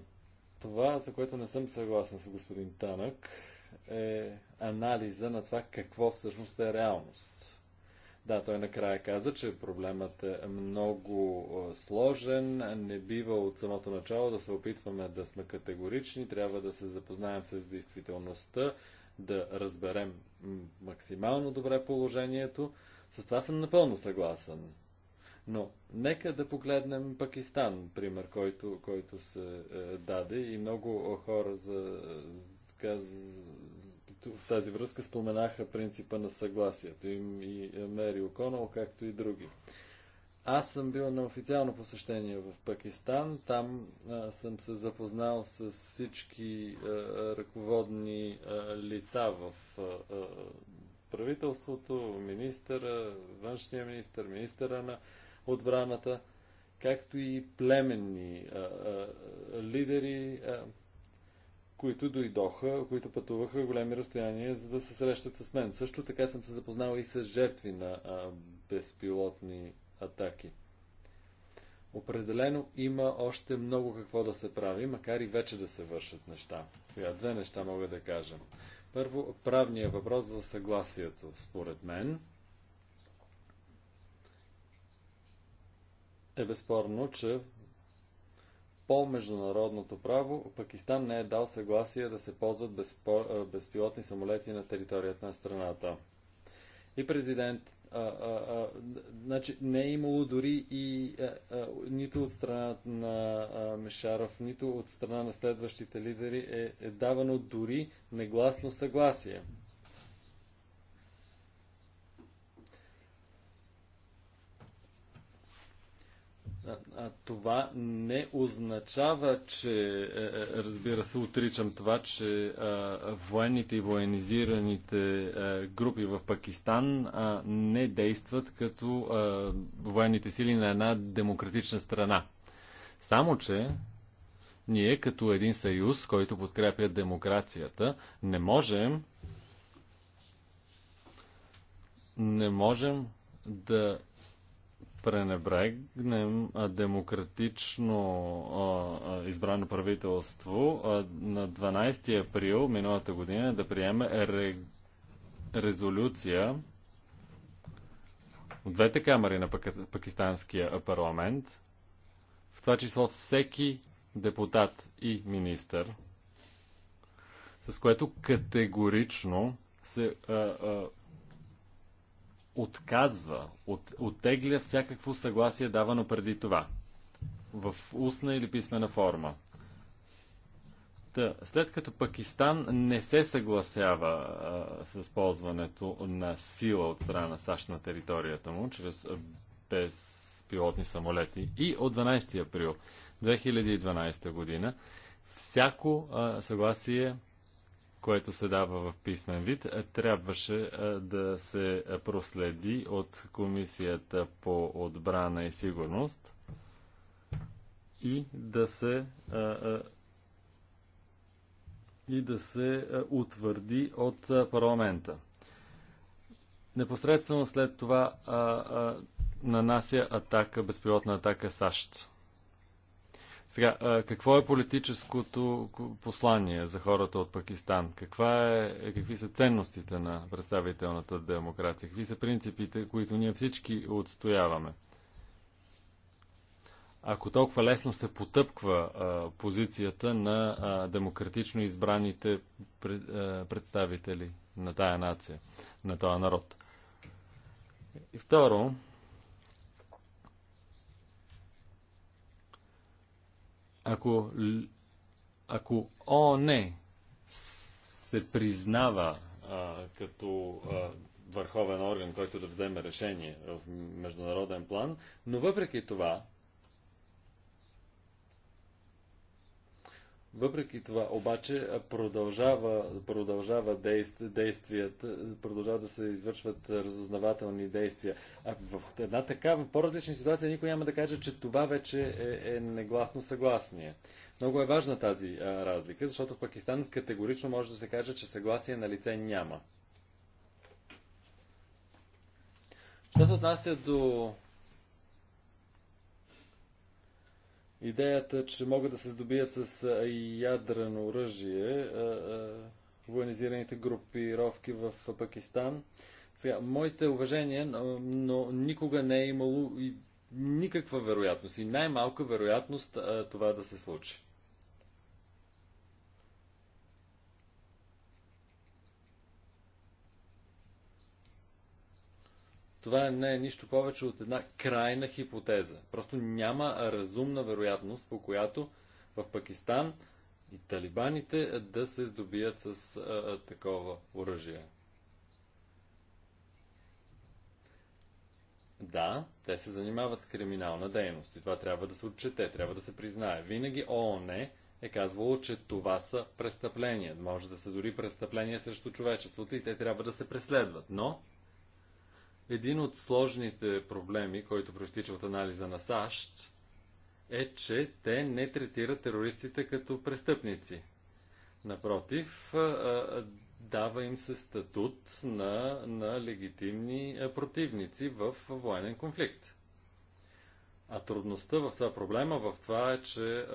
това, за което не съм съгласен с господин Танък, е анализа на това какво всъщност е реалност. Да, той накрая каза, че проблемът е много сложен, не бива от самото начало да се опитваме да сме категорични, трябва да се запознаем с действителността, да разберем максимално добре положението. С това съм напълно съгласен. Но нека да погледнем Пакистан, пример, който, който се е, даде и много хора за, за, в тази връзка споменаха принципа на съгласието и, и Мери Оконал, както и други. Аз съм бил на официално посещение в Пакистан. Там а, съм се запознал с всички а, ръководни а, лица в а, а, правителството, министъра, външния министър, министъра на отбраната, както и племенни а, а, лидери, а, които дойдоха, които пътуваха големи разстояния, за да се срещат с мен. Също така съм се запознал и с жертви на а, безпилотни атаки. Определено има още много какво да се прави, макар и вече да се вършат неща. Сега две неща мога да кажа. Първо, правния въпрос за съгласието. Според мен е безспорно, че по международното право Пакистан не е дал съгласие да се ползват безпилотни самолети на територията на страната. И президент а, а, значи не е имало дори и а, а, нито от страна на а, Мишаров, нито от страна на следващите лидери е, е давано дори негласно съгласие. А, а това не означава, че, е, е, разбира се, отричам това, че а, военните и военизираните а, е, групи в Пакистан а, не действат като а, военните сили на една демократична страна. Само, че ние като един съюз, който подкрепя демокрацията, не можем не можем да пренебрегнем демократично избрано правителство на 12 април миналата година да приеме ре... резолюция от двете камери на пак... пакистанския парламент, в това число всеки депутат и министър, с което категорично се а, а, отказва, от, оттегля всякакво съгласие давано преди това. В устна или писмена форма. Та, след като Пакистан не се съгласява а, с ползването на сила от страна на САЩ на територията му, чрез безпилотни самолети, и от 12 април 2012 година, всяко а, съгласие което се дава в писмен вид, е, трябваше е, да се проследи от Комисията по отбрана и сигурност и да се е, и да се утвърди от парламента. Непосредствено след това нанася атака, безпилотна атака САЩ. Сега, какво е политическото послание за хората от Пакистан? Каква е, е, какви са ценностите на представителната демокрация? Какви са принципите, които ние всички отстояваме? Ако толкова лесно се потъпква а, позицията на а, демократично избраните пред, а, представители на тая нация, на този народ. И второ, Ако, ако ООН се признава а, като а, върховен орган, който да вземе решение в международен план, но въпреки това Въпреки това, обаче, продължава, продължава действията, продължава да се извършват разузнавателни действия. А в една такава по-различна ситуация никой няма да каже, че това вече е, е негласно съгласие. Много е важна тази а, разлика, защото в Пакистан категорично може да се каже, че съгласие на лице няма. Що се отнася до Идеята, че могат да се здобият с ядрено оръжие военизираните групировки в Пакистан. Сега, моите уважения, но, никога не е имало и никаква вероятност и най-малка вероятност това да се случи. Това не е нищо повече от една крайна хипотеза. Просто няма разумна вероятност, по която в Пакистан и талибаните да се здобият с а, а такова оръжие. Да, те се занимават с криминална дейност и това трябва да се отчете, трябва да се признае. Винаги ООН е казвало, че това са престъпления. Може да са дори престъпления срещу човечеството и те трябва да се преследват. Но един от сложните проблеми, който проистича от анализа на САЩ, е, че те не третират терористите като престъпници. Напротив, дава им се статут на, на легитимни противници в военен конфликт. А трудността в това проблема, в това е, че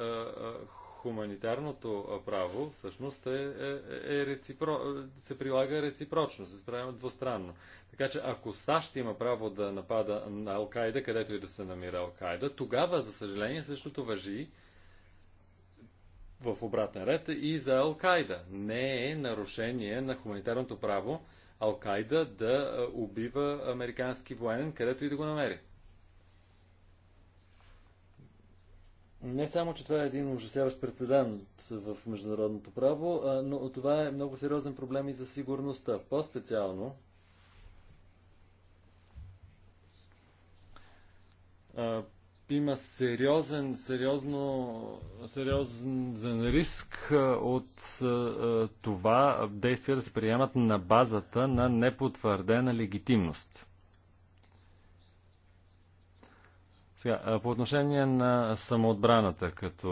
хуманитарното право всъщност е, е, е, е реципро... се прилага реципрочно, се справя двустранно. Така че ако САЩ има право да напада на Алкайда, където и да се намира Алкайда, тогава, за съжаление, същото въжи в обратен ред и за Алкайда. Не е нарушение на хуманитарното право Алкайда да убива американски военен, където и да го намери. Не само, че това е един ужасяващ прецедент в международното право, но това е много сериозен проблем и за сигурността. По-специално, има сериозен, сериозно, сериозен риск от това действия да се приемат на базата на непотвърдена легитимност. Сега, по отношение на самоотбраната като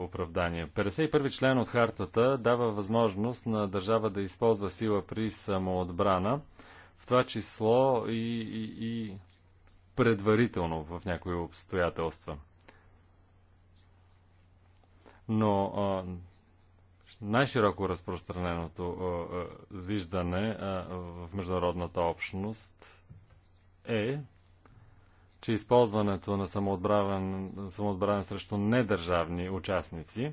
оправдание. 51 член от хартата дава възможност на държава да използва сила при самоотбрана, в това число и, и, и предварително в някои обстоятелства. Но най-широко разпространеното виждане в международната общност е, че използването на самоотбрана срещу недържавни участници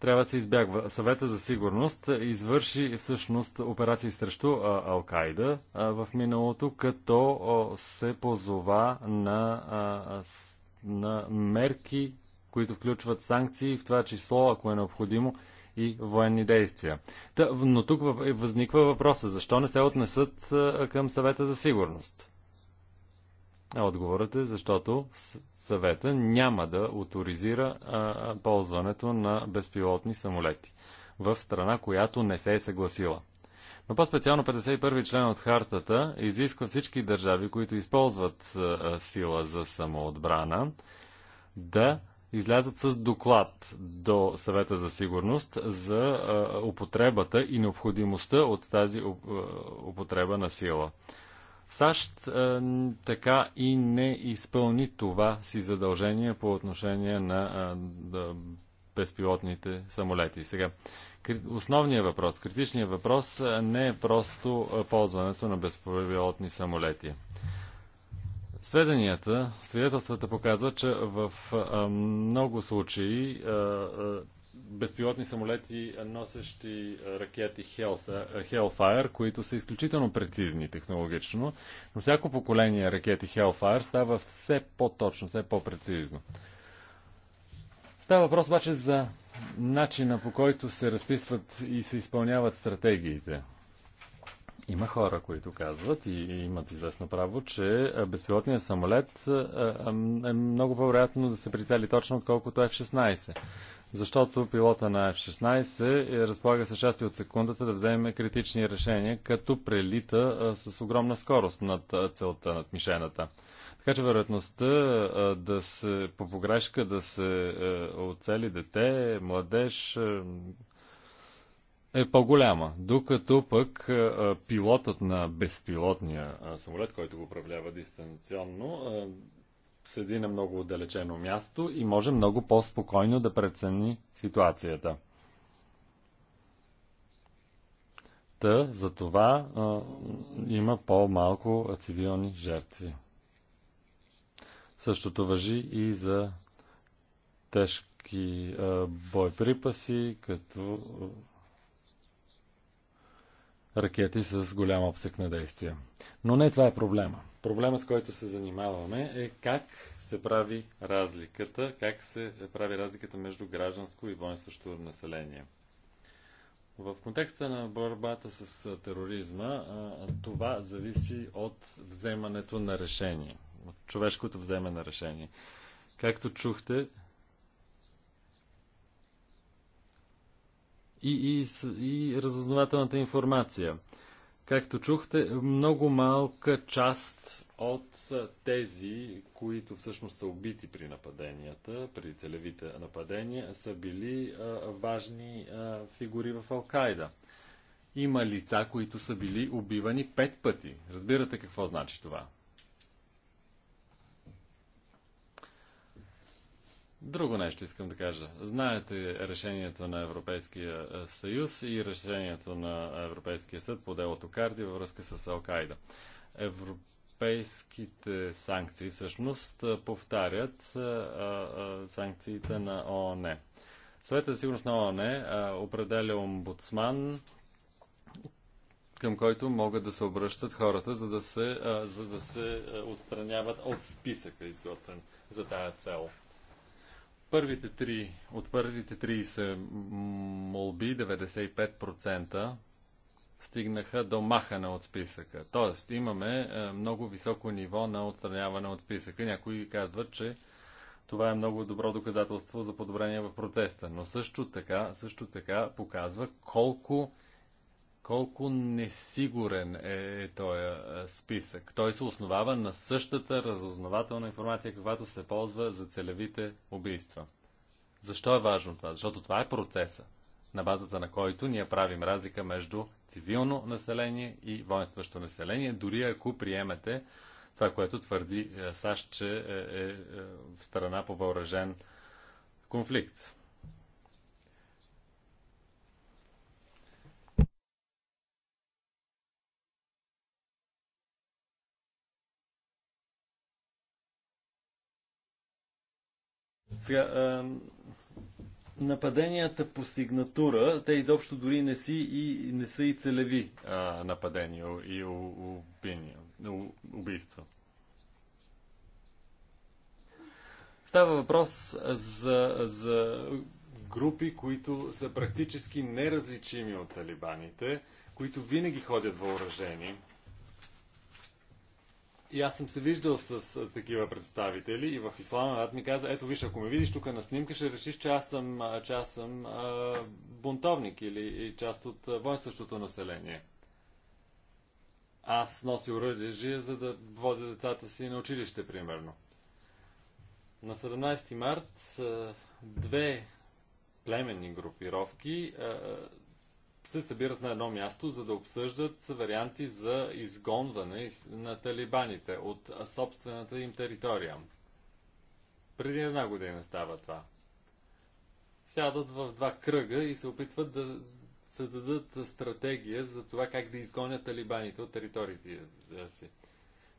трябва да се избягва. Съвета за сигурност извърши всъщност операции срещу Ал-Кайда в миналото, като се позова на, на мерки, които включват санкции, в това число, ако е необходимо, и военни действия. но тук възниква въпроса, защо не се отнесат към съвета за сигурност? отговорът е, защото съвета няма да авторизира ползването на безпилотни самолети в страна, която не се е съгласила. Но по-специално 51 член от хартата изисква всички държави, които използват сила за самоотбрана, да излязат с доклад до съвета за сигурност за употребата и необходимостта от тази употреба на сила. САЩ е, така и не изпълни това си задължение по отношение на е, е, безпилотните самолети. Сега, основният въпрос, критичният въпрос не е просто ползването на безпилотни самолети. Сведенията, свидетелствата показват, че в много случаи безпилотни самолети, носещи ракети Hellfire, които са изключително прецизни технологично, но всяко поколение ракети Hellfire става все по-точно, все по-прецизно. Става въпрос обаче за начина по който се разписват и се изпълняват стратегиите. Има хора, които казват и имат известно право, че безпилотният самолет е много по-вероятно да се прицели точно, отколкото F-16 защото пилота на F-16 е, разполага с части от секундата да вземе критични решения, като прелита с огромна скорост над целта, над мишената. Така че вероятността да се по погрешка да се оцели дете, младеж, е по-голяма. Докато пък пилотът на безпилотния самолет, който го управлява дистанционно, седи на много отдалечено място и може много по-спокойно да прецени ситуацията. Та, за това а, има по-малко цивилни жертви. Същото въжи и за тежки а, боеприпаси, като ракети с голям обсек на действие. Но не това е проблема. Проблема, с който се занимаваме е как се прави разликата, как се прави разликата между гражданско и воинстващо население. В контекста на борбата с тероризма, това зависи от вземането на решение, от човешкото вземе на решение. Както чухте, и, и, и разузнавателната информация – Както чухте, много малка част от тези, които всъщност са убити при нападенията, при целевите нападения, са били важни фигури в Алкайда. Има лица, които са били убивани пет пъти. Разбирате какво значи това? Друго нещо искам да кажа. Знаете решението на Европейския е, съюз и решението на Европейския съд по делото Карди във връзка с Алкайда. Европейските санкции всъщност е, повтарят е, санкциите на ООН. Съветът за сигурност на ООН определя омбудсман, към който могат да се обръщат хората, за да се, за да се отстраняват от списъка, изготвен за тая цел. Първите три, от първите 30 молби, 95% стигнаха до махане от списъка. Тоест, имаме е, много високо ниво на отстраняване от списъка. Някои казват, че това е много добро доказателство за подобрение в процеса, но също така, също така показва колко колко несигурен е, е този е, списък. Той се основава на същата разузнавателна информация, каквато се ползва за целевите убийства. Защо е важно това? Защото това е процеса, на базата на който ние правим разлика между цивилно население и воинстващо население, дори ако приемете това, което твърди е, САЩ, че е, е, е в страна по въоръжен конфликт. Сега, а, нападенията по сигнатура, те изобщо дори не, си и, не са и целеви а, нападения и у, убийства. Става въпрос за, за групи, които са практически неразличими от талибаните, които винаги ходят въоръжени – и аз съм се виждал с, такива представители и в Исламабад ми каза, ето виж, ако ме видиш тук на снимка, ще решиш, че аз съм, че аз съм а, бунтовник или част от воинстващото население. Аз носи оръжие, за да водя децата си на училище, примерно. На 17 март две племенни групировки се събират на едно място, за да обсъждат варианти за изгонване на талибаните от собствената им територия. Преди една година става това. Сядат в два кръга и се опитват да създадат стратегия за това как да изгонят талибаните от териториите е, си.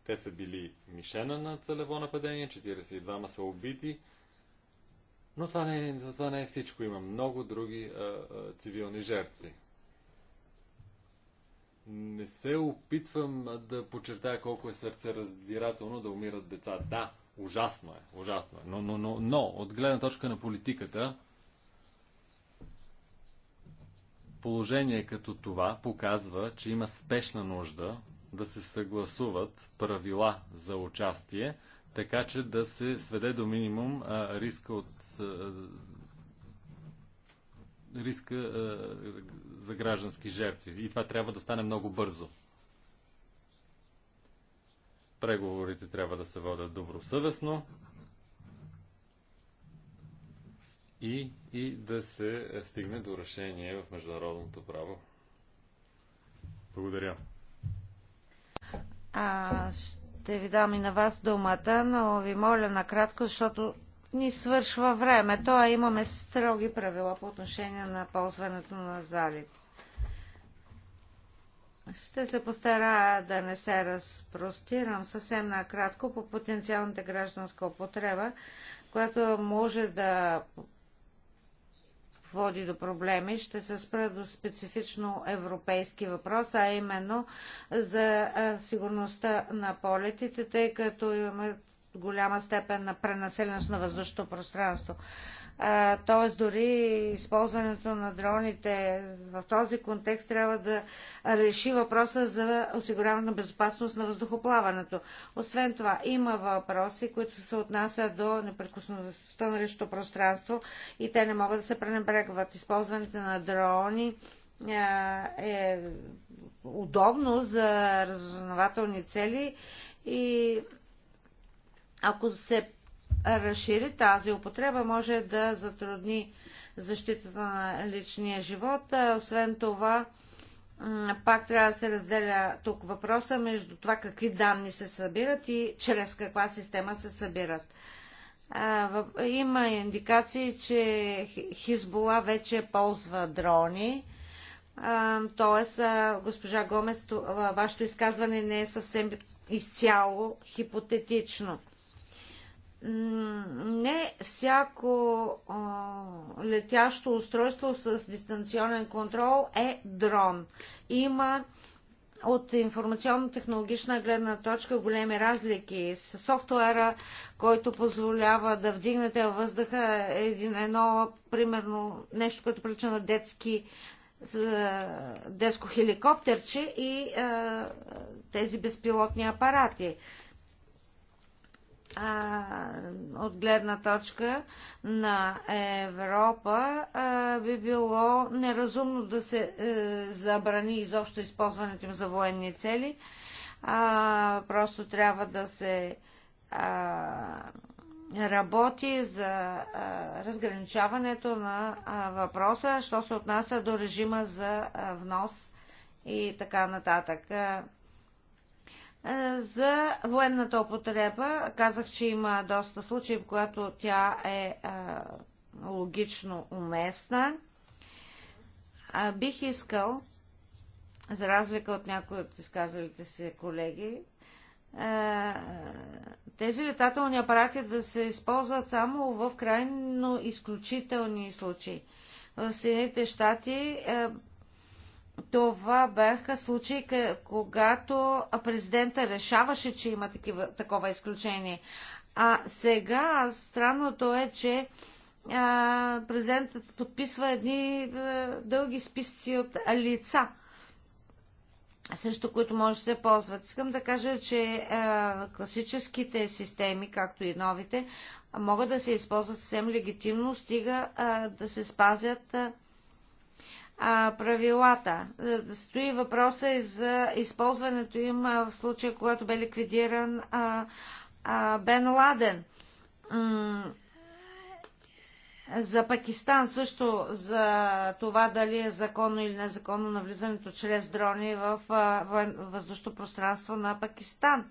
Те са били мишена на целево нападение, 42-ма са убити, но това не, е, това не е всичко. Има много други а, е, а, е, цивилни жертви не се опитвам да подчертая колко е сърце раздирателно да умират деца. Да, ужасно е, ужасно е. Но, но, но, но от гледна точка на политиката, положение като това показва, че има спешна нужда да се съгласуват правила за участие, така че да се сведе до минимум а, риска от риска а, е, за граждански жертви. И това трябва да стане много бързо. Преговорите трябва да се водят добросъвестно и, и да се стигне до решение в международното право. Благодаря. А, ще ви дам и на вас думата, но ви моля накратко, защото ни свършва време. а имаме строги правила по отношение на ползването на залив. Ще се постара да не се разпростирам съвсем накратко по потенциалната гражданска употреба, която може да води до проблеми. Ще се спра до специфично европейски въпрос, а именно за сигурността на полетите, тъй като имаме голяма степен на пренаселеност на въздушното пространство. Тоест дори използването на дроните в този контекст трябва да реши въпроса за осигуряване на безопасност на въздухоплаването. Освен това, има въпроси, които се отнасят до непрекосновеността на личното пространство и те не могат да се пренебрегват. Използването на дрони е удобно за разузнавателни цели и ако се разшири тази употреба, може да затрудни защитата на личния живот. Освен това, пак трябва да се разделя тук въпроса между това какви данни се събират и чрез каква система се събират. Има индикации, че Хизбола вече ползва дрони. Тоест, госпожа Гомес, вашето изказване не е съвсем изцяло хипотетично не всяко а, летящо устройство с дистанционен контрол е дрон. Има от информационно-технологична гледна точка големи разлики. Софтуера, който позволява да вдигнете във въздуха един, едно, примерно, нещо, което прилича на детски детско хеликоптерче и а, тези безпилотни апарати а, от гледна точка на Европа а, би било неразумно да се а, е, забрани изобщо използването им за военни цели. А, просто трябва да се а, работи за а, разграничаването на а, въпроса, що се отнася до режима за а, внос и така нататък. Е, за военната употреба казах, че има доста случаи, в която тя е, е логично уместна. Е, бих искал, за разлика от някои от изказалите се колеги, тези летателни апарати да се използват само в крайно изключителни случаи. В Съединените щати това бяха случаи, когато президента решаваше, че има такива, такова изключение. А сега странното е, че а, президентът подписва едни а, дълги списъци от лица, срещу които може да се ползват. Искам да кажа, че а, класическите системи, както и новите, могат да се използват съвсем легитимно, стига а, да се спазят а, правилата. Е, стои въпроса и за използването им а, в случая, когато бе ликвидиран а, а, Бен Ладен. За Пакистан също за това дали е законно или незаконно навлизането чрез дрони в въздушното пространство на Пакистан.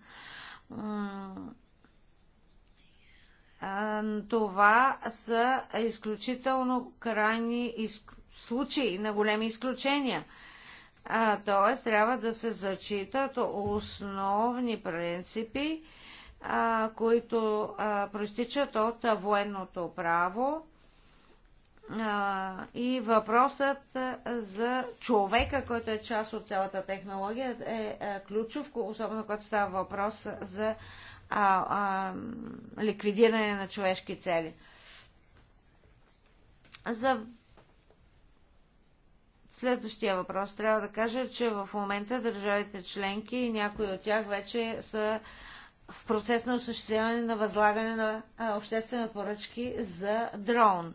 Това са изключително крайни изк случаи на големи изключения. т.е. трябва да се зачитат основни принципи, а, които а, проистичат от а, военното право а, и въпросът а, за човека, който е част от цялата технология, е а, ключов, особено когато става въпрос за а, а, ликвидиране на човешки цели. За Следващия въпрос. Трябва да кажа, че в момента държавите членки и някои от тях вече са в процес на осъществяване на възлагане на обществени поръчки за дрон.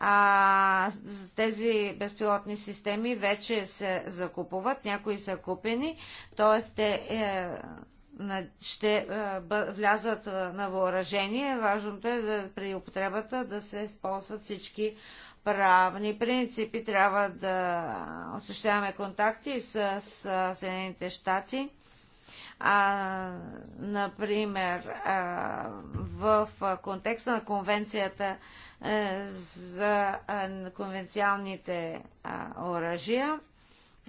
А, тези безпилотни системи вече се закупуват, някои са купени, т.е. те е, ще е, влязат е, на въоръжение. Важното е да при употребата да се използват всички правни принципи трябва да осъществяваме контакти с Съединените щати. А, например, а, в контекста на конвенцията а, е, за а, конвенциалните а, оръжия,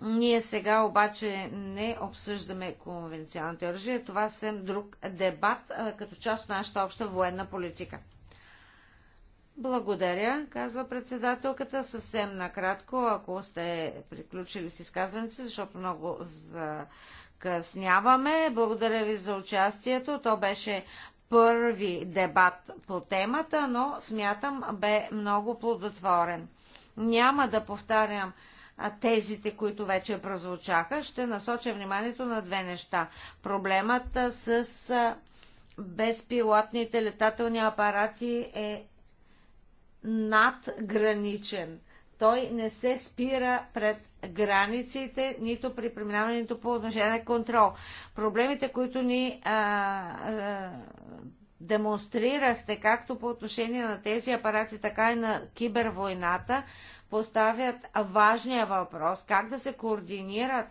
ние сега обаче не обсъждаме конвенциалните оръжия. Това е съвсем друг дебат а, като част от нашата обща военна политика. Благодаря, казва председателката. Съвсем накратко, ако сте приключили с изказването си, защото много закъсняваме. Благодаря ви за участието. То беше първи дебат по темата, но смятам бе много плодотворен. Няма да повтарям тезите, които вече прозвучаха. Ще насоча вниманието на две неща. Проблемата с безпилотните летателни апарати е надграничен. Той не се спира пред границите, нито при преминаването по отношение на контрол. Проблемите, които ни а, а, демонстрирахте, както по отношение на тези апарати, така и на кибервойната, поставят важния въпрос как да се координират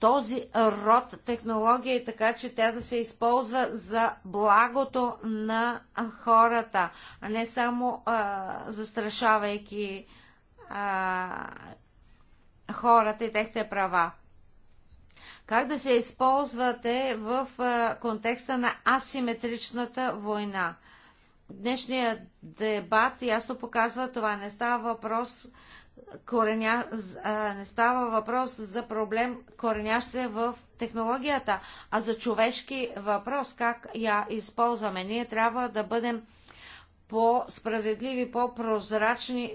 този род технология и така че тя да се използва за благото на хората, а не само а, застрашавайки а, хората и техните права. Как да се използвате в а, контекста на асиметричната война? Днешният дебат ясно показва това. Не става въпрос а, кореня... а, не става въпрос за проблем коренящ се в технологията, а за човешки въпрос, как я използваме. Ние трябва да бъдем по-справедливи, по-прозрачни,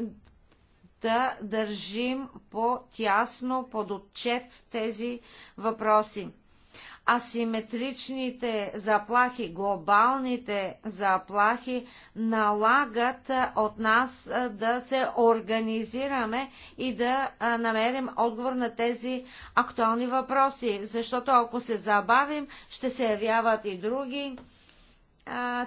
да държим по-тясно под отчет тези въпроси асиметричните заплахи, глобалните заплахи налагат от нас да се организираме и да намерим отговор на тези актуални въпроси, защото ако се забавим, ще се явяват и други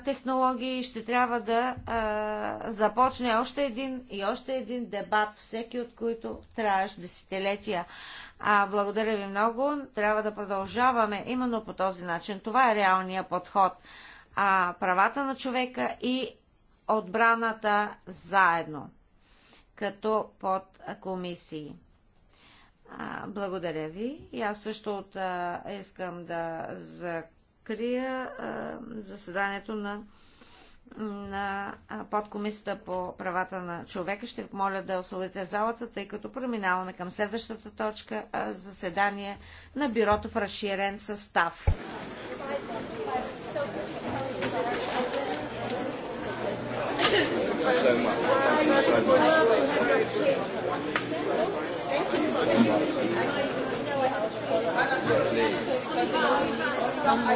технологии, ще трябва да а, започне още един и още един дебат, всеки от които трябваше десетилетия. А, благодаря ви много. Трябва да продължаваме именно по този начин. Това е реалния подход. А, правата на човека и отбраната заедно, като под комисии. А, благодаря ви. И аз също от, а, искам да закрия а, заседанието на на подкомисията по правата на човека. Ще ви моля да освободите залата, тъй като преминаваме към следващата точка заседание на бюрото в разширен състав.